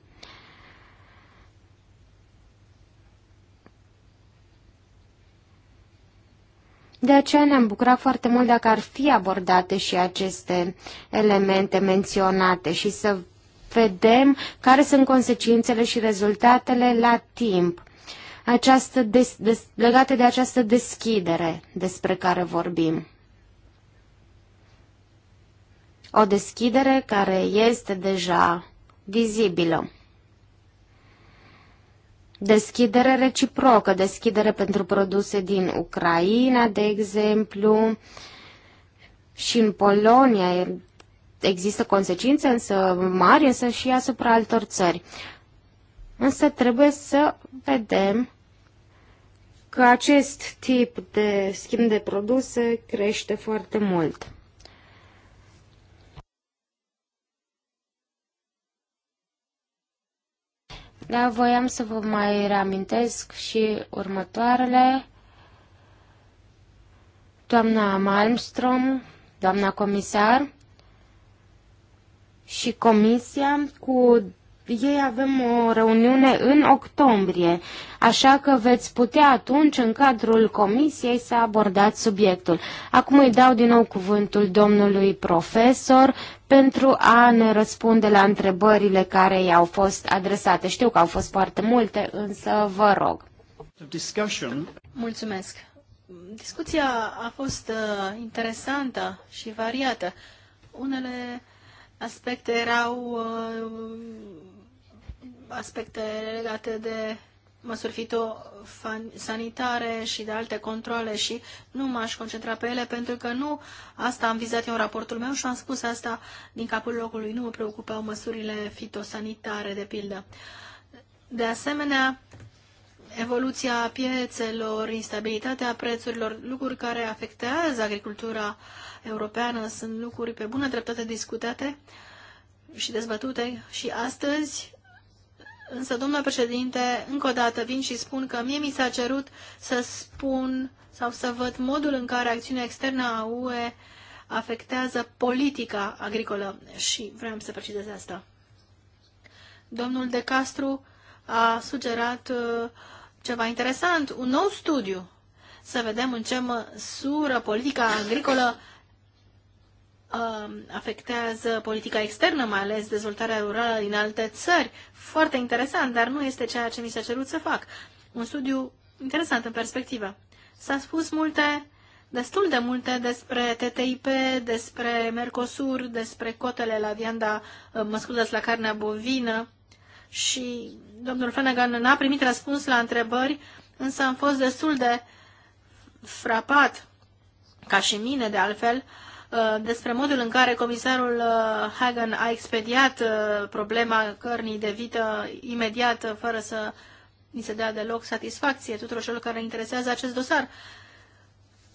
De aceea ne-am bucurat foarte mult dacă ar fi abordate și aceste elemente menționate și să vedem care sunt consecințele și rezultatele la timp această des, des, legate de această deschidere despre care vorbim. O deschidere care este deja vizibilă. Deschidere reciprocă, deschidere pentru produse din Ucraina, de exemplu, și în Polonia există consecințe însă mari, însă și asupra altor țări. Însă trebuie să vedem că acest tip de schimb de produse crește foarte mult. Da, voiam să vă mai reamintesc și următoarele. Doamna Malmström, doamna comisar, și Comisia cu ei avem o reuniune în octombrie, așa că veți putea atunci în cadrul comisiei să abordați subiectul. Acum îi dau din nou cuvântul domnului profesor pentru a ne răspunde la întrebările care i-au fost adresate. Știu că au fost foarte multe, însă vă rog. Mulțumesc. Discuția a fost uh, interesantă și variată. Unele aspecte erau uh, aspecte legate de măsuri fitosanitare și de alte controle și nu m-aș concentra pe ele pentru că nu asta am vizat eu în raportul meu și am spus asta din capul locului. Nu mă preocupau măsurile fitosanitare, de pildă. De asemenea, evoluția piețelor, instabilitatea prețurilor, lucruri care afectează agricultura europeană, sunt lucruri pe bună dreptate discutate și dezbătute și astăzi. Însă, domnule președinte, încă o dată vin și spun că mie mi s-a cerut să spun sau să văd modul în care acțiunea externă a UE afectează politica agricolă și vreau să precizez asta. Domnul De Castru a sugerat uh, ceva interesant, un nou studiu, să vedem în ce măsură politica agricolă um, afectează politica externă, mai ales dezvoltarea rurală din alte țări. Foarte interesant, dar nu este ceea ce mi s-a cerut să fac. Un studiu interesant în perspectivă. S-a spus multe, destul de multe despre TTIP, despre Mercosur, despre cotele la vianda, uh, mă scuzați, la carnea bovină și domnul Flanagan n-a primit răspuns la întrebări, însă am fost destul de frapat, ca și mine de altfel, uh, despre modul în care comisarul uh, Hagen a expediat uh, problema cărnii de vită imediat, fără să ni se dea deloc satisfacție tuturor celor care interesează acest dosar.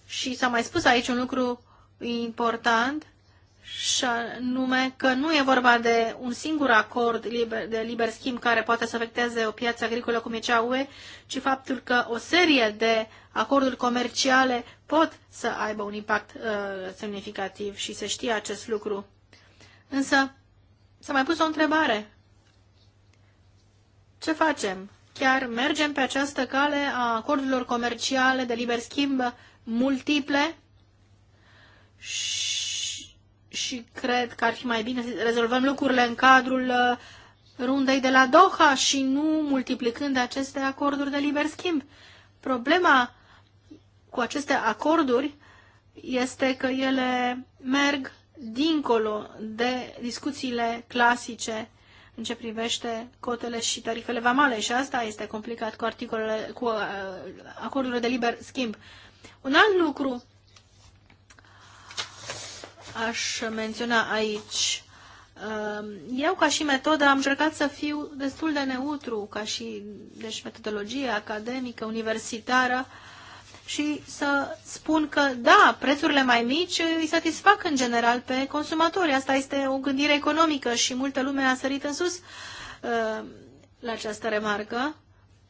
Și s-a mai spus aici un lucru important, și anume că nu e vorba de un singur acord liber, de liber schimb care poate să afecteze o piață agricolă cum e cea UE, ci faptul că o serie de acorduri comerciale pot să aibă un impact uh, semnificativ și se știe acest lucru. Însă s-a mai pus o întrebare. Ce facem? Chiar mergem pe această cale a acordurilor comerciale de liber schimb multiple și și cred că ar fi mai bine să rezolvăm lucrurile în cadrul uh, rundei de la Doha și nu multiplicând aceste acorduri de liber schimb. Problema cu aceste acorduri este că ele merg dincolo de discuțiile clasice în ce privește cotele și tarifele vamale și asta este complicat cu, articolele, cu uh, acordurile de liber schimb. Un alt lucru aș menționa aici. Um, eu, ca și metodă, am încercat să fiu destul de neutru, ca și deci, metodologie academică, universitară, și să spun că, da, prețurile mai mici îi satisfac în general pe consumatori. Asta este o gândire economică și multă lume a sărit în sus uh, la această remarcă,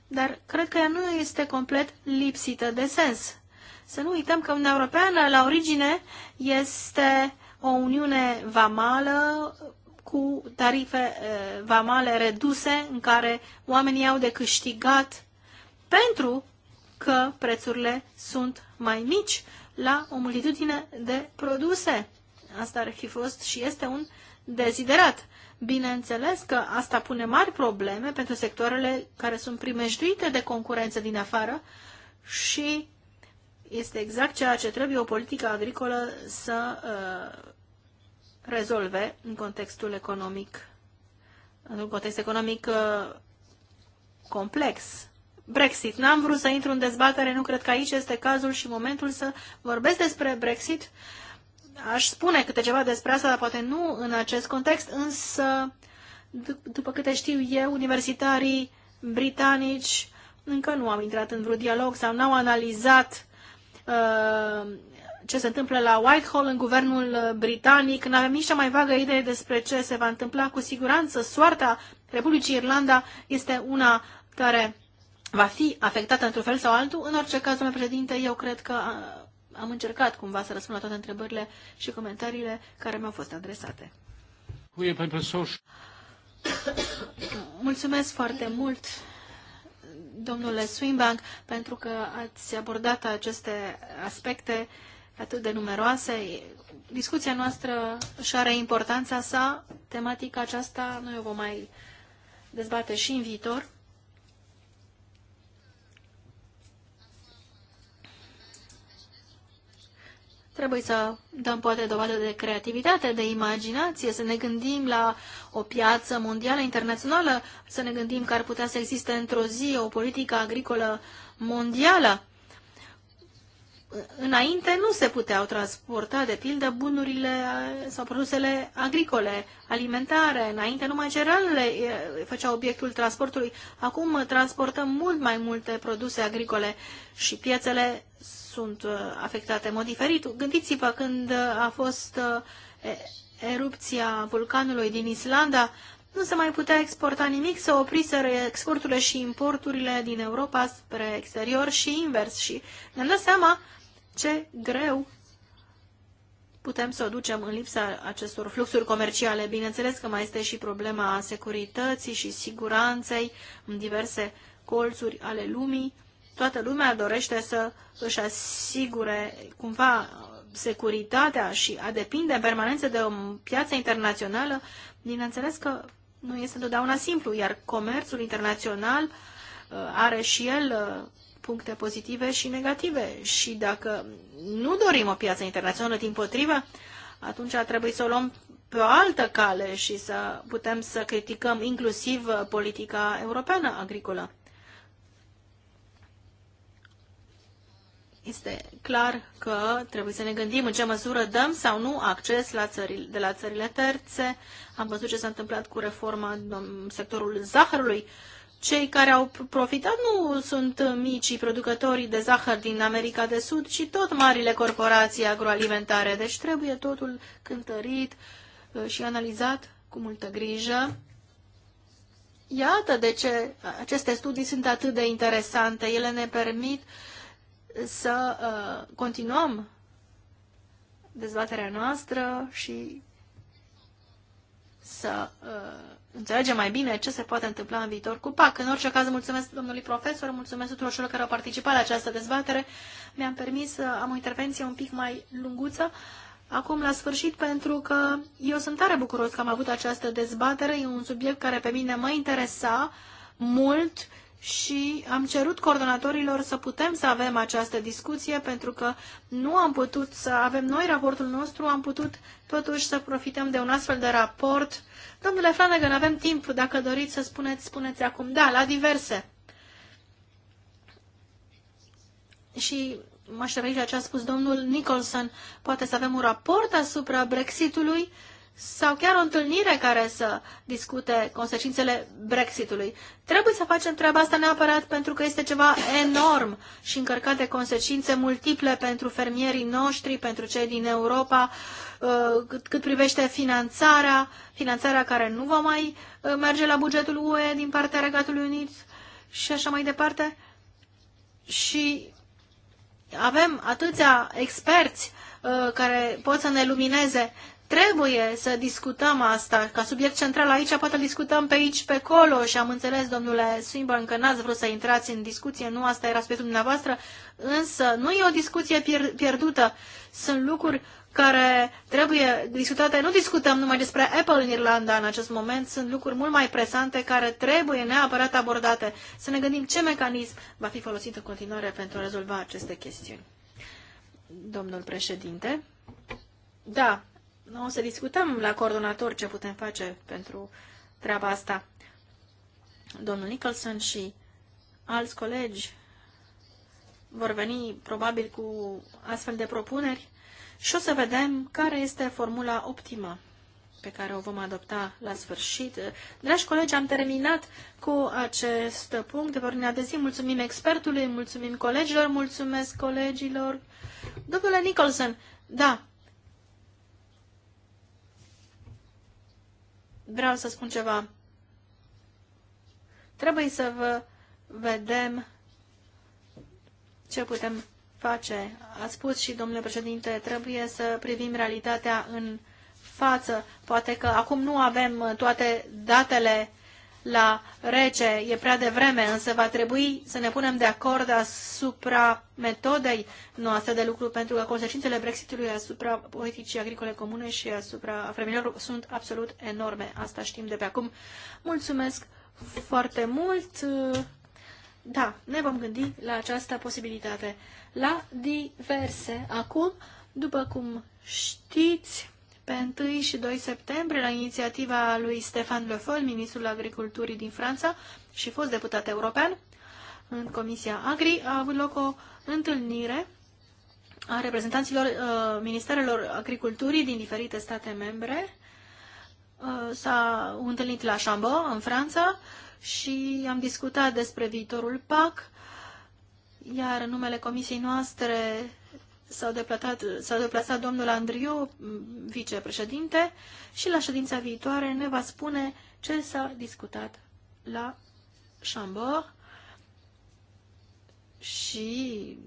dar cred că ea nu este complet lipsită de sens. Să nu uităm că Uniunea Europeană, la origine, este o uniune vamală cu tarife vamale reduse în care oamenii au de câștigat pentru că prețurile sunt mai mici la o multitudine de produse. Asta ar fi fost și este un deziderat. Bineînțeles că asta pune mari probleme pentru sectoarele care sunt primejduite de concurență din afară și este exact ceea ce trebuie o politică agricolă să uh, rezolve în contextul economic, în un context economic uh, complex. Brexit. N-am vrut să intru în dezbatere, nu cred că aici este cazul și momentul să vorbesc despre Brexit. Aș spune câte ceva despre asta, dar poate nu în acest context, însă, după câte știu eu, universitarii britanici încă nu au intrat în vreun dialog sau n-au analizat Uh, ce se întâmplă la Whitehall în guvernul uh, britanic. Nu avem nici cea mai vagă idee despre ce se va întâmpla. Cu siguranță, soarta Republicii Irlanda este una care va fi afectată într-un fel sau altul. În orice caz, domnule președinte, eu cred că uh, am încercat cumva să răspund la toate întrebările și comentariile care mi-au fost adresate. [coughs] Mulțumesc foarte mult domnule Swinbank, pentru că ați abordat aceste aspecte atât de numeroase. Discuția noastră și are importanța sa, tematica aceasta noi o vom mai dezbate și în viitor. Trebuie să dăm poate dovadă de creativitate, de imaginație, să ne gândim la o piață mondială, internațională, să ne gândim că ar putea să existe într-o zi o politică agricolă mondială. Înainte nu se puteau transporta, de pildă, bunurile sau produsele agricole, alimentare. Înainte numai cerealele făceau obiectul transportului. Acum transportăm mult mai multe produse agricole și piețele sunt uh, afectate în mod diferit. Gândiți-vă când uh, a fost uh, erupția vulcanului din Islanda, nu se mai putea exporta nimic, se opriseră exporturile și importurile din Europa spre exterior și invers. Și ne-am dat seama ce greu putem să o ducem în lipsa acestor fluxuri comerciale. Bineînțeles că mai este și problema securității și siguranței în diverse colțuri ale lumii toată lumea dorește să își asigure cumva securitatea și a depinde în permanență de o piață internațională, bineînțeles că nu este întotdeauna simplu, iar comerțul internațional uh, are și el uh, puncte pozitive și negative. Și dacă nu dorim o piață internațională, din potrivă, atunci trebuie să o luăm pe o altă cale și să putem să criticăm inclusiv uh, politica europeană agricolă. este clar că trebuie să ne gândim în ce măsură dăm sau nu acces la țări, de la țările terțe. Am văzut ce s-a întâmplat cu reforma în sectorul zahărului. Cei care au profitat nu sunt micii producătorii de zahăr din America de Sud, ci tot marile corporații agroalimentare. Deci trebuie totul cântărit uh, și analizat cu multă grijă. Iată de ce aceste studii sunt atât de interesante. Ele ne permit uh, să uh, continuăm dezbaterea noastră și să uh, înțelegem mai bine ce se poate întâmpla în viitor cu PAC. În orice caz, mulțumesc domnului profesor, mulțumesc tuturor celor care au participat la această dezbatere. Mi-am permis să am o intervenție un pic mai lunguță. Acum, la sfârșit, pentru că eu sunt tare bucuros că am avut această dezbatere, e un subiect care pe mine mă interesa mult și am cerut coordonatorilor să putem să avem această discuție pentru că nu am putut să avem noi raportul nostru, am putut totuși să profităm de un astfel de raport. Domnule Flanagan, avem timp, dacă doriți să spuneți, spuneți acum. Da, la diverse. Și m-aș referi la ce a spus domnul Nicholson. Poate să avem un raport asupra Brexitului sau chiar o întâlnire care să discute consecințele Brexitului. Trebuie să facem treaba asta neapărat pentru că este ceva enorm și încărcat de consecințe multiple pentru fermierii noștri, pentru cei din Europa, uh, cât, cât privește finanțarea, finanțarea care nu va mai uh, merge la bugetul UE din partea Regatului Unit și așa mai departe. Și avem atâția experți uh, care pot să ne lumineze Trebuie să discutăm asta. Ca subiect central aici, poate discutăm pe aici, pe acolo și am înțeles, domnule Swinburne, că n-ați vrut să intrați în discuție, nu asta era subiectul dumneavoastră, însă nu e o discuție pier- pierdută. Sunt lucruri care trebuie discutate. Nu discutăm numai despre Apple în Irlanda în acest moment, sunt lucruri mult mai presante care trebuie neapărat abordate. Să ne gândim ce mecanism va fi folosit în continuare pentru a rezolva aceste chestiuni. Domnul președinte. Da, noi o să discutăm la coordonator ce putem face pentru treaba asta. Domnul Nicholson și alți colegi vor veni probabil cu astfel de propuneri și o să vedem care este formula optimă pe care o vom adopta la sfârșit. Dragi colegi, am terminat cu acest punct de ordinea de zi. Mulțumim expertului, mulțumim colegilor, mulțumesc colegilor. Domnule Nicholson, da, vreau să spun ceva. Trebuie să vă vedem ce putem face. A spus și domnule președinte, trebuie să privim realitatea în față. Poate că acum nu avem toate datele la rece, e prea devreme, însă va trebui să ne punem de acord asupra metodei noastre de lucru, pentru că consecințele Brexitului asupra politicii agricole comune și asupra fermierilor sunt absolut enorme. Asta știm de pe acum. Mulțumesc foarte mult! Da, ne vom gândi la această posibilitate. La diverse. Acum, după cum știți, pe 1 și 2 septembrie, la inițiativa lui Stefan Le Foll, ministrul agriculturii din Franța și fost deputat european, în Comisia Agri, a avut loc o întâlnire a reprezentanților uh, Ministerelor Agriculturii din diferite state membre. Uh, s-a întâlnit la Chambon, în Franța, și am discutat despre viitorul PAC, iar numele comisiei noastre s-a deplasat, deplasat domnul Andriu, mm, vicepreședinte, și la ședința viitoare ne va spune ce s-a discutat la Chambord și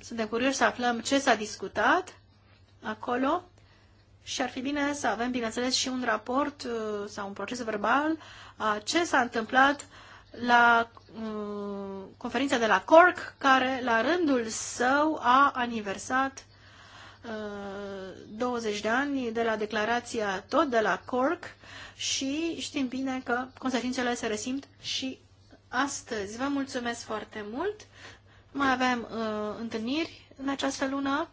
suntem curioși să aflăm ce s-a discutat acolo și ar fi bine să avem, bineînțeles, și un raport uh, sau un proces verbal a ce s-a întâmplat uh, la uh, conferința de la Cork, care la rândul său a aniversat uh, 20 de ani de la declarația tot de la Cork și știm bine că consecințele se resimt și astăzi. Vă mulțumesc foarte mult. Mai avem uh, întâlniri în această lună.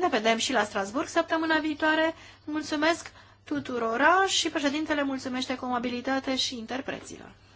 Ne vedem și la Strasburg săptămâna viitoare. Mulțumesc tuturora și președintele mulțumește cu amabilitate și interpreților.